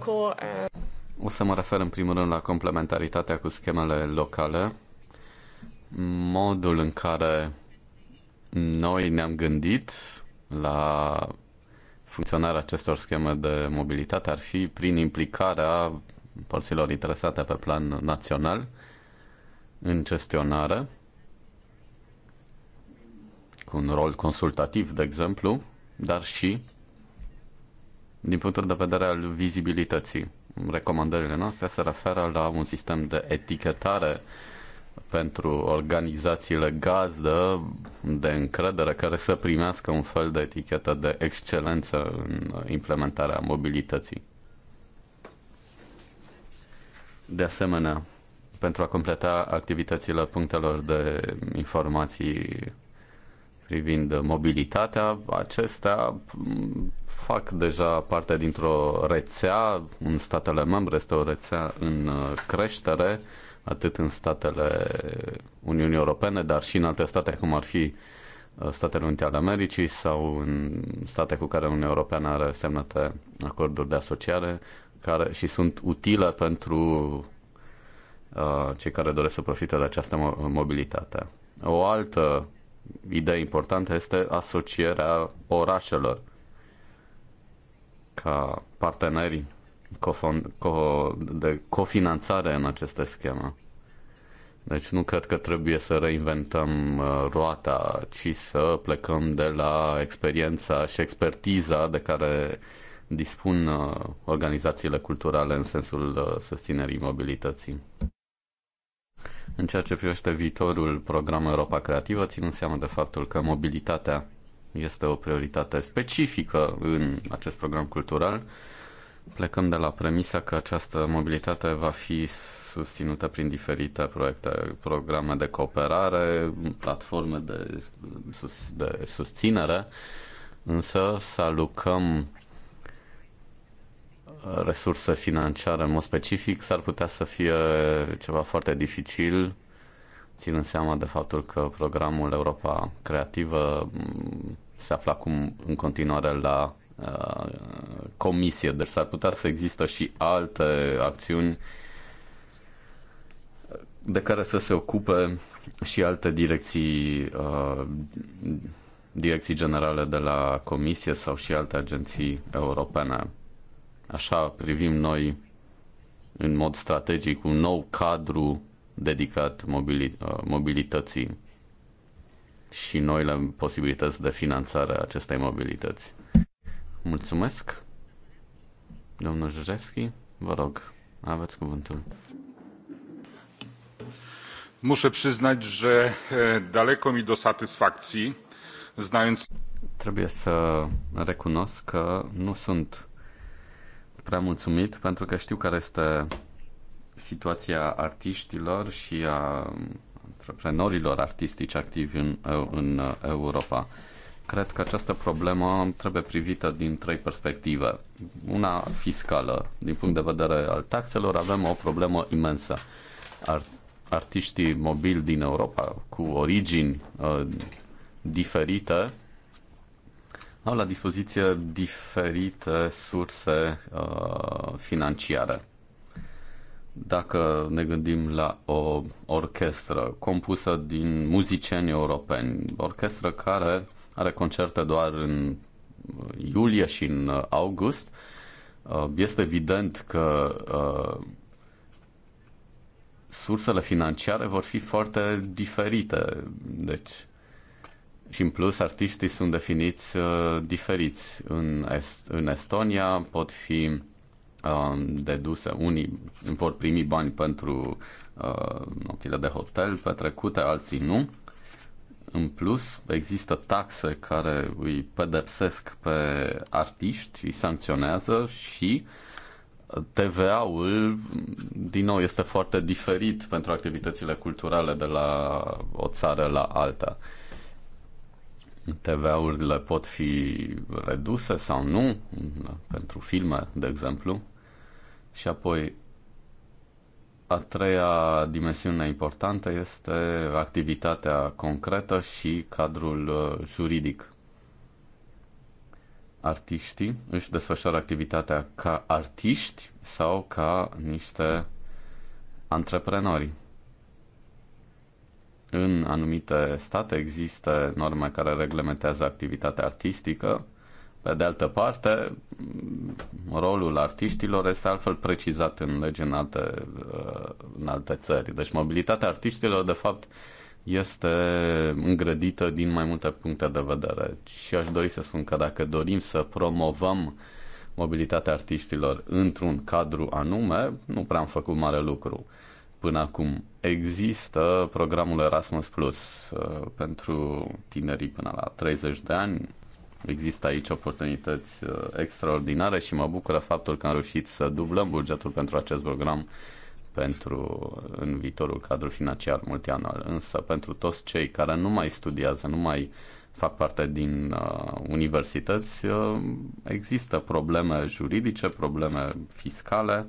o să mă refer în primul rând la complementaritatea cu schemele locale, modul în care noi ne-am gândit la funcționarea acestor scheme de mobilitate ar fi prin implicarea părților interesate pe plan național în gestionare, cu un rol consultativ, de exemplu, dar și din punctul de vedere al vizibilității. Recomandările noastre se referă la un sistem de etichetare pentru organizațiile gazdă de încredere care să primească un fel de etichetă de excelență în implementarea mobilității. De asemenea, pentru a completa activitățile punctelor de informații privind mobilitatea, acestea fac deja parte dintr-o rețea în statele membre, este o rețea în uh, creștere, atât în statele Uniunii Europene, dar și în alte state, cum ar fi uh, Statele Unite ale Americii sau în state cu care Uniunea Europeană are semnate acorduri de asociare care și sunt utile pentru uh, cei care doresc să profite de această mobilitate. O altă idee importantă este asocierea orașelor ca parteneri de cofinanțare în aceste schemă. Deci nu cred că trebuie să reinventăm uh, roata, ci să plecăm de la experiența și expertiza de care dispun uh, organizațiile culturale în sensul uh, susținerii mobilității. În ceea ce privește viitorul program Europa Creativă, ținând seama de faptul că mobilitatea este o prioritate specifică în acest program cultural, plecăm de la premisa că această mobilitate va fi susținută prin diferite proiecte, programe de cooperare, platforme de, sus, de susținere, însă să lucrăm resursă financiară, în mod specific, s-ar putea să fie ceva foarte dificil, ținând seama de faptul că programul Europa Creativă mm, se află acum în continuare la uh, comisie, deci s-ar putea să există și alte acțiuni de care să se ocupe și alte direcții, uh, direcții generale de la comisie sau și alte agenții europene. Așa privim noi în mod strategic un nou cadru dedicat mobili- uh, mobilității și noile posibilități de finanțare a acestei mobilități. Mulțumesc! Domnul Jurevski, vă rog, aveți cuvântul. Muszę przyznać, że daleko mi do satysfakcji, znając... Trebuie să recunosc că nu sunt prea mulțumit pentru că știu care este situația artiștilor și a antreprenorilor artistici activi în, în Europa. Cred că această problemă trebuie privită din trei perspective. Una fiscală, din punct de vedere al taxelor, avem o problemă imensă. Artiștii mobili din Europa cu origini uh, diferite au la dispoziție diferite surse uh, financiare. Dacă ne gândim la o orchestră compusă din muzicieni europeni, orchestră care are concerte doar în iulie și în august, uh, este evident că uh, sursele financiare vor fi foarte diferite. Deci, și în plus, artiștii sunt definiți uh, diferiți. În, Est- în Estonia pot fi uh, deduse, unii vor primi bani pentru uh, noptile de hotel petrecute, alții nu. În plus, există taxe care îi pedepsesc pe artiști, îi sancționează și uh, TVA-ul, din nou, este foarte diferit pentru activitățile culturale de la o țară la alta. Uh, TVA-urile pot fi reduse sau nu, da, pentru filme, de exemplu. Și apoi, a treia dimensiune importantă este activitatea concretă și cadrul uh, juridic. Artiștii își desfășoară activitatea ca artiști sau ca niște antreprenori. În anumite state există norme care reglementează activitatea artistică. Pe de altă parte, rolul artiștilor este altfel precizat în lege în alte, în alte țări. Deci mobilitatea artiștilor, de fapt, este îngrădită din mai multe puncte de vedere. Și aș dori să spun că dacă dorim să promovăm mobilitatea artiștilor într-un cadru anume, nu prea am făcut mare lucru până acum. Există programul Erasmus Plus uh, pentru tinerii până la 30 de ani. Există aici oportunități uh, extraordinare și mă bucură faptul că am reușit să dublăm bugetul pentru acest program pentru uh, în viitorul cadru financiar multianual. Însă pentru toți cei care nu mai studiază, nu mai fac parte din uh, universități, uh, există probleme juridice, probleme fiscale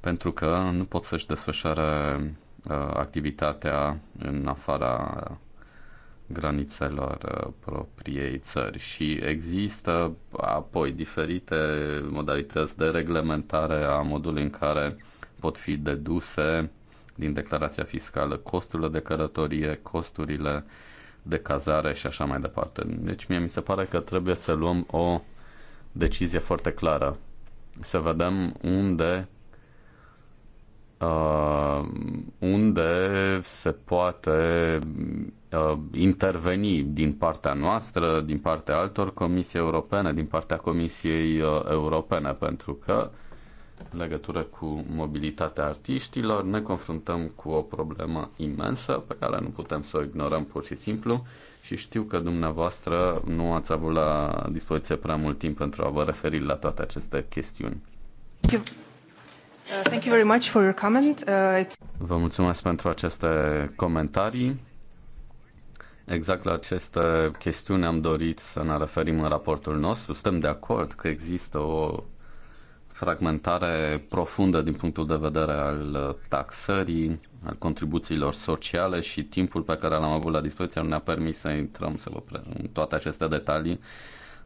pentru că nu pot să-și desfășoare uh, activitatea în afara granițelor uh, propriei țări și există apoi diferite modalități de reglementare a modului în care pot fi deduse din declarația fiscală costurile de călătorie, costurile de cazare și așa mai departe. Deci mie mi se pare că trebuie să luăm o decizie foarte clară, să vedem unde uh, unde se poate uh, interveni din partea noastră, din partea altor comisii europene, din partea Comisiei uh, Europene, pentru că în legătură cu mobilitatea artiștilor ne confruntăm cu o problemă imensă pe care nu putem să o ignorăm pur și simplu și știu că dumneavoastră nu ați avut la dispoziție prea mult timp pentru a vă referi la toate aceste chestiuni. Eu. Uh, thank you very much for your comment. Uh, vă mulțumesc pentru aceste comentarii. Exact la aceste chestiuni am dorit să ne referim în raportul nostru. Suntem de acord că există o fragmentare profundă din punctul de vedere al taxării, al contribuțiilor sociale și timpul pe care l-am avut la dispoziție nu ne-a permis să intrăm să vă pre- în toate aceste detalii,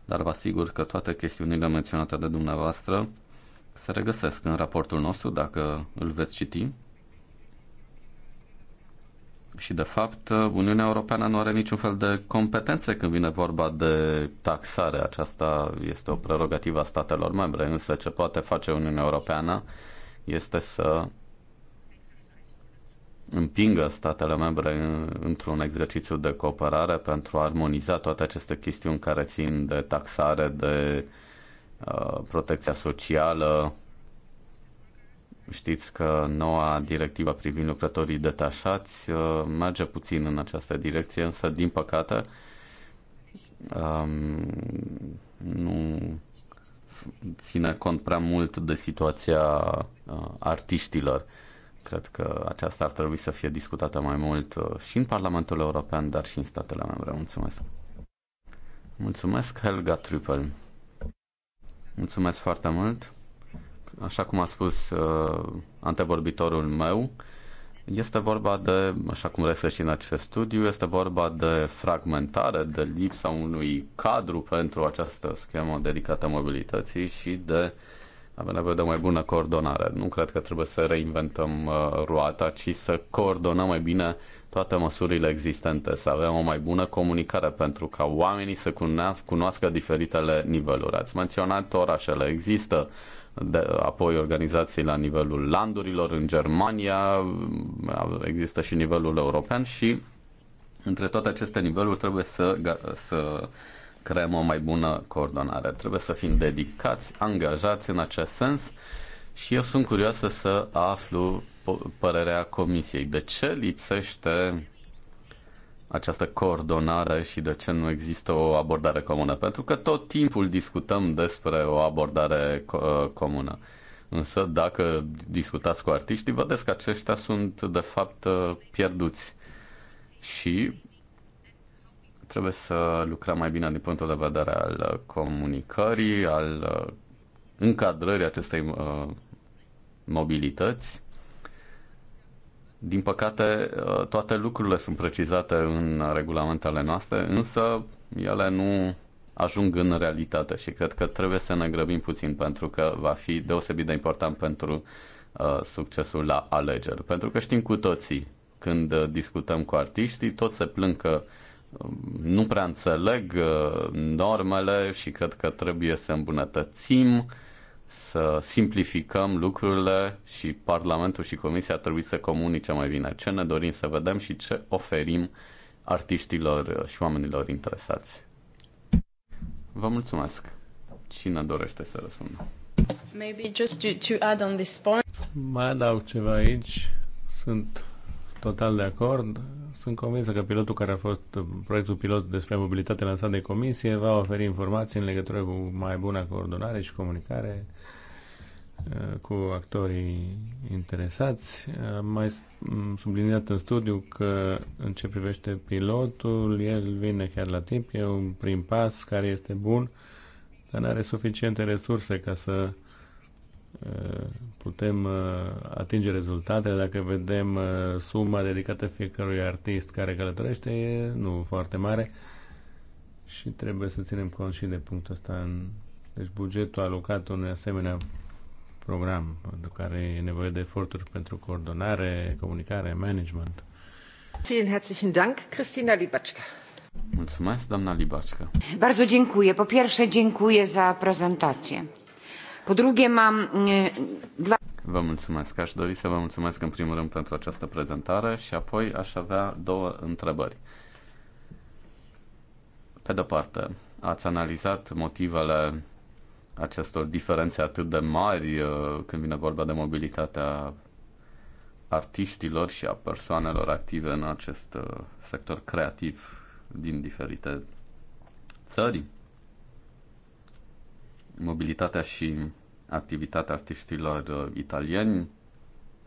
dar vă asigur că toate chestiunile menționate de dumneavoastră se regăsesc în raportul nostru, dacă îl veți citi. Și, de fapt, Uniunea Europeană nu are niciun fel de competențe când vine vorba de taxare. Aceasta este o prerogativă a statelor membre, însă ce poate face Uniunea Europeană este să împingă statele membre într-un exercițiu de cooperare pentru a armoniza toate aceste chestiuni care țin de taxare, de uh, Uh, protecția socială. Știți că noua directivă privind lucrătorii detașați uh, merge puțin în această direcție, însă, din păcate, um, nu ține cont prea mult de situația uh, artiștilor. Cred că aceasta ar trebui să fie discutată mai mult și în Parlamentul European, dar și în statele membre. Mulțumesc! Mulțumesc, Helga Trüppel! Mulțumesc foarte mult. Așa cum a spus uh, antevorbitorul meu, este vorba de, așa cum reste și în acest studiu, este vorba de fragmentare, de lipsa unui cadru pentru această schemă dedicată mobilității și de avem nevoie de o mai bună coordonare. Nu cred că trebuie să reinventăm uh, roata, ci să coordonăm mai bine toate măsurile existente, să avem o mai bună comunicare pentru ca oamenii să cunoască, cunoască diferitele niveluri. Ați menționat orașele, există de, apoi organizații la nivelul landurilor în Germania, există și nivelul european și între toate aceste niveluri trebuie să, să creăm o mai bună coordonare. Trebuie să fim dedicați, angajați în acest sens și eu sunt curioasă să aflu părerea Comisiei? De ce lipsește această coordonare și de ce nu există o abordare comună? Pentru că tot timpul discutăm despre o abordare uh, comună. Însă, dacă discutați cu artiștii, vedeți că aceștia sunt, de fapt, uh, pierduți. Și trebuie să lucrăm mai bine din punctul de vedere al comunicării, al uh, încadrării acestei mobilități din păcate, uh, toate lucrurile sunt precizate în regulamentele noastre, însă ele nu ajung în realitate și cred că trebuie să ne grăbim puțin pentru că va fi deosebit de important pentru uh, succesul la alegeri. Pentru că știm cu toții, când uh, discutăm cu artiștii, toți se plâng că um, nu prea înțeleg uh, normele și cred că trebuie să îmbunătățim să simplificăm lucrurile și Parlamentul și Comisia trebuie să comunice mai bine ce ne dorim să vedem și ce oferim artiștilor și oamenilor interesați. Vă mulțumesc. Cine dorește să răspundă? Maybe just to, to add on this point. Mai adaug ceva aici. Sunt total de acord. Sunt convins că pilotul care a fost proiectul pilot despre mobilitate lansat de comisie va oferi informații în legătură cu mai bună coordonare și comunicare uh, cu actorii interesați. Am mai subliniat în studiu că în ce privește pilotul, el vine chiar la timp, e un prim pas care este bun, dar nu are suficiente resurse ca să putem uh, atinge rezultatele dacă vedem uh, suma dedicată fiecărui artist care călătorește e nu foarte mare și trebuie să ținem cont și de punctul ăsta în... deci bugetul alocat unui asemenea program pentru care e nevoie de eforturi pentru coordonare, comunicare, management. Vielen herzlichen Dank, Christina Libacka. Mulțumesc, doamna Libacka. Bardzo dziękuję. Po pierwsze, dziękuję za prezentację. Po drugie, mam dwa... Vă mulțumesc. Aș dori să vă mulțumesc în primul rând pentru această prezentare și apoi aș avea două întrebări. Pe de-o parte, ați analizat motivele acestor diferențe atât de mari când vine vorba de mobilitatea artiștilor și a persoanelor active în acest sector creativ din diferite țări mobilitatea și activitatea artiștilor uh, italieni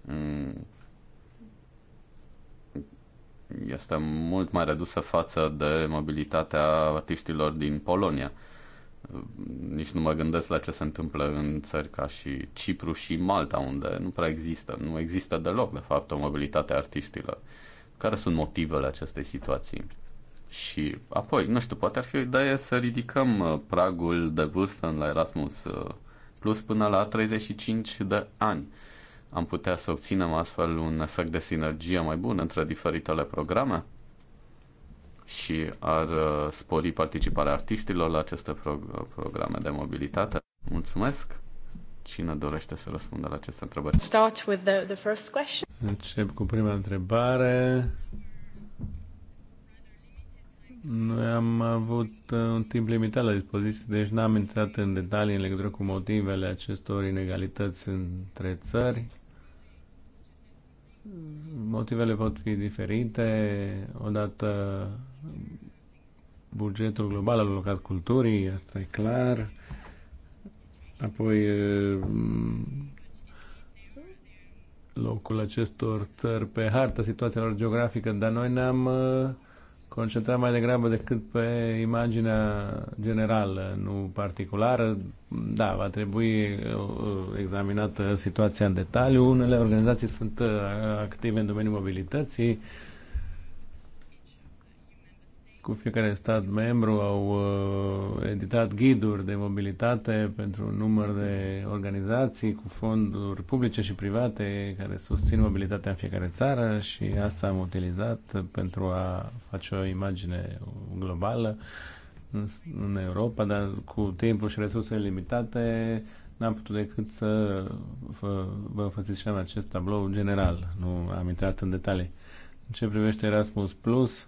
mm. este mult mai redusă față de mobilitatea artiștilor din Polonia. Uh, nici nu mă gândesc la ce se întâmplă în țări ca și Cipru și Malta, unde nu prea există, nu există deloc, de fapt, o mobilitate a artiștilor. Care sunt motivele acestei situații? Și apoi, nu știu, poate ar fi o idee să ridicăm uh, pragul de vârstă la Erasmus uh, Plus până la 35 de ani. Am putea să obținem astfel un efect de sinergie mai bun între diferitele programe și ar uh, spori participarea artiștilor la aceste pro- programe de mobilitate. Mulțumesc! Cine dorește să răspundă la aceste întrebări? Start with the, the first question. Încep cu prima întrebare. Noi am avut uh, un timp limitat la dispoziție, deci n-am intrat în detalii în legătură cu motivele acestor inegalități între țări. Motivele pot fi diferite. Odată bugetul global alocat culturii, asta e clar. Apoi uh, locul acestor țări pe harta situațiilor geografică, dar noi ne-am uh, concentra mai degrabă decât pe imaginea generală, nu particulară. Da, va trebui uh, uh, examinată situația în detaliu. Unele organizații sunt uh, active în domeniul mobilității, cu fiecare stat membru au uh, editat ghiduri de mobilitate pentru un număr de organizații cu fonduri publice și private care susțin mobilitatea în fiecare țară și asta am utilizat pentru a face o imagine globală în Europa, dar cu timpul și resursele limitate n-am putut decât să vă înfățișăm acest tablou general, nu am intrat în detalii. În ce privește Erasmus Plus,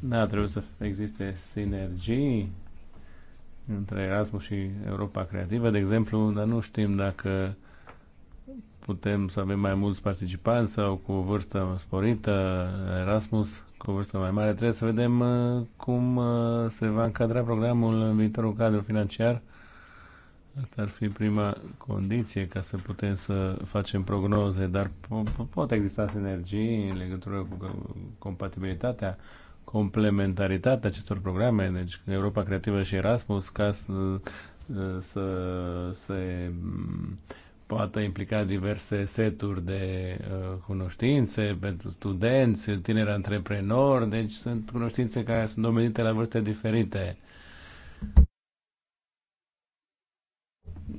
da, trebuie să existe sinergii între Erasmus și Europa Creativă, de exemplu, dar nu știm dacă putem să avem mai mulți participanți sau cu o vârstă sporită, Erasmus cu o vârstă mai mare. Trebuie să vedem uh, cum uh, se va încadra programul în viitorul cadru financiar. Asta ar fi prima condiție ca să putem să facem prognoze, dar pot exista sinergii în legătură cu compatibilitatea complementaritatea acestor programe, deci Europa Creativă și Erasmus, ca să, să se poată implica diverse seturi de uh, cunoștințe pentru studenți, tineri antreprenori, deci sunt cunoștințe care sunt domenite la vârste diferite.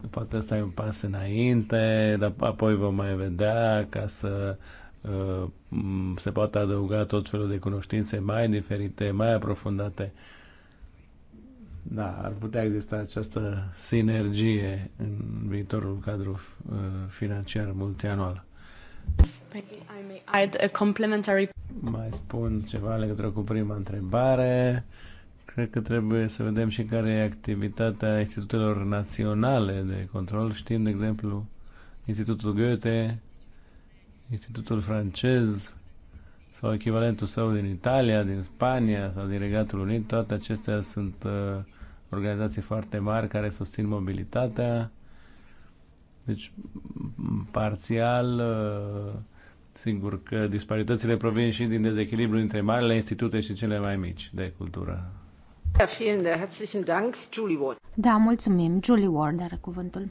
Poate să ai un pas înainte, dar apoi vom mai vedea ca să Uh, se poate adăuga tot felul de cunoștințe mai diferite, mai aprofundate. Da, ar putea exista această sinergie în viitorul cadru uh, financiar multianual. Păi, mai spun ceva legătură cu prima întrebare. Cred că trebuie să vedem și care e activitatea institutelor naționale de control. Știm, de exemplu, Institutul Goethe, Institutul francez sau echivalentul său din Italia, din Spania sau din Regatul Unit, toate acestea sunt uh, organizații foarte mari care susțin mobilitatea. Deci, parțial, uh, sigur că disparitățile provin și din dezechilibru între marile institute și cele mai mici de cultură. Da, mulțumim. Julie Ward cuvântul.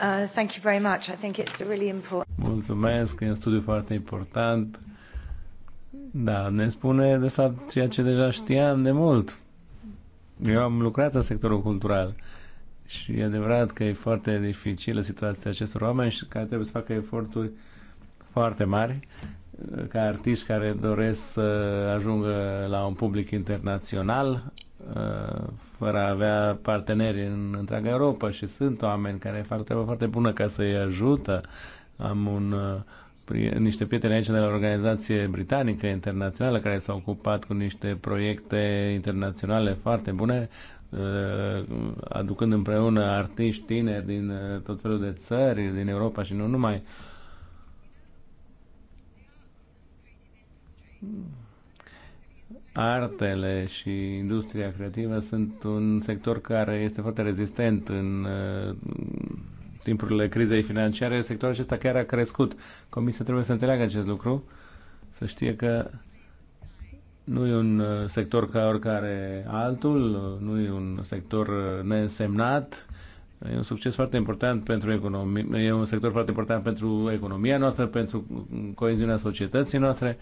Uh, thank you very much. I think it's really important. Mulțumesc, e un studiu foarte important. Da, ne spune de fapt ceea ce deja știam de mult. Eu am lucrat în sectorul cultural și e adevărat că e foarte dificilă situația acestor oameni și care trebuie să facă eforturi foarte mari uh, ca artiști care doresc să ajungă la un public internațional fără a avea parteneri în întreaga Europa și sunt oameni care fac treaba foarte bună ca să-i ajută. Am un, uh, niște prieteni aici de la organizație britanică internațională care s-au ocupat cu niște proiecte internaționale foarte bune, uh, aducând împreună artiști tineri din uh, tot felul de țări, din Europa și nu numai artele și industria creativă sunt un sector care este foarte rezistent în uh, timpurile crizei financiare. Sectorul acesta chiar a crescut. Comisia trebuie să înțeleagă acest lucru, să știe că nu e un uh, sector ca oricare altul, nu e un sector uh, neînsemnat, E un succes foarte important pentru economie, e un sector foarte important pentru economia noastră, pentru coeziunea societății noastre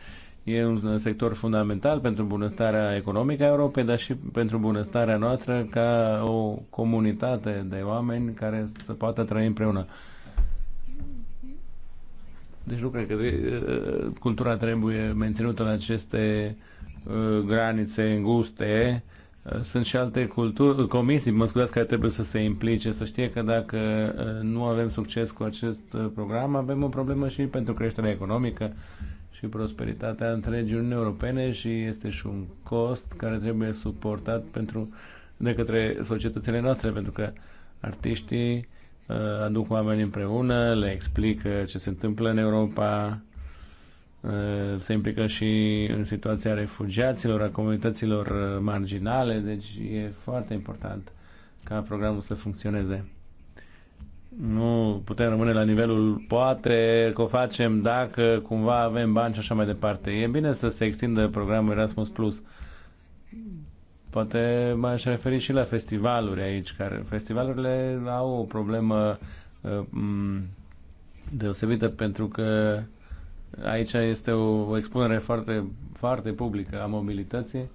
E un sector fundamental pentru bunăstarea economică a Europei, dar și pentru bunăstarea noastră ca o comunitate de oameni care să poată trăi împreună. Deci nu cred că eh, cultura trebuie menținută în aceste eh, granițe înguste. Eh, sunt și alte culturi, comisii, mă scuzați, care trebuie să se implice, să știe că dacă nu avem succes cu acest program, avem o problemă și pentru creșterea economică și prosperitatea întregii Uniunii Europene și este și un cost care trebuie suportat pentru, de către societățile noastre, pentru că artiștii uh, aduc oameni împreună, le explică ce se întâmplă în Europa, uh, se implică și în situația refugiaților, a comunităților marginale, deci e foarte important ca programul să funcționeze nu putem rămâne la nivelul poate că o facem dacă cumva avem bani și așa mai departe. E bine să se extindă programul Erasmus Plus. Poate m-aș referi și la festivaluri aici, care festivalurile au o problemă uh, deosebită pentru că aici este o, o expunere foarte, foarte publică a mobilității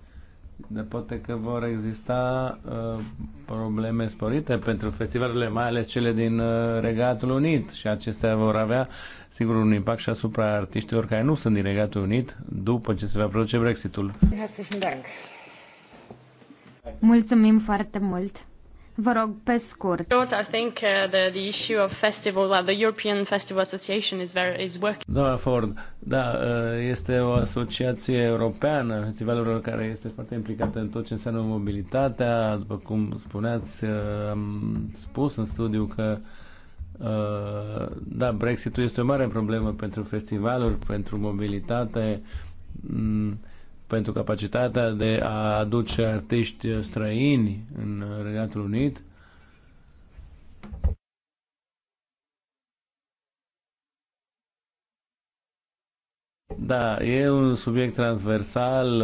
de poate că vor exista uh, probleme sporite pentru festivalurile, mai ales cele din uh, Regatul Unit și acestea vor avea, sigur, un impact și asupra artiștilor care nu sunt din Regatul Unit după ce se va produce Brexitul. Mulțumim foarte mult! Vă rog, pe scurt. I think uh, the, the issue of festival, the European Festival Association is very is working. Da, Ford, da, uh, este o asociație europeană festivalurilor care este foarte implicată în tot ce înseamnă mobilitatea. După cum spuneați, uh, am spus în studiu că da, Brexitul este o mare problemă pentru festivaluri, pentru mobilitate mm, pentru capacitatea de a aduce artiști străini în Regatul Unit. Da, e un subiect transversal,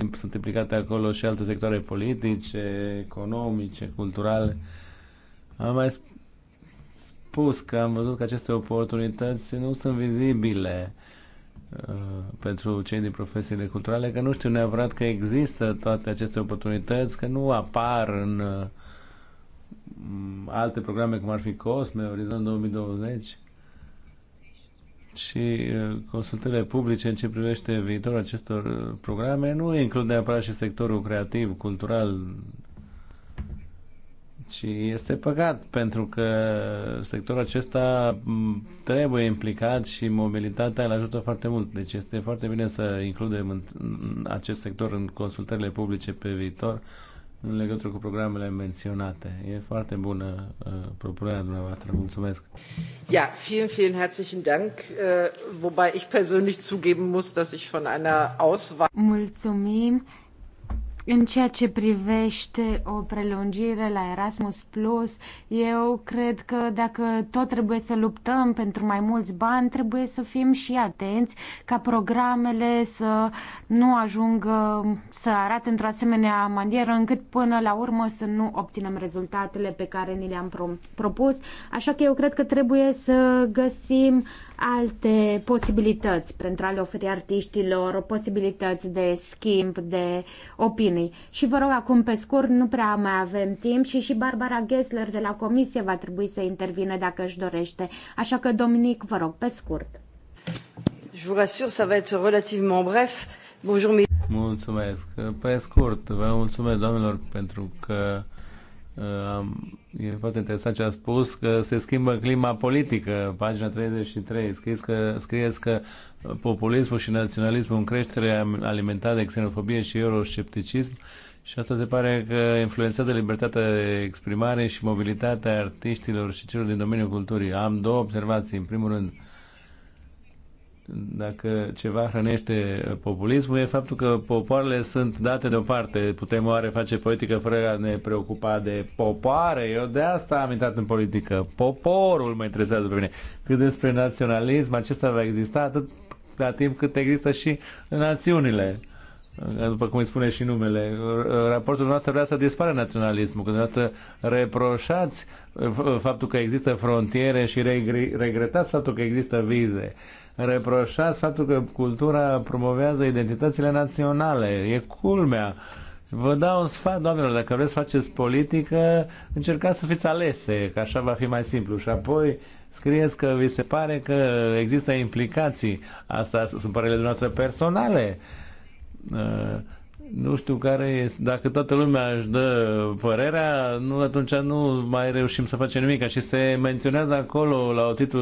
uh, sunt implicate acolo și alte sectoare politice, economice, culturale. Am mai spus că am văzut că aceste oportunități nu sunt vizibile Uh, pentru cei din profesiile culturale, că nu știu neapărat că există toate aceste oportunități, că nu apar în uh, alte programe cum ar fi COSME, Orizont 2020 și uh, consultările publice în ce privește viitorul acestor programe nu includ neapărat și sectorul creativ, cultural, și este păcat pentru că sectorul acesta trebuie implicat și mobilitatea îl ajută foarte mult. Deci este foarte bine să includem în acest sector în consultările publice pe viitor în legătură cu programele menționate. E foarte bună uh, propunerea dumneavoastră. Mulțumesc. Ja, vielen, vielen herzlichen Dank. Uh, wobei ich persönlich zugeben muss, dass ich von einer Auswahl... Mulțumim. În ceea ce privește o prelungire la Erasmus Plus, eu cred că dacă tot trebuie să luptăm pentru mai mulți bani, trebuie să fim și atenți ca programele să nu ajungă să arate într-o asemenea manieră încât până la urmă să nu obținem rezultatele pe care ni le-am propus. Așa că eu cred că trebuie să găsim uh, alte posibilități pentru a le oferi artiștilor, posibilități de schimb, de opinii. Și vă rog acum pe scurt, nu prea mai avem timp și și Barbara Gessler de la Comisie va trebui să intervine dacă își dorește. Așa că, Dominic, vă rog, pe scurt. Je vous rassure, ça va être relativement bref. Bonjour, Mulțumesc. Pe scurt, vă mulțumesc, doamnelor, pentru că Uh, e foarte interesant ce a spus, că se schimbă clima politică, pagina 33, Scrieți că, scrieți că populismul și naționalismul în creștere alimentat de xenofobie și euroscepticism și asta se pare că influențează libertatea de exprimare și mobilitatea artiștilor și celor din domeniul culturii. Am două observații. În primul rând, uh, dacă ceva hrănește uh, populismul, e faptul că popoarele sunt date deoparte. Putem oare face politică fără a ne preocupa de popoare? Eu de asta am intrat în politică. Poporul mă interesează pe mine. Cât despre naționalism, acesta va exista atât la timp cât există și națiunile după cum îi spune și numele, raportul noastră vrea să dispare naționalismul, când dumneavoastră reproșați uh, faptul că există frontiere și regretați faptul că există vize reproșați faptul că cultura promovează identitățile naționale. E culmea. Vă dau un sfat, doamnelor, dacă vreți să faceți politică, încercați să fiți alese, că așa va fi mai simplu. Și apoi scrieți că vi se pare că există implicații. Asta sunt părerile noastre personale. Uh, nu știu care este, dacă toată lumea își dă părerea, nu, atunci nu mai reușim să facem nimic. Și se menționează acolo la o, titlu,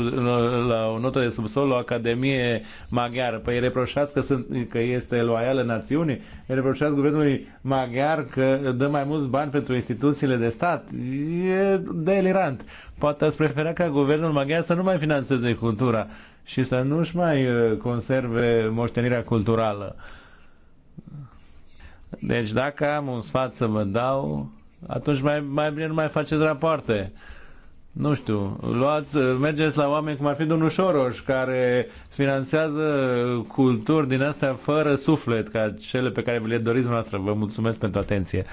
la o notă de subsol, o Academie Maghiară. Păi reproșați că, sunt, că este loială națiunii, reproșați guvernului maghiar că dă mai mulți bani pentru instituțiile de stat. E delirant. Poate ați prefera ca guvernul maghiar să nu mai financeze cultura și să nu-și mai uh, conserve moștenirea culturală. Deci dacă am un sfat să vă dau, atunci mai, mai bine nu mai faceți rapoarte. Nu știu, luați, mergeți la oameni cum ar fi domnul Șoroș, care finanțează culturi din astea fără suflet, ca cele pe care vi le doriți noastră. Vă mulțumesc pentru atenție.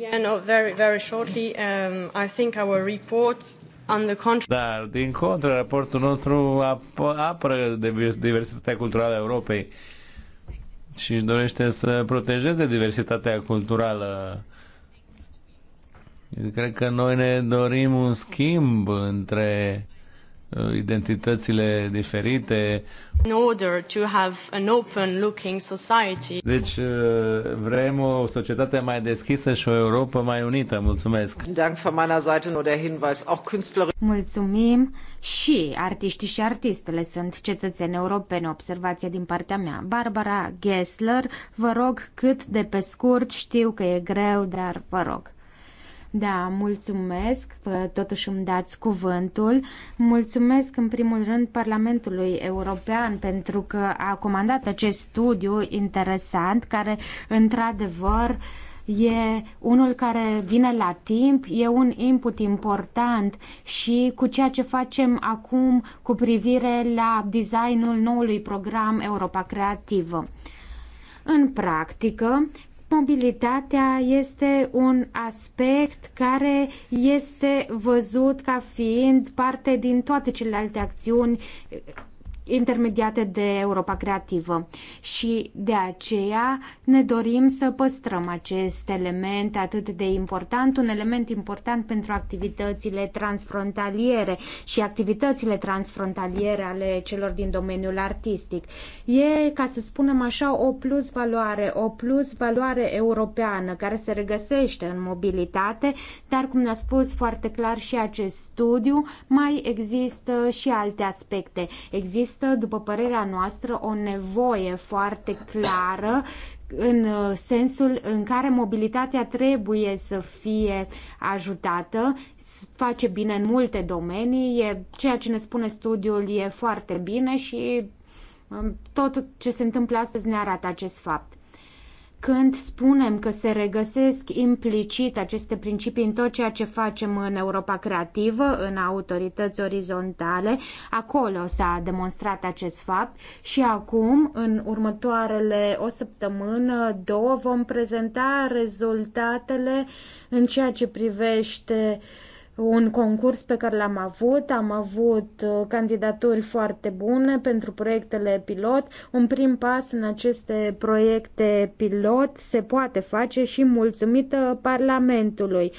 Yeah, no, very, very shortly, um, I think our report on the contrary... Dar, din contră, raportul nostru apără diversitatea culturală a Europei. Uh, și își dorește să protejeze diversitatea culturală. Deci, cred că noi ne dorim un schimb între Uh, identitățile diferite. In order to have an open looking society. Deci uh, vrem o societate mai deschisă și o Europa mai unită. Mulțumesc. Dank von meiner Seite nur der Hinweis auch Künstler. Mulțumim și artiștii și artistele sunt cetățeni europeni. Observația din partea mea. Barbara Gessler, vă rog cât de pe scurt, știu că e greu, dar vă rog. Da, mulțumesc, totuși îmi dați cuvântul. Mulțumesc în primul rând Parlamentului European pentru că a comandat acest studiu interesant care într-adevăr e unul care vine la timp, e un input important și cu ceea ce facem acum cu privire la designul noului program Europa Creativă. În practică, Mobilitatea este un aspect care este văzut ca fiind parte din toate celelalte acțiuni intermediate de Europa Creativă. Și de aceea ne dorim să păstrăm acest element atât de important, un element important pentru activitățile transfrontaliere și activitățile transfrontaliere ale celor din domeniul artistic. E, ca să spunem așa, o plus valoare, o plus valoare europeană care se regăsește în mobilitate, dar cum ne-a spus foarte clar și acest studiu, mai există și alte aspecte. Există există, după părerea noastră, o nevoie foarte clară în uh, sensul în care mobilitatea trebuie să fie ajutată, face bine în multe domenii, e, ceea ce ne spune studiul e foarte bine și um, tot ce se întâmplă astăzi ne arată acest fapt când spunem că se regăsesc implicit aceste principii în tot ceea ce facem în Europa Creativă, în autorități orizontale, acolo s-a demonstrat acest fapt și acum, în următoarele o săptămână, două, vom prezenta rezultatele în ceea ce privește uh, un concurs pe care l-am avut. Am avut uh, candidaturi foarte bune pentru proiectele pilot. Un prim pas în aceste proiecte pilot se poate face și mulțumită Parlamentului.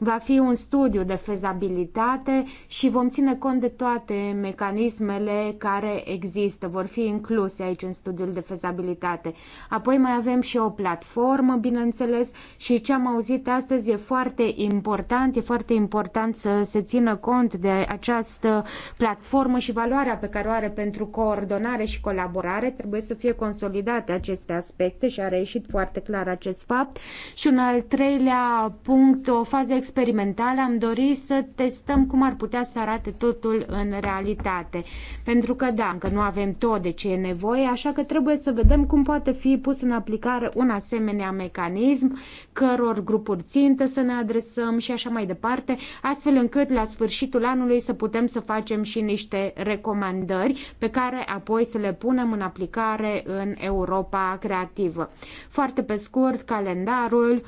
Va fi un studiu de fezabilitate și vom ține cont de toate mecanismele care există, vor fi incluse aici în studiul de fezabilitate. Apoi mai avem și o platformă, bineînțeles, și ce am auzit astăzi e foarte important, e foarte important să se țină cont de această platformă și valoarea pe care o are pentru coordonare și colaborare. Trebuie să fie consolidate aceste aspecte și a reieșit foarte clar acest fapt. Și un al treilea punct, o fază experimentale, am dorit să testăm cum ar putea să arate totul în realitate. Pentru că, da, încă nu avem tot de ce e nevoie, așa că trebuie să vedem cum poate fi pus în aplicare un asemenea mecanism, căror grupuri țintă să ne adresăm și așa mai departe, astfel încât la sfârșitul anului să putem să facem și niște recomandări pe care apoi să le punem în aplicare în Europa creativă. Foarte pe scurt, calendarul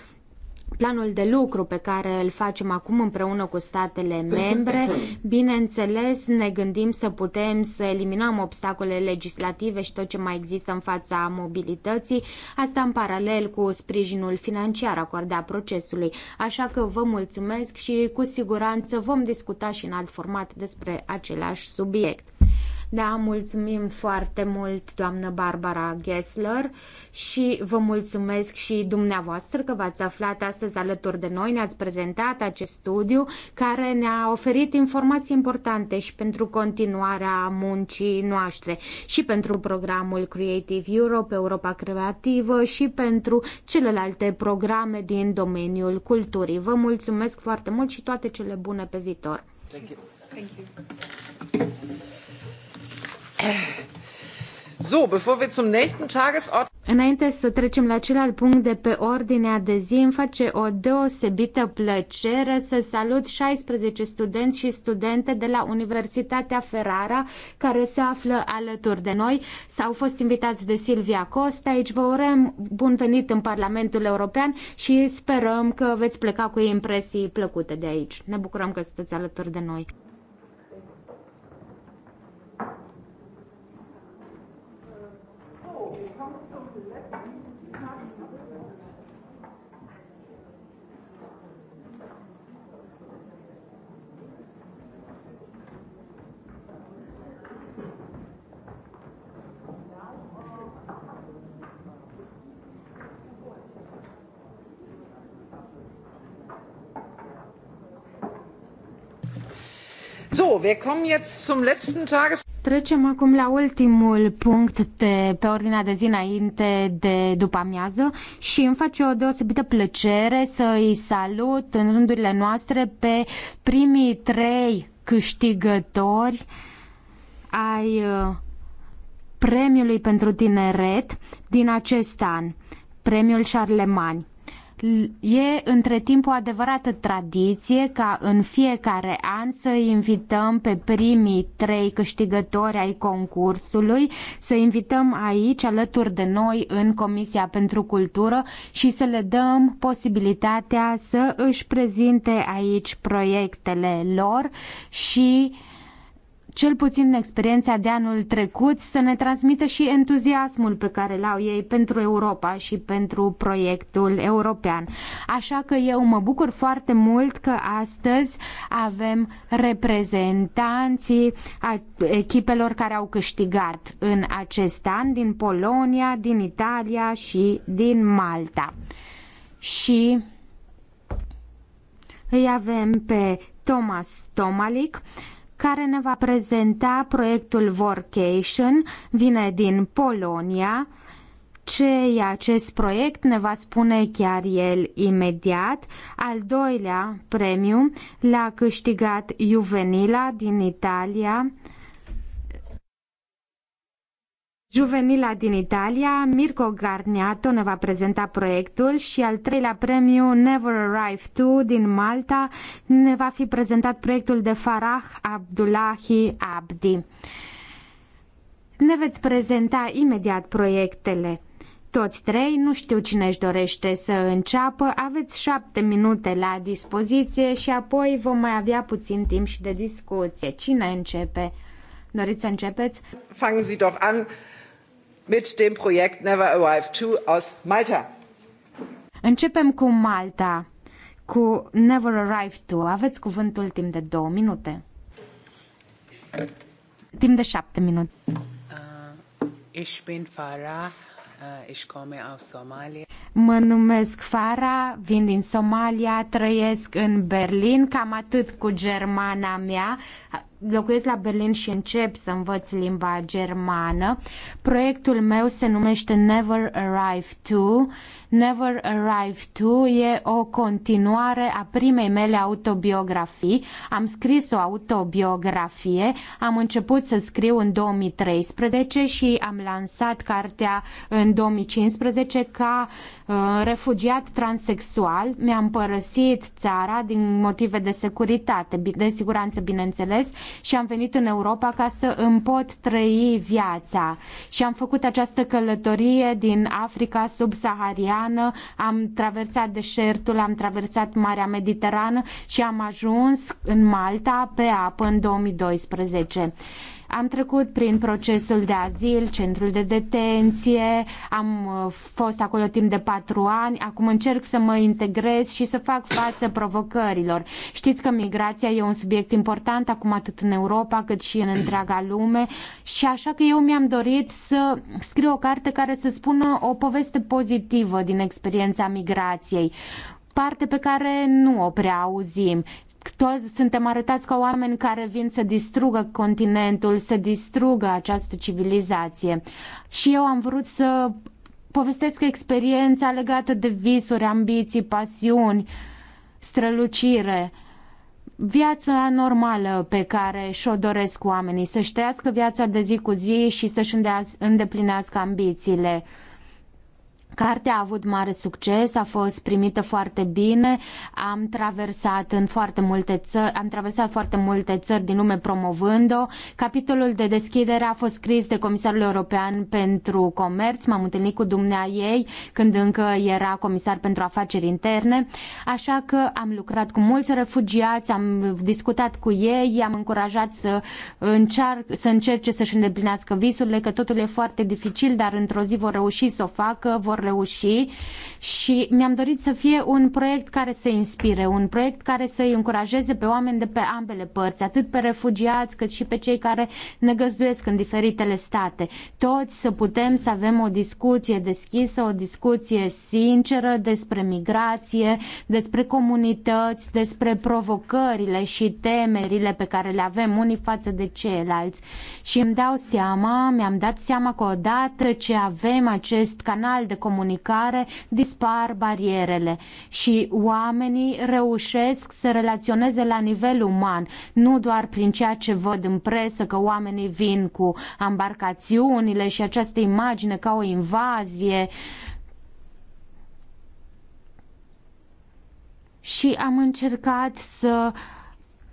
Planul de lucru pe care îl facem acum împreună cu statele membre, bineînțeles, ne gândim să putem să eliminăm obstacolele legislative și tot ce mai există în fața mobilității, asta în paralel cu sprijinul financiar acordat procesului. Așa că vă mulțumesc și cu siguranță vom discuta și în alt format despre același subiect. Da, mulțumim foarte mult, doamnă Barbara Gessler, și vă mulțumesc și dumneavoastră că v-ați aflat astăzi alături de noi, ne-ați prezentat acest studiu care ne-a oferit informații importante și pentru continuarea muncii noastre și pentru programul Creative Europe, Europa Creativă și pentru celelalte programe din domeniul culturii. Vă mulțumesc foarte mult și toate cele bune pe viitor. Thank you. Thank you. So, bevor wir zum nächsten Înainte să trecem la celălalt punct de pe ordinea de zi, îmi face o deosebită plăcere să salut 16 studenți și studente de la Universitatea Ferrara care se află alături de noi. S-au fost invitați de Silvia Costa. Aici vă urăm bun venit în Parlamentul European și sperăm că veți pleca cu impresii plăcute de aici. Ne bucurăm că sunteți alături de noi. Trecem acum la ultimul punct de, pe ordinea de zi înainte de după amiază și îmi face o deosebită plăcere să îi salut în rândurile noastre pe primii trei câștigători ai uh, premiului pentru tineret din acest an, premiul Charlemagne. E între timp o adevărată tradiție ca în fiecare an să invităm pe primii trei câștigători ai concursului, să invităm aici alături de noi în Comisia pentru Cultură și să le dăm posibilitatea să își prezinte aici proiectele lor și uh, cel puțin în experiența de anul trecut, să ne transmită și entuziasmul pe care l-au ei pentru Europa și pentru proiectul european. Așa că eu mă bucur foarte mult că astăzi avem reprezentanții echipelor care au câștigat în acest an din Polonia, din Italia și din Malta. Și îi avem pe Thomas Tomalik, care ne va prezenta proiectul Vorcation, vine din Polonia. Ce e acest proiect ne va spune chiar el imediat. Al doilea premiu l-a câștigat Juvenila din Italia Juvenila din Italia, Mirko Garniato ne va prezenta proiectul și al treilea premiu Never Arrive 2 din Malta ne va fi prezentat proiectul de Farah Abdullahi Abdi. Ne veți prezenta imediat proiectele. Toți trei, nu știu cine își dorește să înceapă, aveți șapte minute la dispoziție și apoi vom mai avea puțin timp și de discuție. Cine începe? Doriți să începeți? Fangen Sie doch an! mit dem Projekt Never Arrive 2 aus Malta. Începem cu Malta, cu Never Arrive 2. Aveți cuvântul timp de două minute. Timp de șapte minute. Uh, ich bin Farah, uh, ich komme aus Somalia. Mă numesc Fara, vin din Somalia, trăiesc în Berlin, cam atât cu germana mea locuiesc la Berlin și încep să învăț limba germană. Proiectul meu se numește Never Arrive To Never Arrive To e o continuare a primei mele autobiografii. Am scris o autobiografie, am început să scriu în 2013 și am lansat cartea în 2015 ca uh, refugiat transexual. Mi-am părăsit țara din motive de securitate, de siguranță, bineînțeles, și am venit în Europa ca să îmi pot trăi viața. Și am făcut această călătorie din Africa subsahariană Europeană, am traversat deșertul, am traversat Marea Mediterană și am ajuns în Malta pe apă în 2012. Am trecut prin procesul de azil, centrul de detenție, am uh, fost acolo timp de patru ani, acum încerc să mă integrez și să fac față provocărilor. Știți că migrația e un subiect important acum atât în Europa cât și în întreaga lume și așa că eu mi-am dorit să scriu o carte care să spună o poveste pozitivă din experiența migrației parte pe care nu o prea auzim toți suntem arătați ca oameni care vin să distrugă continentul, să distrugă această civilizație. Și eu am vrut să povestesc experiența legată de visuri, ambiții, pasiuni, strălucire, viața normală pe care și-o doresc oamenii, să-și trăiască viața de zi cu zi și să-și îndeplinească ambițiile. Cartea a avut mare succes, a fost primită foarte bine, am traversat în foarte multe țări, am traversat foarte multe țări din lume promovând-o. Capitolul de deschidere a fost scris de Comisarul European pentru Comerț, m-am întâlnit cu dumnea ei când încă era comisar pentru afaceri interne, așa că am lucrat cu mulți refugiați, am discutat cu ei, i-am încurajat să, încearc, să încerce să-și îndeplinească visurile, că totul e foarte dificil, dar într-o zi vor reuși să o facă, vor reuși și mi-am dorit să fie un proiect care să inspire, un proiect care să îi încurajeze pe oameni de pe ambele părți, atât pe refugiați cât și pe cei care ne găzduiesc în diferitele state. Toți să putem să avem o discuție deschisă, o discuție sinceră despre migrație, despre comunități, despre provocările și temerile pe care le avem unii față de ceilalți. Și îmi dau seama, mi-am dat seama că odată ce avem acest canal de comunicare, dispar barierele și oamenii reușesc să relaționeze la nivel uman, nu doar prin ceea ce văd în presă, că oamenii vin cu ambarcațiunile și această imagine ca o invazie. Și am încercat să uh,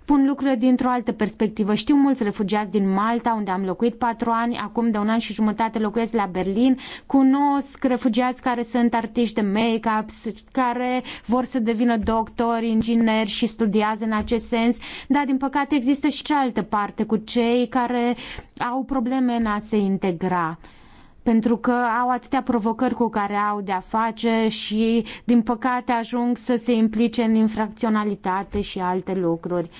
pun lucrurile dintr-o altă perspectivă. Știu mulți refugiați din Malta, unde am locuit patru ani, acum de un an și jumătate locuiesc la Berlin. Cunosc refugiați care sunt artiști de make-up, care vor să devină doctori, ingineri și studiază în acest sens, dar din păcate există și cealaltă parte cu cei care au probleme în a se integra pentru că au atâtea provocări cu care au de-a face și, din păcate, ajung să se implice în infracționalitate și alte lucruri.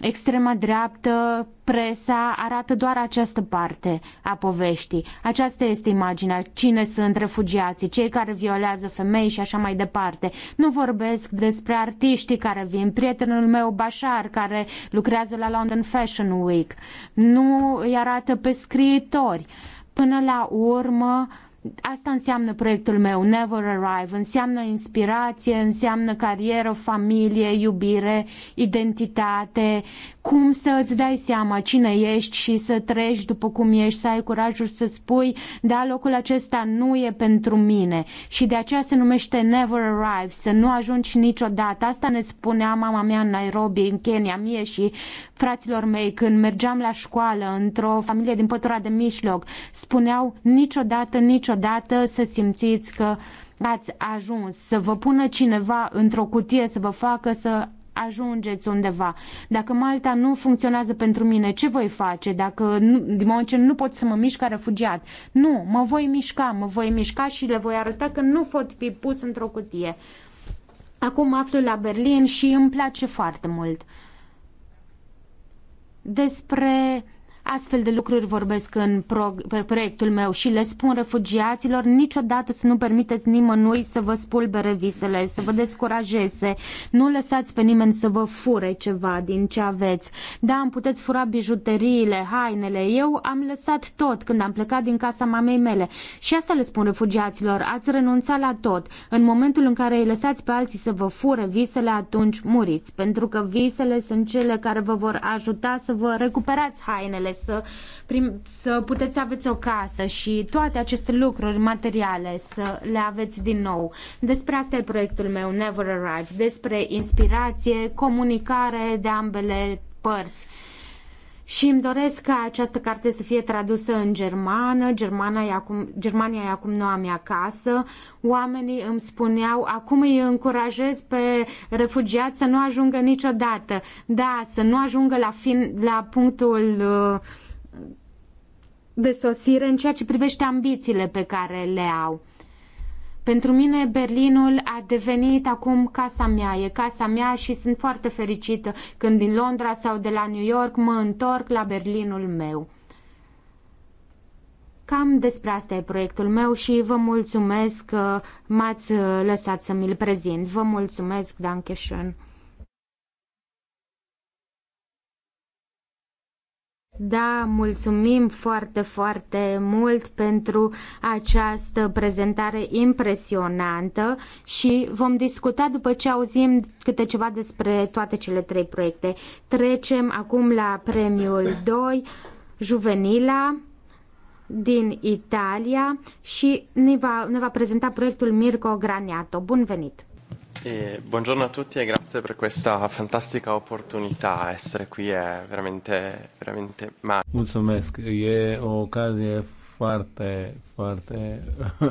Extrema dreaptă, presa arată doar această parte a poveștii. Aceasta este imaginea. Cine sunt refugiații, cei care violează femei și așa mai departe. Nu vorbesc despre artiștii care vin. Prietenul meu, Bashar, care lucrează la London Fashion Week. Nu îi arată pe scriitori. Uh, Până la urmă, asta înseamnă proiectul meu, Never Arrive, înseamnă inspirație, înseamnă carieră, familie, iubire, identitate, cum să îți dai seama cine ești și să treci după cum ești, să ai curajul să spui, da, locul acesta nu e pentru mine și de aceea se numește Never Arrive, să nu ajungi niciodată. Asta ne spunea mama mea în Nairobi, în Kenya, mie și fraților mei când mergeam la școală într-o familie din pătura de mijloc. Spuneau niciodată, niciodată să simțiți că ați ajuns, să vă pună cineva într-o cutie, să vă facă să ajungeți undeva. Dacă Malta nu funcționează pentru mine, ce voi face? Dacă nu, din moment ce nu pot să mă mișc ca refugiat. Nu, mă voi mișca, mă voi mișca și le voi arăta că nu pot fi pus într-o cutie. Acum aflu la Berlin și îmi place foarte mult. Despre Astfel de lucruri vorbesc în pro proiectul meu și le spun refugiaților niciodată să nu permiteți nimănui să vă spulbere visele, să vă descurajeze. Nu lăsați pe nimeni să vă fure ceva din ce aveți. Da, îmi puteți fura bijuteriile, hainele. Eu am lăsat tot când am plecat din casa mamei mele. Și asta le spun refugiaților, ați renunțat la tot. În momentul în care îi lăsați pe alții să vă fure visele, atunci muriți, pentru că visele sunt cele care vă vor ajuta să vă recuperați hainele, să, prim, să puteți aveți o casă și toate aceste lucruri materiale să le aveți din nou. Despre asta e proiectul meu, Never Arrive, despre inspirație, comunicare de ambele părți și îmi doresc ca această carte să fie tradusă în germană. Germana e acum, Germania e acum noua mea casă. Oamenii îmi spuneau, acum îi încurajez pe refugiați să nu ajungă niciodată. Da, să nu ajungă la, fin, la punctul uh, de sosire în ceea ce privește ambițiile pe care le au. Pentru mine Berlinul a devenit acum casa mea, e casa mea și sunt foarte fericită când din Londra sau de la New York mă întorc la Berlinul meu. Cam despre asta e proiectul meu și vă mulțumesc că m-ați lăsat să mi-l prezint. Vă mulțumesc, Dankeschön! Da, mulțumim foarte, foarte mult pentru această prezentare impresionantă și vom discuta după ce auzim câte ceva despre toate cele trei proiecte. Trecem acum la premiul 2, Juvenila din Italia și ne va, ne va prezenta proiectul Mirko Graniato. Bun venit! buongiorno a tutti e grazie per questa fantastica opportunità. Essere qui è veramente, veramente magico. Mulțumesc, e o ocazie foarte foarte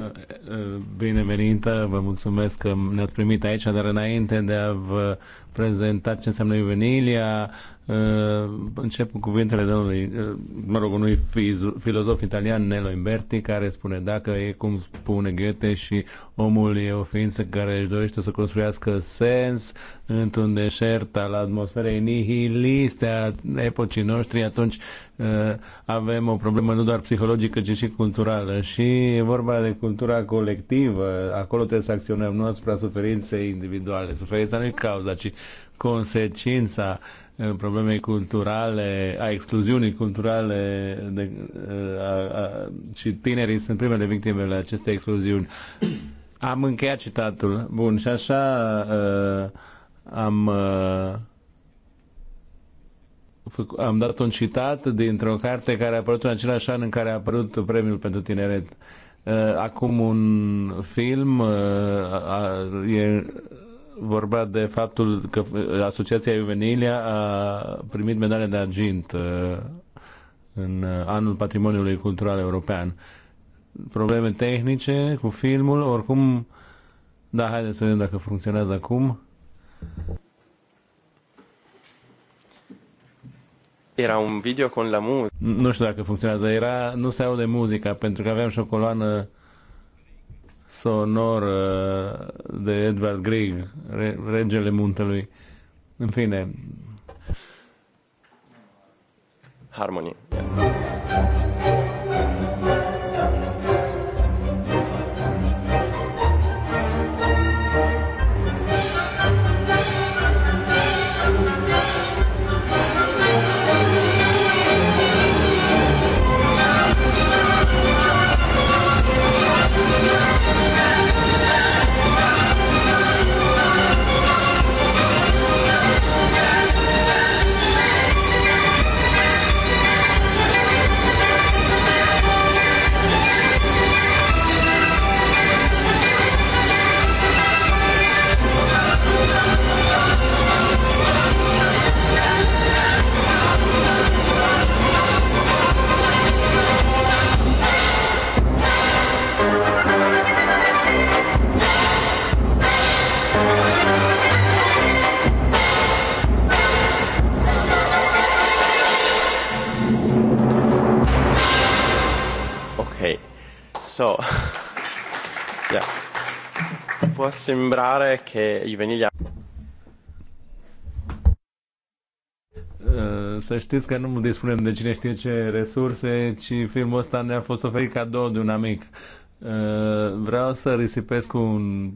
binevenită. Vă mulțumesc că ne-ați primit aici, dar înainte de a vă prezenta ce înseamnă juvenilia, uh, încep cu cuvintele domnului, uh, mă rog, unui filozof italian, Nelo Imberti, care spune dacă e cum spune Goethe și omul e o ființă care își dorește să construiască sens într-un deșert al atmosferei nihiliste a epocii noștri, atunci uh, avem o problemă nu doar psihologică, ci și culturală. Și și e vorba de cultura colectivă. Acolo trebuie să acționăm, nu asupra suferinței individuale. Suferința nu e cauza, ci consecința eh, problemei culturale, a excluziunii culturale de, eh, a, a, și tinerii sunt primele victimele acestei excluziuni. Am încheiat citatul. Bun, și așa a, eh, am A, am dat un citat dintr-o carte care a apărut în același an în care a apărut premiul pentru tineret. Uh, acum un film uh, e vorba de faptul că uh, Asociația Juvenilia a primit medalia de argint în anul Patrimoniului Cultural European. Probleme tehnice cu filmul, oricum, da, haideți să vedem dacă funcționează acum. Era un video con la muzică. Nu știu dacă funcționează. Era, nu se aude muzica, pentru că aveam și o coloană sonor de Edward Grieg, regele muntelui. În fine. harmonie. Yeah. So, yeah. Può sembrare che i venilia... Eh, să știți că nu dispunem de cine știe ce resurse, ci filmul ăsta ne-a fost oferit cadou de un amic. Eh, vreau să risipesc un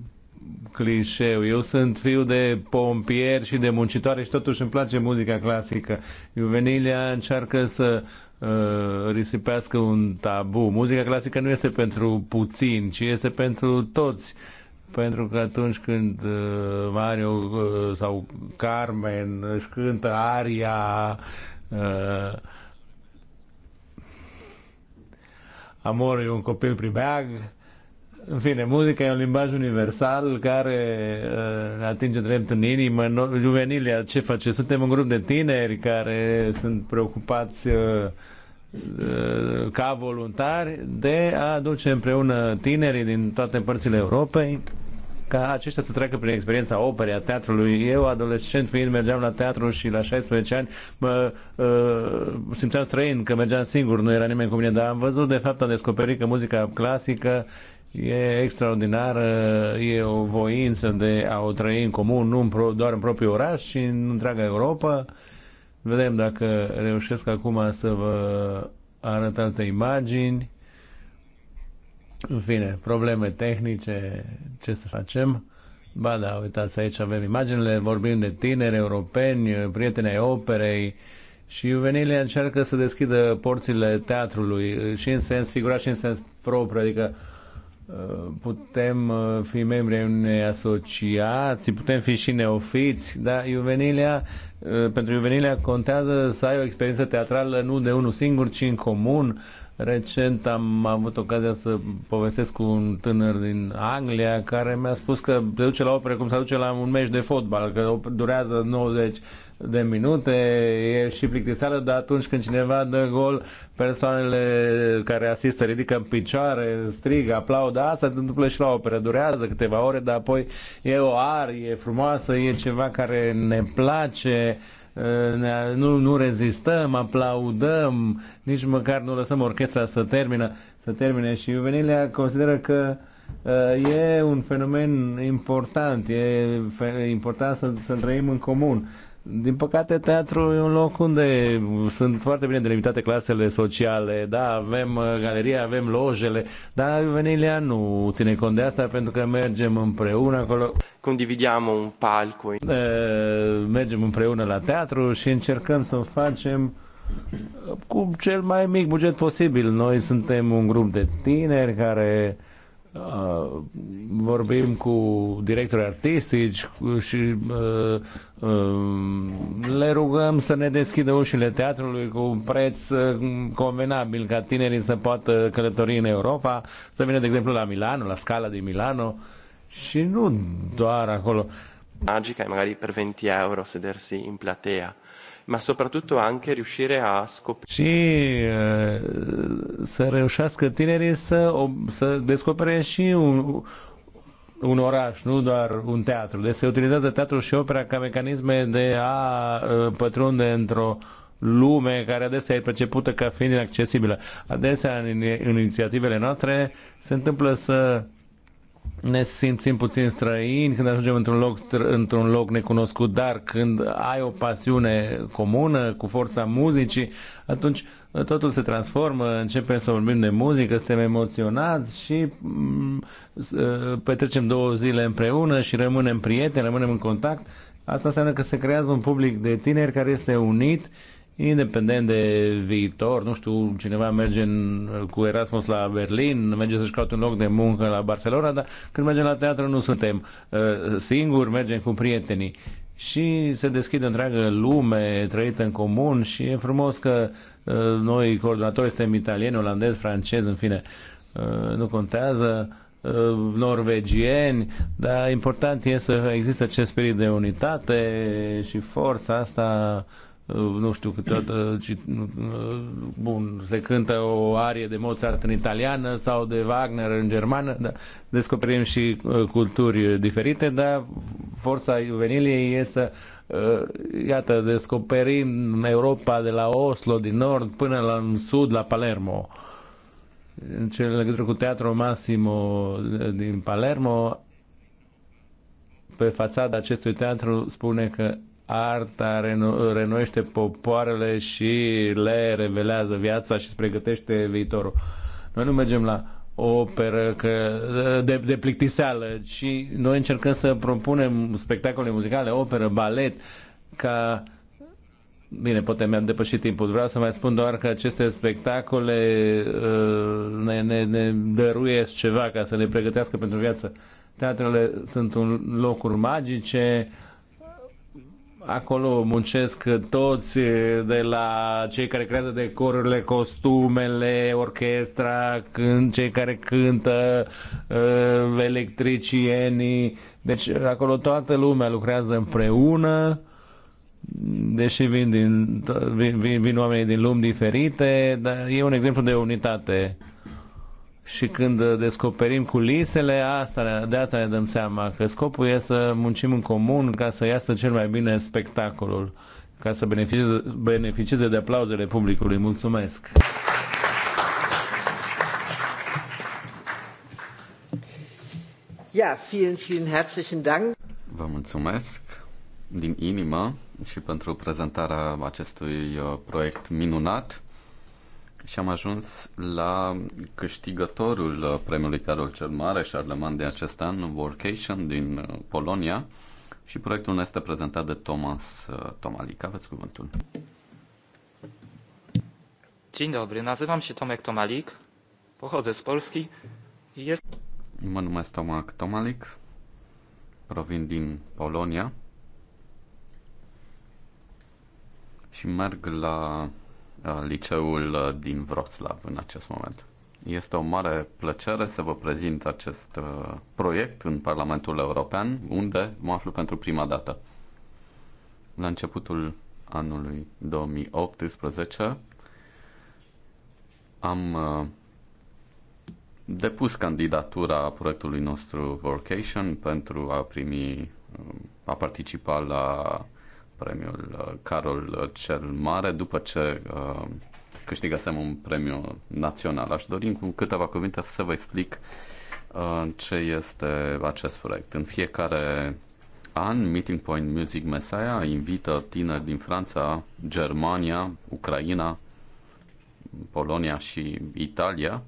clișeu. Eu sunt fiu de pompieri și de muncitoare și totuși îmi place muzica clasică. Juvenilia încearcă să Uh, risipească un tabu. Muzica clasică nu este pentru puțin, ci este pentru toți. Pentru că atunci când uh, Mario uh, sau Carmen își cântă aria uh, Amor e un copil pribeag, în fine, muzica e un limbaj universal care uh, atinge drept în inimă. No, juvenilia, ce face? Suntem un grup de tineri care sunt preocupați uh, uh, ca voluntari de a aduce împreună tinerii din toate părțile Europei ca aceștia să treacă prin experiența operei, a teatrului. Eu, adolescent fiind, mergeam la teatru și la 16 ani mă uh, simțeam străin că mergeam singur, nu era nimeni cu mine, dar am văzut, de fapt, am descoperit că muzica clasică e extraordinar, e o voință de a o trăi în comun, nu doar în propriul oraș, ci în întreaga Europa. Vedem dacă reușesc acum să vă arăt alte imagini. În fine, probleme tehnice, ce să facem? Ba da, uitați, aici avem imaginele, vorbim de tineri europeni, prieteni ai operei, și Juvenile încearcă să deschidă porțile teatrului și în sens figurat și în sens propriu, adică putem uh, fi membri ai unei asociații, putem fi și neofiți, dar Juvenilea, uh, pentru Juvenilea contează să ai o experiență teatrală nu de unul singur, ci în comun, Recent am avut ocazia să povestesc cu un tânăr din Anglia care mi-a spus că se duce la opere cum se duce la un meci de fotbal, că durează 90 de minute, e și plictiseală, dar atunci când cineva dă gol, persoanele care asistă ridică în picioare, strigă, aplaudă, asta se întâmplă și la opera, durează câteva ore, dar apoi e o arie frumoasă, e ceva care ne place, nu, nu rezistăm, aplaudăm, nici măcar nu lăsăm orchestra să termină, să termine și Iuvenilea consideră că uh, e un fenomen important, e important să, să trăim în comun. Din păcate, teatru e un loc unde sunt foarte bine delimitate clasele sociale, da, avem uh, galeria, avem lojele, dar Venilia nu ține cont de asta pentru că mergem împreună acolo. Condividiamo un palco. Uh, mergem împreună la teatru și încercăm să facem uh, cu cel mai mic buget posibil. Noi suntem un grup de tineri care uh, Uh, vorbim cu directori artistici și uh, um, le rugăm să ne deschidă ușile teatrului cu un preț uh, convenabil ca tinerii să poată călători în Europa, să vină, de exemplu, la Milano, la Scala din Milano și nu doar acolo. Magica e magari per 20 euro sedersi in platea ma soprattutto anche riuscire a scoprire. Eh, sì, să reușească tinerii să, să un, un oraș, nu doar un teatru. Deci se utilizează teatru și opera ca mecanisme de a eh, pătrunde într-o lume care adesea e percepută ca fiind inaccesibilă. Adesea în, în inițiativele noastre se întâmplă să ne simțim puțin străini când ajungem într-un loc, într-un loc necunoscut, dar când ai o pasiune comună cu forța muzicii, atunci totul se transformă, începem să vorbim de muzică, suntem emoționați și mm, ă, petrecem două zile împreună și rămânem prieteni, rămânem în contact. Asta înseamnă că se creează un public de tineri care este unit independent de viitor, nu știu, cineva merge în, cu Erasmus la Berlin, merge să-și caute un loc de muncă la Barcelona, dar când mergem la teatru nu suntem uh, singuri, mergem cu prietenii. Și se deschide întreagă lume trăită în comun și e frumos că uh, noi coordonatori suntem italieni, olandezi, francezi, în fine, uh, nu contează norvegieni, dar important e să există acest spirit de unitate și forța asta nu știu, câteodată, ci, bun, se cântă o arie de Mozart în italiană sau de Wagner în germană, da, descoperim și uh, culturi diferite, dar forța juveniliei e să, uh, iată, descoperim Europa de la Oslo, din nord, până la în sud, la Palermo. În ce legătură cu Teatro Massimo uh, din Palermo, pe fațada acestui teatru spune că arta renoiește popoarele și le revelează viața și îți pregătește viitorul. Noi nu mergem la operă că, de, de plictiseală, ci noi încercăm să propunem spectacole muzicale, operă, balet, ca Bine, poate mi-am depășit timpul. Vreau să mai spun doar că aceste spectacole uh, ne, ne, ne dăruiesc ceva ca să ne pregătească pentru viață. Teatrele sunt un locuri magice, uh, Acolo muncesc toți, de la cei care creează decorurile, costumele, orchestra, când, cei care cântă, electricienii. Deci acolo toată lumea lucrează împreună deși vin, din, vin, vin, vin oamenii din lumi diferite, dar e un exemplu de unitate și când uh, descoperim culisele, asta, de asta ne dăm seama că scopul e să muncim în comun ca să iasă cel mai bine spectacolul, ca să beneficieze, beneficieze de aplauzele publicului. Mulțumesc! Ja, vielen, vielen herzlichen Dank. Vă mulțumesc din inimă și pentru prezentarea acestui uh, proiect minunat și am ajuns la câștigătorul uh, premiului Carol cel Mare, Charlemagne de acest an, Workation din uh, Polonia și proiectul ne este prezentat de Thomas uh, Tomalik. Aveți cuvântul. Dzień dobry, nazywam się Tomek Tomalik, pochodzę z Polski i jest... Mă numesc Tomak Tomalik, provin din Polonia și merg la Uh, liceul uh, din Wroclaw în acest moment. Este o mare plăcere să vă prezint acest uh, proiect în Parlamentul European, unde mă aflu pentru prima dată. La începutul anului 2018 am depus candidatura proiectului nostru Vocation pentru a primi, a participa la premiul uh, Carol uh, cel Mare după ce uh, câștigasem un premiu național. Aș dori cu câteva cuvinte să vă explic ce este acest proiect. În fiecare an, Meeting Point Music Messiah invită tineri din Franța, Germania, Ucraina, Polonia și Italia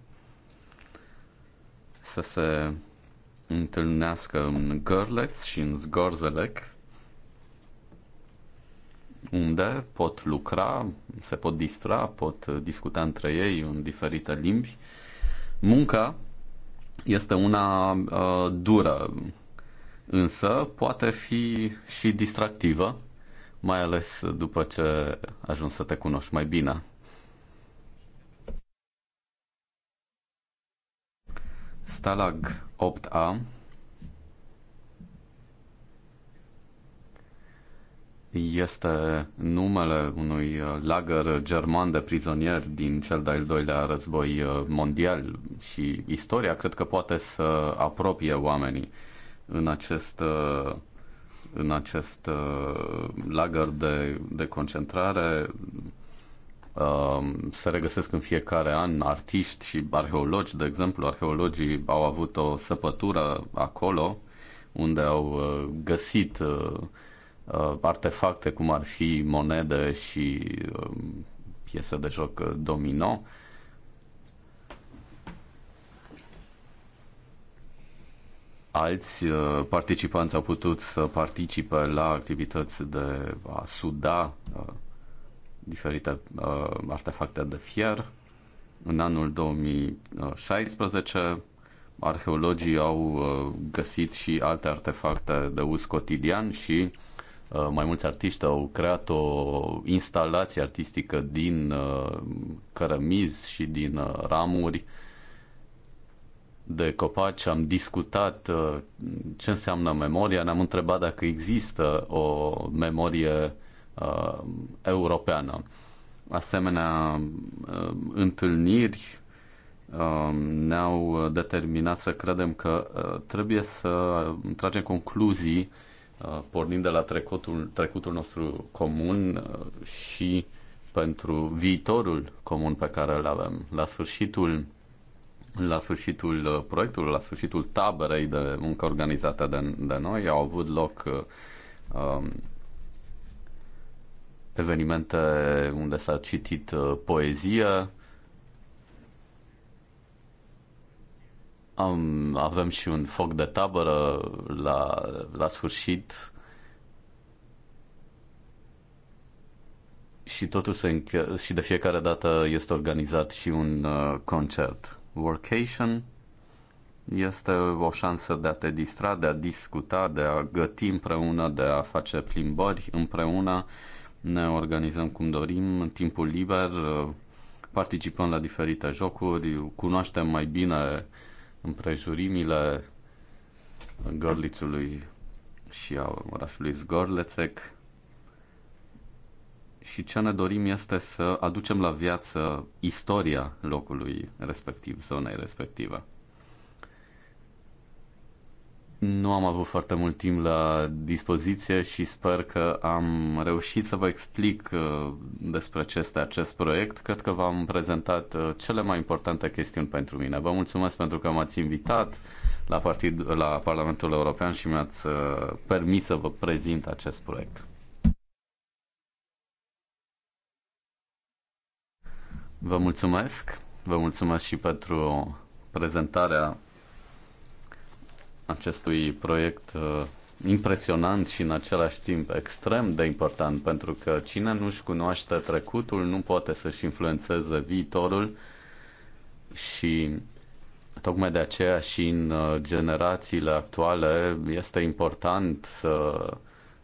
să se întâlnească în Görlitz și în Zgorzelec unde pot lucra, se pot distra, pot discuta între ei în diferite limbi. Munca este una uh, dură, însă poate fi și distractivă, mai ales după ce ajungi să te cunoști mai bine. Stalag 8A este numele unui uh, lagăr german de prizonieri din cel de-al doilea război uh, mondial și istoria cred că poate să apropie oamenii în acest, uh, în acest lagăr de, de concentrare um, se regăsesc în fiecare an artiști și arheologi, de exemplu, arheologii au avut o săpătură acolo unde au găsit Uh, artefacte, cum ar fi monede și um, piese de joc uh, domino. Alți uh, participanți au putut să participe la activități de a suda diferite artefacte de fier. În anul 2016, arheologii au găsit și alte artefacte de uz cotidian și Uh, mai mulți artiști au creat o instalație artistică din uh, cărămizi și din uh, ramuri de copaci, am discutat ce înseamnă memoria, ne-am întrebat dacă există o memorie europeană. Asemenea, întâlniri ne-au determinat să credem că trebuie să tragem concluzii Uh, pornind de la trecutul, trecutul nostru comun uh, și pentru viitorul comun pe care îl avem. La sfârșitul la sfârșitul uh, proiectului, la sfârșitul taberei de muncă organizată de, de noi, au avut loc um, evenimente unde s-a citit poezie, Am, avem și un foc de tabără la, la sfârșit. Și totul se înche- și de fiecare dată este organizat și un uh, concert. Workation este o șansă de a te distra, de a discuta, de a găti împreună, de a face plimbări împreună. Ne organizăm cum dorim, în timpul liber, uh, participăm la diferite jocuri, cunoaștem mai bine uh, împrejurimile Gorlițului și a orașului Zgorlețec. Și ce ne dorim este să aducem la viață istoria locului respectiv, zonei respective. Nu am avut foarte mult timp la dispoziție și sper că am reușit să vă explic uh, despre ce este acest proiect. Cred că v-am prezentat uh, cele mai importante chestiuni pentru mine. Vă mulțumesc pentru că m-ați invitat la, partid, la Parlamentul European și mi-ați uh, permis să vă prezint acest proiect. Vă mulțumesc, vă mulțumesc și pentru prezentarea acestui proiect uh, impresionant și în același timp extrem de important, pentru că cine nu-și cunoaște trecutul nu poate să-și influențeze viitorul și tocmai de aceea și în uh, generațiile actuale este important să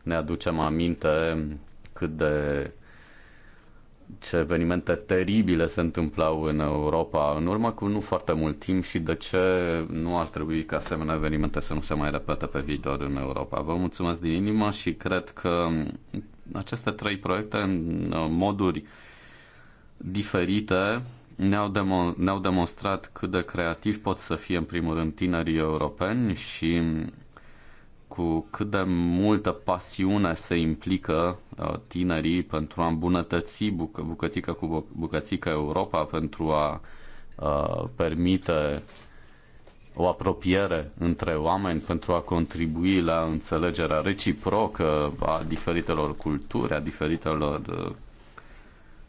ne aducem aminte cât de ce evenimente teribile se întâmplau în Europa în urmă cu nu foarte mult timp și de ce nu ar trebui ca asemenea evenimente să nu se mai repete pe viitor în Europa. Vă mulțumesc din inimă și cred că aceste trei proiecte în uh, moduri diferite ne-au, demo- ne-au demonstrat cât de creativi pot să fie în primul rând tinerii europeni și cu cât de multă pasiune se implică uh, tinerii pentru a îmbunătăți bucă, bucățică cu bucățică Europa, pentru a uh, permite o apropiere între oameni pentru a contribui la înțelegerea reciprocă a diferitelor culturi, a diferitelor uh,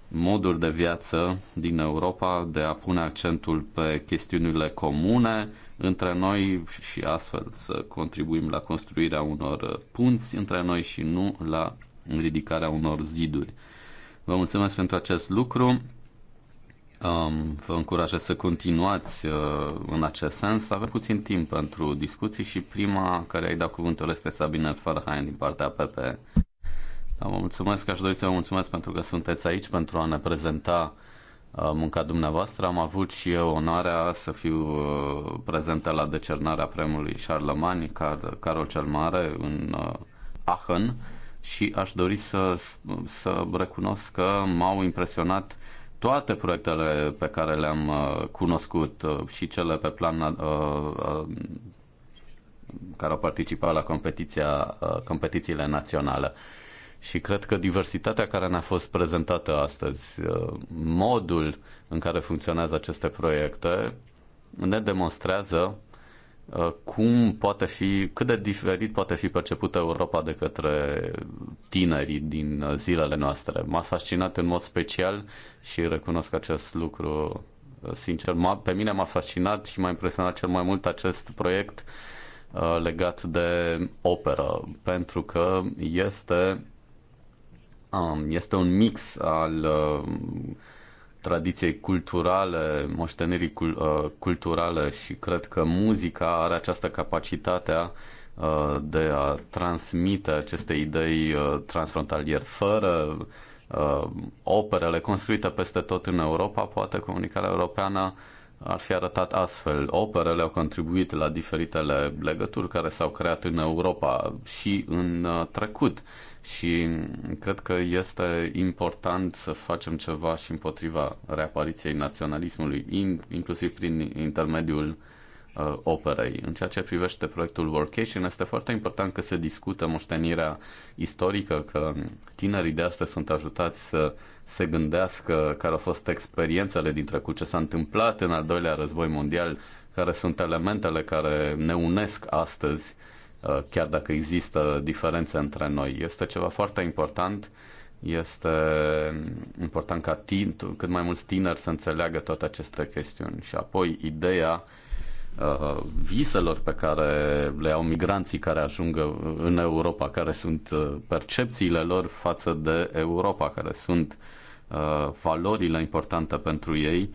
moduri de viață din Europa, de a pune accentul pe chestiunile comune, între noi și astfel să contribuim la construirea unor uh, punți între noi și nu la ridicarea unor ziduri. Vă mulțumesc pentru acest lucru. Um, vă încurajez să continuați uh, în acest sens. Avem puțin timp pentru discuții și prima care ai dat cuvântul este Sabine Farhain din partea PP. Da, vă mulțumesc, aș dori să vă mulțumesc pentru că sunteți aici, pentru a ne prezenta Uh, munca dumneavoastră. Am avut și eu onoarea să fiu uh, prezentă la decernarea premiului Charlemagne, Car- Carol cel Mare, în uh, Aachen și aș dori să, să recunosc că m-au impresionat toate proiectele pe care le-am cunoscut și cele pe plan care au participat la competiția, competițiile naționale. Și cred că diversitatea care ne-a fost prezentată astăzi, uh, modul în care funcționează aceste proiecte, ne demonstrează uh, cum poate fi, cât de diferit poate fi percepută Europa de către tinerii din uh, zilele noastre. M-a fascinat în mod special și recunosc acest lucru sincer. pe mine m-a fascinat și m-a impresionat cel mai mult acest proiect legat de operă, pentru că este Um, este un mix al um, tradiției culturale, moștenirii uh, culturale și cred că muzica are această capacitate uh, de a transmite aceste idei uh, transfrontalier fără uh, operele construite peste tot în Europa, poate comunicarea europeană ar fi arătat astfel. Operele au contribuit la diferitele legături care s-au creat în Europa și în trecut și cred că este important să facem ceva și împotriva reapariției naționalismului, inclusiv prin intermediul uh, operei. În ceea ce privește proiectul Workation, este foarte important că se discută moștenirea istorică, că tinerii de astăzi sunt ajutați să se gândească care au fost experiențele din trecut, ce s-a întâmplat în al doilea război mondial, care sunt elementele care ne unesc astăzi Uh, chiar dacă există diferențe între noi. Este ceva foarte important. Este important ca tin, cât mai mulți tineri să înțeleagă toate aceste chestiuni. Și apoi ideea uh, viselor pe care le au migranții care ajung în Europa, care sunt uh, percepțiile lor față de Europa, care sunt valorile importante pentru ei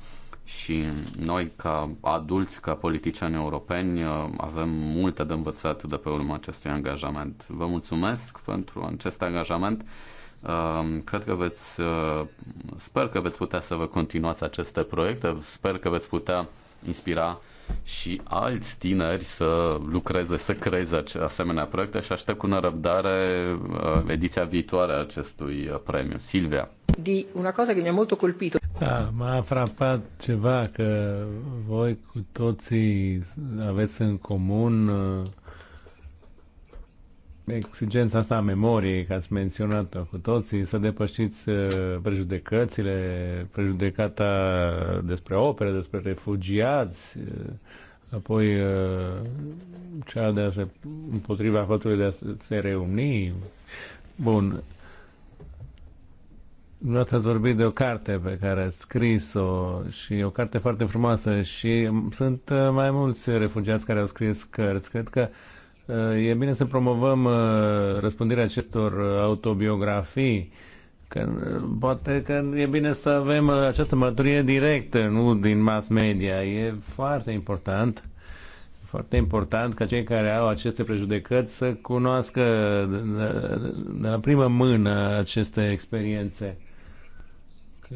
și noi, ca adulți, ca politicieni europeni, avem multe de învățat de pe urma acestui angajament. Vă mulțumesc pentru acest angajament. Um, cred că veți, uh, sper că veți putea să vă continuați aceste proiecte, sper că veți putea inspira și alți tineri să lucreze, să creeze asemenea proiecte și aștept cu nerăbdare uh, ediția viitoare a acestui uh, premiu. Silvia. Di una cosa che mi ha molto colpito. Da, m-a frapat ceva că voi cu toții aveți în comun uh, exigența asta a memoriei, că ați menționat-o cu toții, să depășiți uh, prejudecățile, prejudecata despre opere, despre refugiați, uh, apoi cea de a se împotriva faptului de a se reuni. Bun, Dumneavoastră ați vorbit de o carte pe care ați scris-o și e o carte foarte frumoasă și sunt uh, mai mulți refugiați care au scris cărți. Cred că uh, e bine să promovăm uh, răspândirea acestor autobiografii. Că, poate că e bine să avem această mărturie directă, nu din mass media. E foarte important foarte important ca cei care au aceste prejudecăți să cunoască de la primă mână aceste experiențe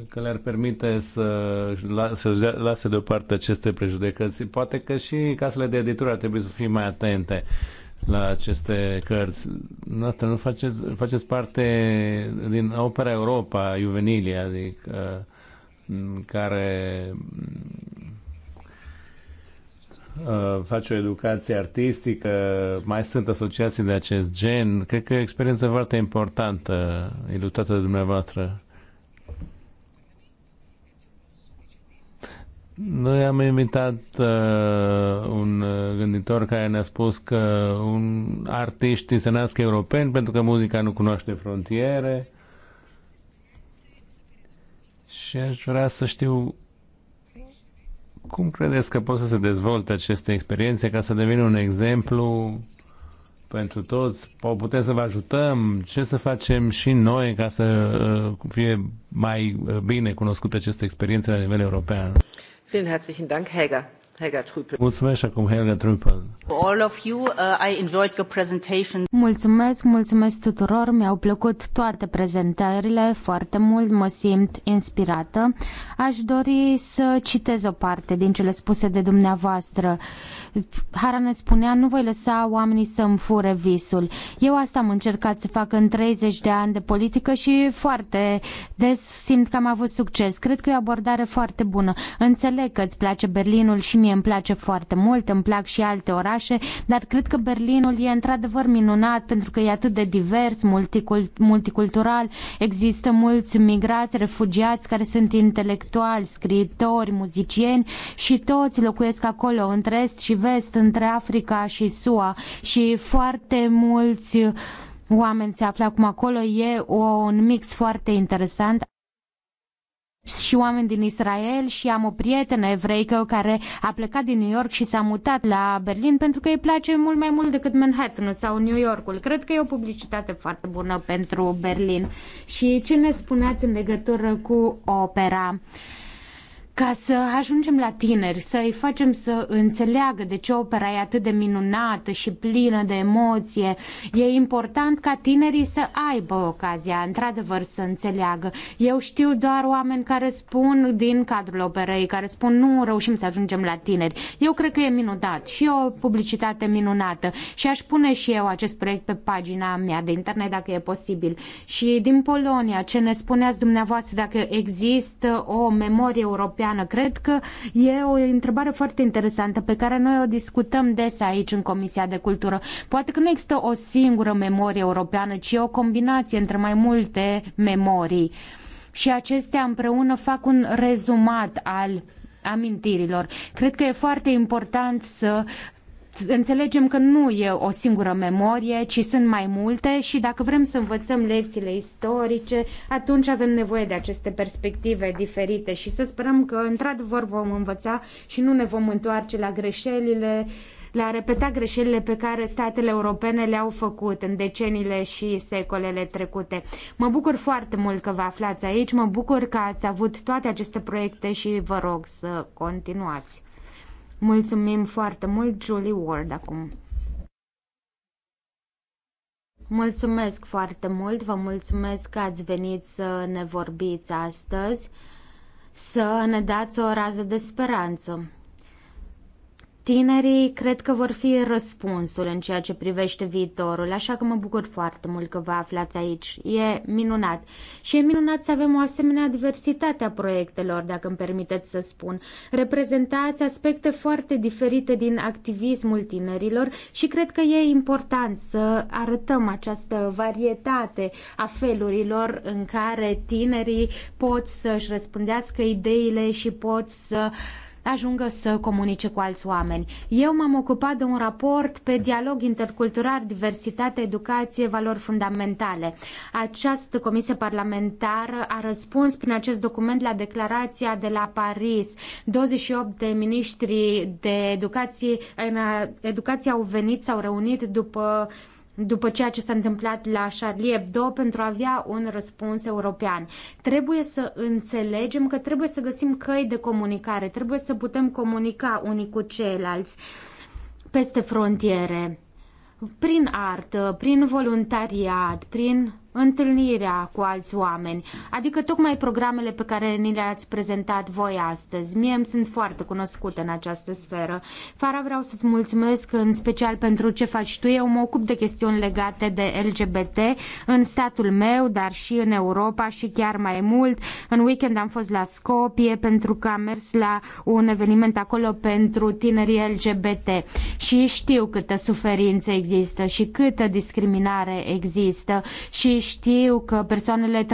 că le-ar permite să, să lase deoparte aceste prejudecăți. Poate că și casele de editură ar trebui să fie mai atente la aceste cărți. nu faceți, faceți parte din opera Europa juvenilie, adică care uh, face o educație artistică, mai sunt asociații de acest gen. Cred că e o experiență foarte importantă ilustrată de dumneavoastră. Noi am invitat uh, un uh, gânditor care ne-a spus că un artiști se nasc europeni pentru că muzica nu cunoaște frontiere. Și aș vrea să știu cum credeți că pot să se dezvolte aceste experiențe ca să devină un exemplu pentru toți? Putem să vă ajutăm? Ce să facem și noi ca să uh, fie mai uh, bine cunoscute aceste experiențe la nivel european? Vielen herzlichen Dank, Helga. Helga Mulțumesc acum Helga Trüpel. All of you, uh, I enjoyed your presentation. Mulțumesc, mulțumesc tuturor. Mi-au plăcut toate prezentările foarte mult, mă simt inspirată. Aș dori să citez o parte din cele spuse de dumneavoastră ne spunea, nu voi lăsa oamenii să îmi fure visul. Eu asta am încercat să fac în 30 de ani de politică și foarte des simt că am avut succes. Cred că e o abordare foarte bună. Înțeleg că îți place Berlinul și mie îmi place foarte mult, îmi plac și alte orașe, dar cred că Berlinul e într-adevăr minunat pentru că e atât de divers, multicultural, există mulți migrați, refugiați care sunt intelectuali, scriitori, muzicieni și toți locuiesc acolo între est și vest, între Africa și SUA și foarte mulți oameni se află acum acolo. E un mix foarte interesant și oameni din Israel și am o prietenă evreică care a plecat din New York și s-a mutat la Berlin pentru că îi place mult mai mult decât Manhattan sau New Yorkul. Cred că e o publicitate foarte bună pentru Berlin. Și ce ne spuneați în legătură cu opera? Uh, ca să ajungem la tineri, să îi facem să înțeleagă de ce opera e atât de minunată și plină de emoție. E important ca tinerii să aibă ocazia, într-adevăr, să înțeleagă. Eu știu doar oameni care spun din cadrul operei, care spun nu reușim să ajungem la tineri. Eu cred că e minunat și e o publicitate minunată și aș pune și eu acest proiect pe pagina mea de internet dacă e posibil. Și din Polonia, ce ne spuneați dumneavoastră dacă există o memorie europeană Europeană. Cred că e o întrebare foarte interesantă pe care noi o discutăm des aici în Comisia de Cultură. Poate că nu există o singură memorie europeană, ci o combinație între mai multe memorii. Și acestea împreună fac un rezumat al amintirilor. Cred că e foarte important să înțelegem că nu e o singură memorie, ci sunt mai multe și dacă vrem să învățăm lecțiile istorice, atunci avem nevoie de aceste perspective diferite și să sperăm că într-adevăr vom învăța și nu ne vom întoarce la greșelile la a repeta greșelile pe care statele europene le-au făcut în deceniile și secolele trecute. Mă bucur foarte mult că vă aflați aici, mă bucur că ați avut toate aceste proiecte și vă rog să continuați. Mulțumim foarte mult, Julie Ward, acum. Mulțumesc foarte mult, vă mulțumesc că ați venit să ne vorbiți astăzi, să ne dați o rază de speranță Tinerii cred că vor fi răspunsul în ceea ce privește viitorul, așa că mă bucur foarte mult că vă aflați aici. E minunat. Și e minunat să avem o asemenea diversitate a proiectelor, dacă îmi permiteți să spun. Reprezentați aspecte foarte diferite din activismul tinerilor și cred că e important să arătăm această varietate a felurilor în care tinerii pot să-și răspândească ideile și pot să uh, ajungă să comunice cu alți oameni. Eu m-am ocupat de un raport pe dialog intercultural, diversitate, educație, valori fundamentale. Această comisie parlamentară a răspuns prin acest document la declarația de la Paris. 28 de miniștri de educație, în educație au venit, s-au reunit după uh, după ceea ce s-a întâmplat la Charlie Hebdo pentru a avea un răspuns european. Trebuie să înțelegem că trebuie să găsim căi de comunicare, trebuie să putem comunica unii cu ceilalți peste frontiere, prin artă, prin voluntariat, prin întâlnirea cu alți oameni, adică tocmai programele pe care ni le-ați prezentat voi astăzi. Mie îmi sunt foarte cunoscută în această sferă. Fara, vreau să-ți mulțumesc în special pentru ce faci tu. Eu mă ocup de chestiuni legate de LGBT în statul meu, dar și în Europa și chiar mai mult. În weekend am fost la Scopie pentru că am mers la un eveniment acolo pentru tinerii LGBT și știu câtă suferință există și câtă discriminare există și știu că persoanele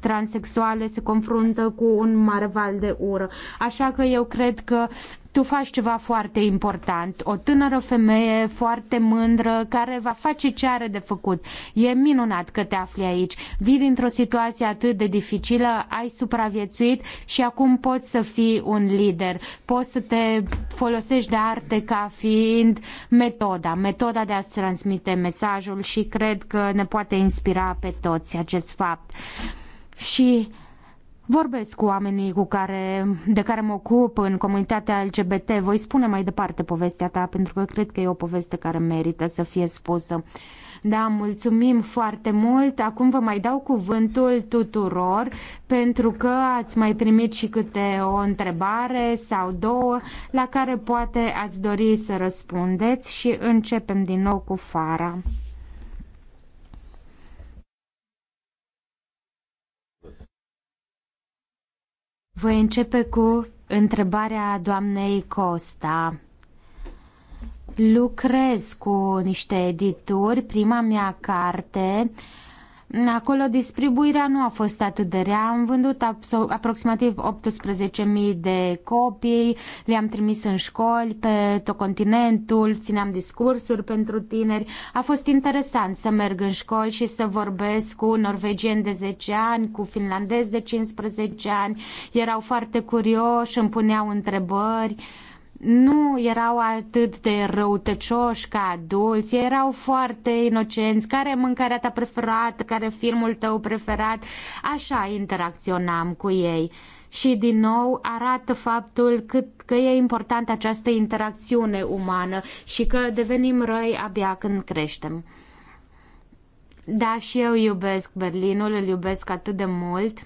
transsexuale se confruntă cu un mare val de ură. Așa că eu cred că tu faci ceva foarte important, o tânără femeie foarte mândră care va face ce are de făcut. E minunat că te afli aici. Vii dintr-o situație atât de dificilă, ai supraviețuit și acum poți să fii un lider. Poți să te folosești de arte ca fiind metoda, metoda de a-ți transmite mesajul și cred că ne poate inspira pe toți acest fapt. Și Vorbesc cu oamenii cu care, de care mă ocup în comunitatea LGBT. Voi spune mai departe povestea ta, pentru că cred că e o poveste care merită să fie spusă. Da, mulțumim foarte mult. Acum vă mai dau cuvântul tuturor pentru că ați mai primit și câte o întrebare sau două la care poate ați dori să răspundeți și începem din nou cu Fara. Voi începe cu întrebarea doamnei Costa. Lucrez cu niște edituri. Prima mea carte Acolo distribuirea nu a fost atât de rea. Am vândut aproximativ 18.000 de copii, le-am trimis în școli pe tot continentul, țineam discursuri pentru tineri. A fost interesant să merg în școli și să vorbesc cu norvegieni de 10 ani, cu finlandezi de 15 ani. Erau foarte curioși, îmi puneau întrebări nu erau atât de răutăcioși ca adulți, erau foarte inocenți, care e mâncarea ta preferată, care e filmul tău preferat, așa interacționam cu ei. Și din nou arată faptul cât, că e importantă această interacțiune umană și că devenim răi abia când creștem. Da, și eu iubesc Berlinul, îl iubesc atât de mult.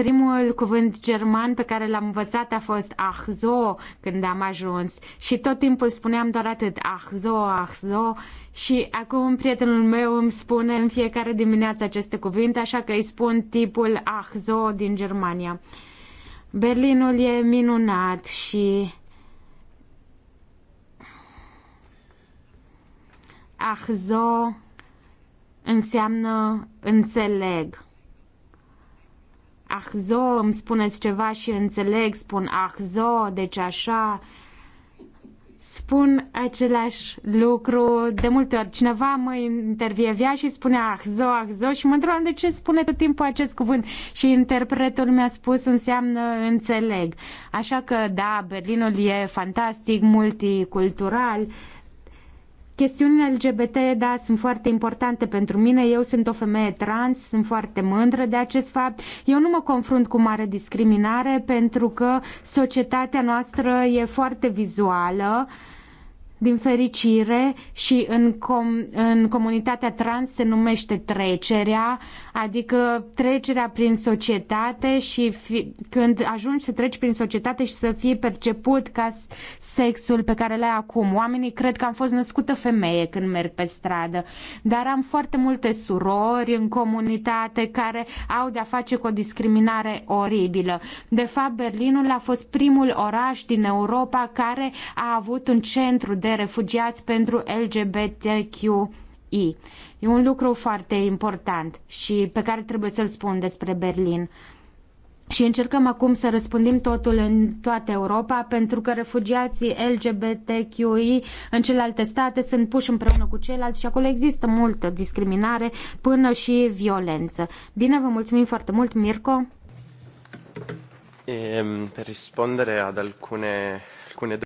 Primul cuvânt german pe care l-am învățat a fost ahzo când am ajuns și tot timpul spuneam doar atât ahzo, ahzo și acum prietenul meu îmi spune în fiecare dimineață aceste cuvinte, așa că îi spun tipul ahzo din Germania. Berlinul e minunat și ahzo înseamnă înțeleg ahzo, îmi spuneți ceva și înțeleg, spun ahzo, deci așa, spun același lucru. De multe ori cineva mă intervievea și spunea ahzo, ahzo și mă întrebam de ce spune tot timpul acest cuvânt și interpretul mi-a spus înseamnă înțeleg. Așa că da, Berlinul e fantastic, multicultural, Chestiunile LGBT, da, sunt foarte importante pentru mine. Eu sunt o femeie trans, sunt foarte mândră de acest fapt. Eu nu mă confrunt cu mare discriminare pentru că societatea noastră e foarte vizuală. Uh, din fericire și în, com- în comunitatea trans se numește trecerea, adică trecerea prin societate și fi- când ajungi să treci prin societate și să fii perceput ca sexul pe care l-ai acum. Oamenii cred că am fost născută femeie când merg pe stradă, dar am foarte multe surori în comunitate care au de-a face cu o discriminare oribilă. De fapt, Berlinul a fost primul oraș din Europa care a avut un centru de de refugiați pentru LGBTQI. E un lucru foarte important și pe care trebuie să-l spun despre Berlin. Și încercăm acum să răspundim totul în toată Europa, pentru că refugiații LGBTQI în celelalte state sunt puși împreună cu ceilalți și acolo există multă discriminare până și violență. Bine, vă mulțumim foarte mult, Mirko! E, ehm, per rispondere ad alcune, alcune...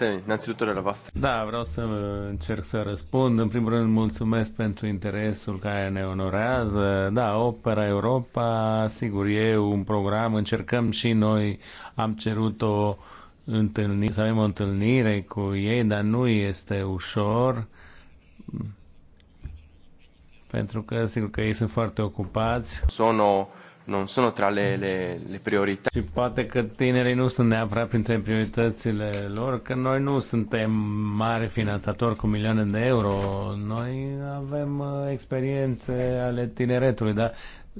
Innanzitutto la Da, vreau să încerc să răspund. În primul rând, mulțumesc pentru interesul care ne onorează. Da, Opera Europa, sigur, e un program. Încercăm și noi, am cerut o întâlnire, să avem o întâlnire cu ei, dar nu este ușor pentru că sigur că ei sunt foarte ocupați. Sono non sono tra le, le, le priorità. Și poate că tinerii nu sunt neapărat printre prioritățile lor, că noi nu suntem mari finanțatori cu milioane de euro. Noi avem uh, experiențe ale tineretului, dar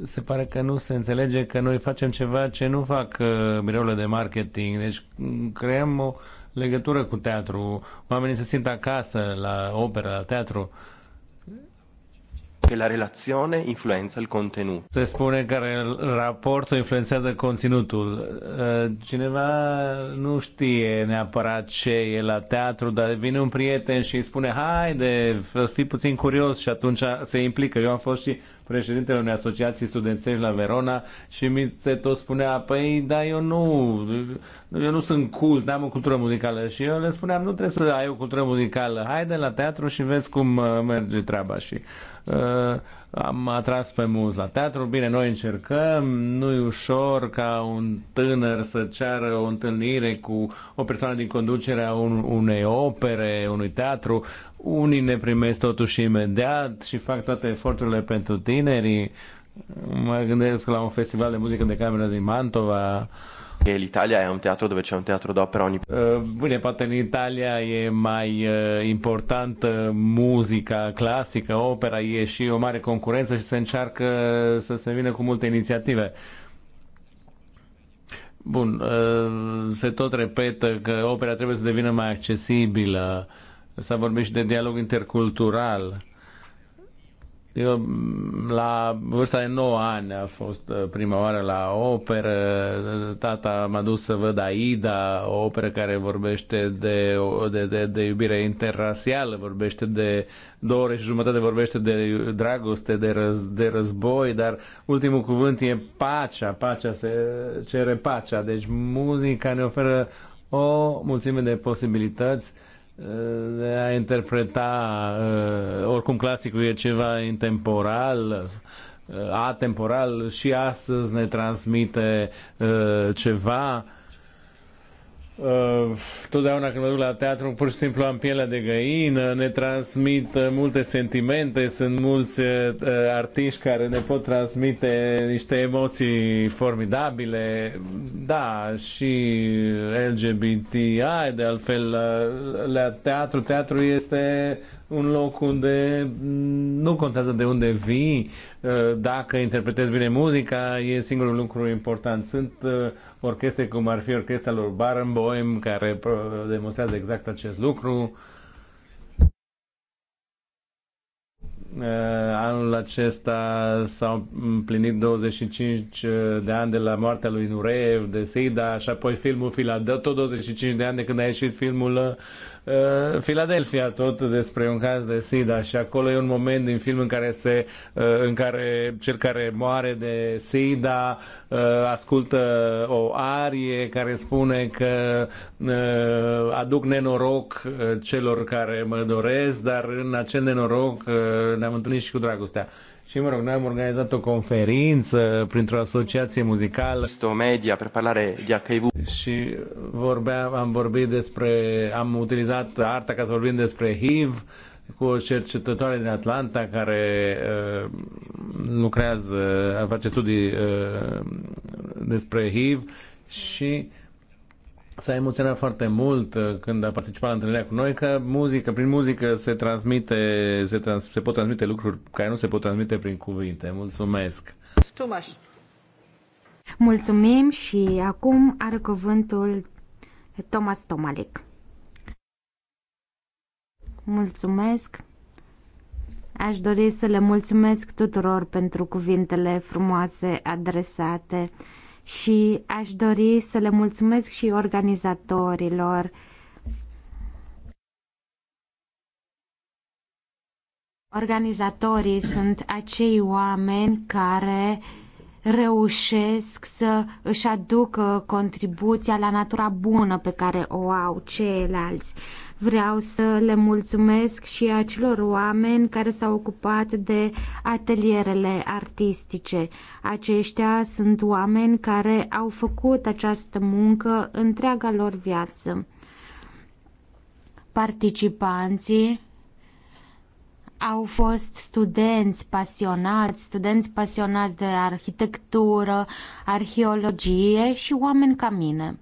se pare că nu se înțelege că noi facem ceva ce nu fac uh, birourile de marketing. Deci mm, creăm o legătură cu teatru. Oamenii se simt acasă la opera, la teatru. Uh, che la relazione influenza il contenuto. Se spune că il influențează conținutul. Ă, cineva nu știe neapărat ce e la teatru, dar vine un prieten și îi spune haide, fii puțin curios și atunci se implică. Eu am fost și președintele unei asociații studențești la Verona și mi se tot spunea, păi, da, eu nu, eu nu sunt cult, n-am o cultură muzicală. Și eu le spuneam, nu trebuie să ai o cultură muzicală, haide la teatru și vezi cum uh, merge treaba. Și uh, am atras pe mulți la teatru, bine, noi încercăm, nu e ușor ca un tânăr să ceară o întâlnire cu o persoană din conducerea unei opere, unui teatru, unii ne primesc totuși imediat și fac toate eforturile pentru tinerii, mă gândesc la un festival de muzică de cameră din Mantova, E l'Italia è un teatro dove c'è un teatro d'opera ogni... Uh, eh, bine, poate în Italia e mai uh, importantă muzica clasică, opera, e și o mare concurență și se încearcă eh, să se vină cu multe inițiative. Bun, uh, se tot repetă că opera trebuie să devină mai accesibilă. să vorbim și de dialog intercultural eu, la vârsta de 9 ani a fost uh, prima oară la operă. Tata m-a dus să văd Aida, o operă care vorbește de, de, de, de iubire interrasială, vorbește de două ore și jumătate, vorbește de dragoste, de, răz, de război, dar ultimul cuvânt e pacea, pacea se cere pacea. Deci muzica ne oferă o mulțime de posibilități uh, de a interpreta uh, oricum clasicul e ceva intemporal uh, atemporal și astăzi ne transmite uh, ceva Uh, totdeauna când mă duc la teatru, pur și simplu am pielea de găină, ne transmit uh, multe sentimente, sunt mulți uh, uh, artiști care ne pot transmite niște emoții formidabile, da, și LGBTI, de altfel, la teatru, teatru este un loc unde mm, nu contează de unde vii, uh, dacă interpretezi bine muzica, e singurul lucru important. Sunt uh, orchestre cum ar fi orchestra lor Barenboim, care uh, demonstrează exact acest lucru. Anul acesta s-au împlinit 25 de ani de la moartea lui Nureev de Sida, și apoi filmul Filadelfia, tot 25 de ani de când a ieșit filmul Philadelphia, uh, tot despre un caz de SIDA și acolo e un moment din film în care, se, uh, în care cel care moare de SIDA uh, ascultă o arie care spune că aduc nenoroc celor care mă doresc, dar în acel nenoroc ne-am întâlnit și cu dragostea. Și mă rog, noi am organizat o conferință printr-o asociație muzicală. Este o media pentru parlare de HIV. Și vorbea, am vorbit despre, am utilizat arta ca să vorbim despre HIV cu o cercetătoare din Atlanta care uh, lucrează, face studii uh, despre HIV și s-a emoționat foarte mult uh, când a participat la întâlnirea cu noi că muzică, prin muzică se transmite, se, trans, se pot transmite lucruri care nu se pot transmite prin cuvinte. Mulțumesc! Tomaș. Mulțumim și acum are cuvântul Thomas Tomalic. Mulțumesc! Aș dori să le mulțumesc tuturor pentru cuvintele frumoase adresate și aș dori să le mulțumesc și organizatorilor. Organizatorii sunt acei oameni care reușesc să își aducă contribuția la natura bună pe care o au ceilalți. Vreau să le mulțumesc și acelor oameni care s-au ocupat de atelierele artistice. Aceștia sunt oameni care au făcut această muncă întreaga lor viață. Participanții au fost studenți pasionați, studenți pasionați de arhitectură, arheologie și oameni ca mine.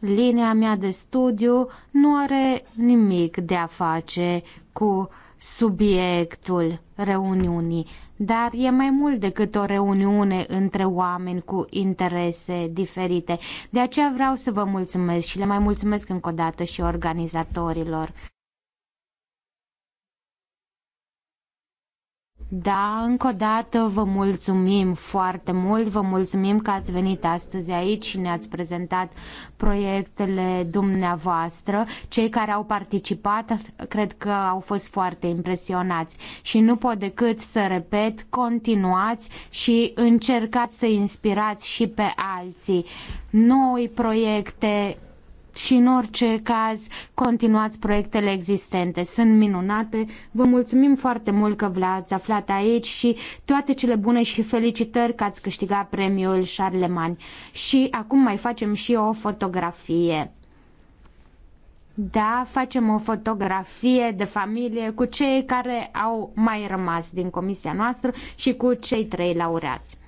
linia mea de studiu nu are nimic de a face cu subiectul reuniunii, dar e mai mult decât o reuniune între oameni cu interese diferite. De aceea vreau să vă mulțumesc și le mai mulțumesc încă o dată și organizatorilor. Da, încă o dată vă mulțumim foarte mult, vă mulțumim că ați venit astăzi aici și ne-ați prezentat proiectele dumneavoastră. Cei care au participat cred că au fost foarte impresionați și nu pot decât să repet, continuați și încercați să inspirați și pe alții. Noi proiecte, și în orice caz continuați proiectele existente. Sunt minunate. Vă mulțumim foarte mult că v-ați aflat aici și toate cele bune și felicitări că ați câștigat premiul Charlemagne. Și acum mai facem și o fotografie. Da, facem o fotografie de familie cu cei care au mai rămas din comisia noastră și cu cei trei laureați.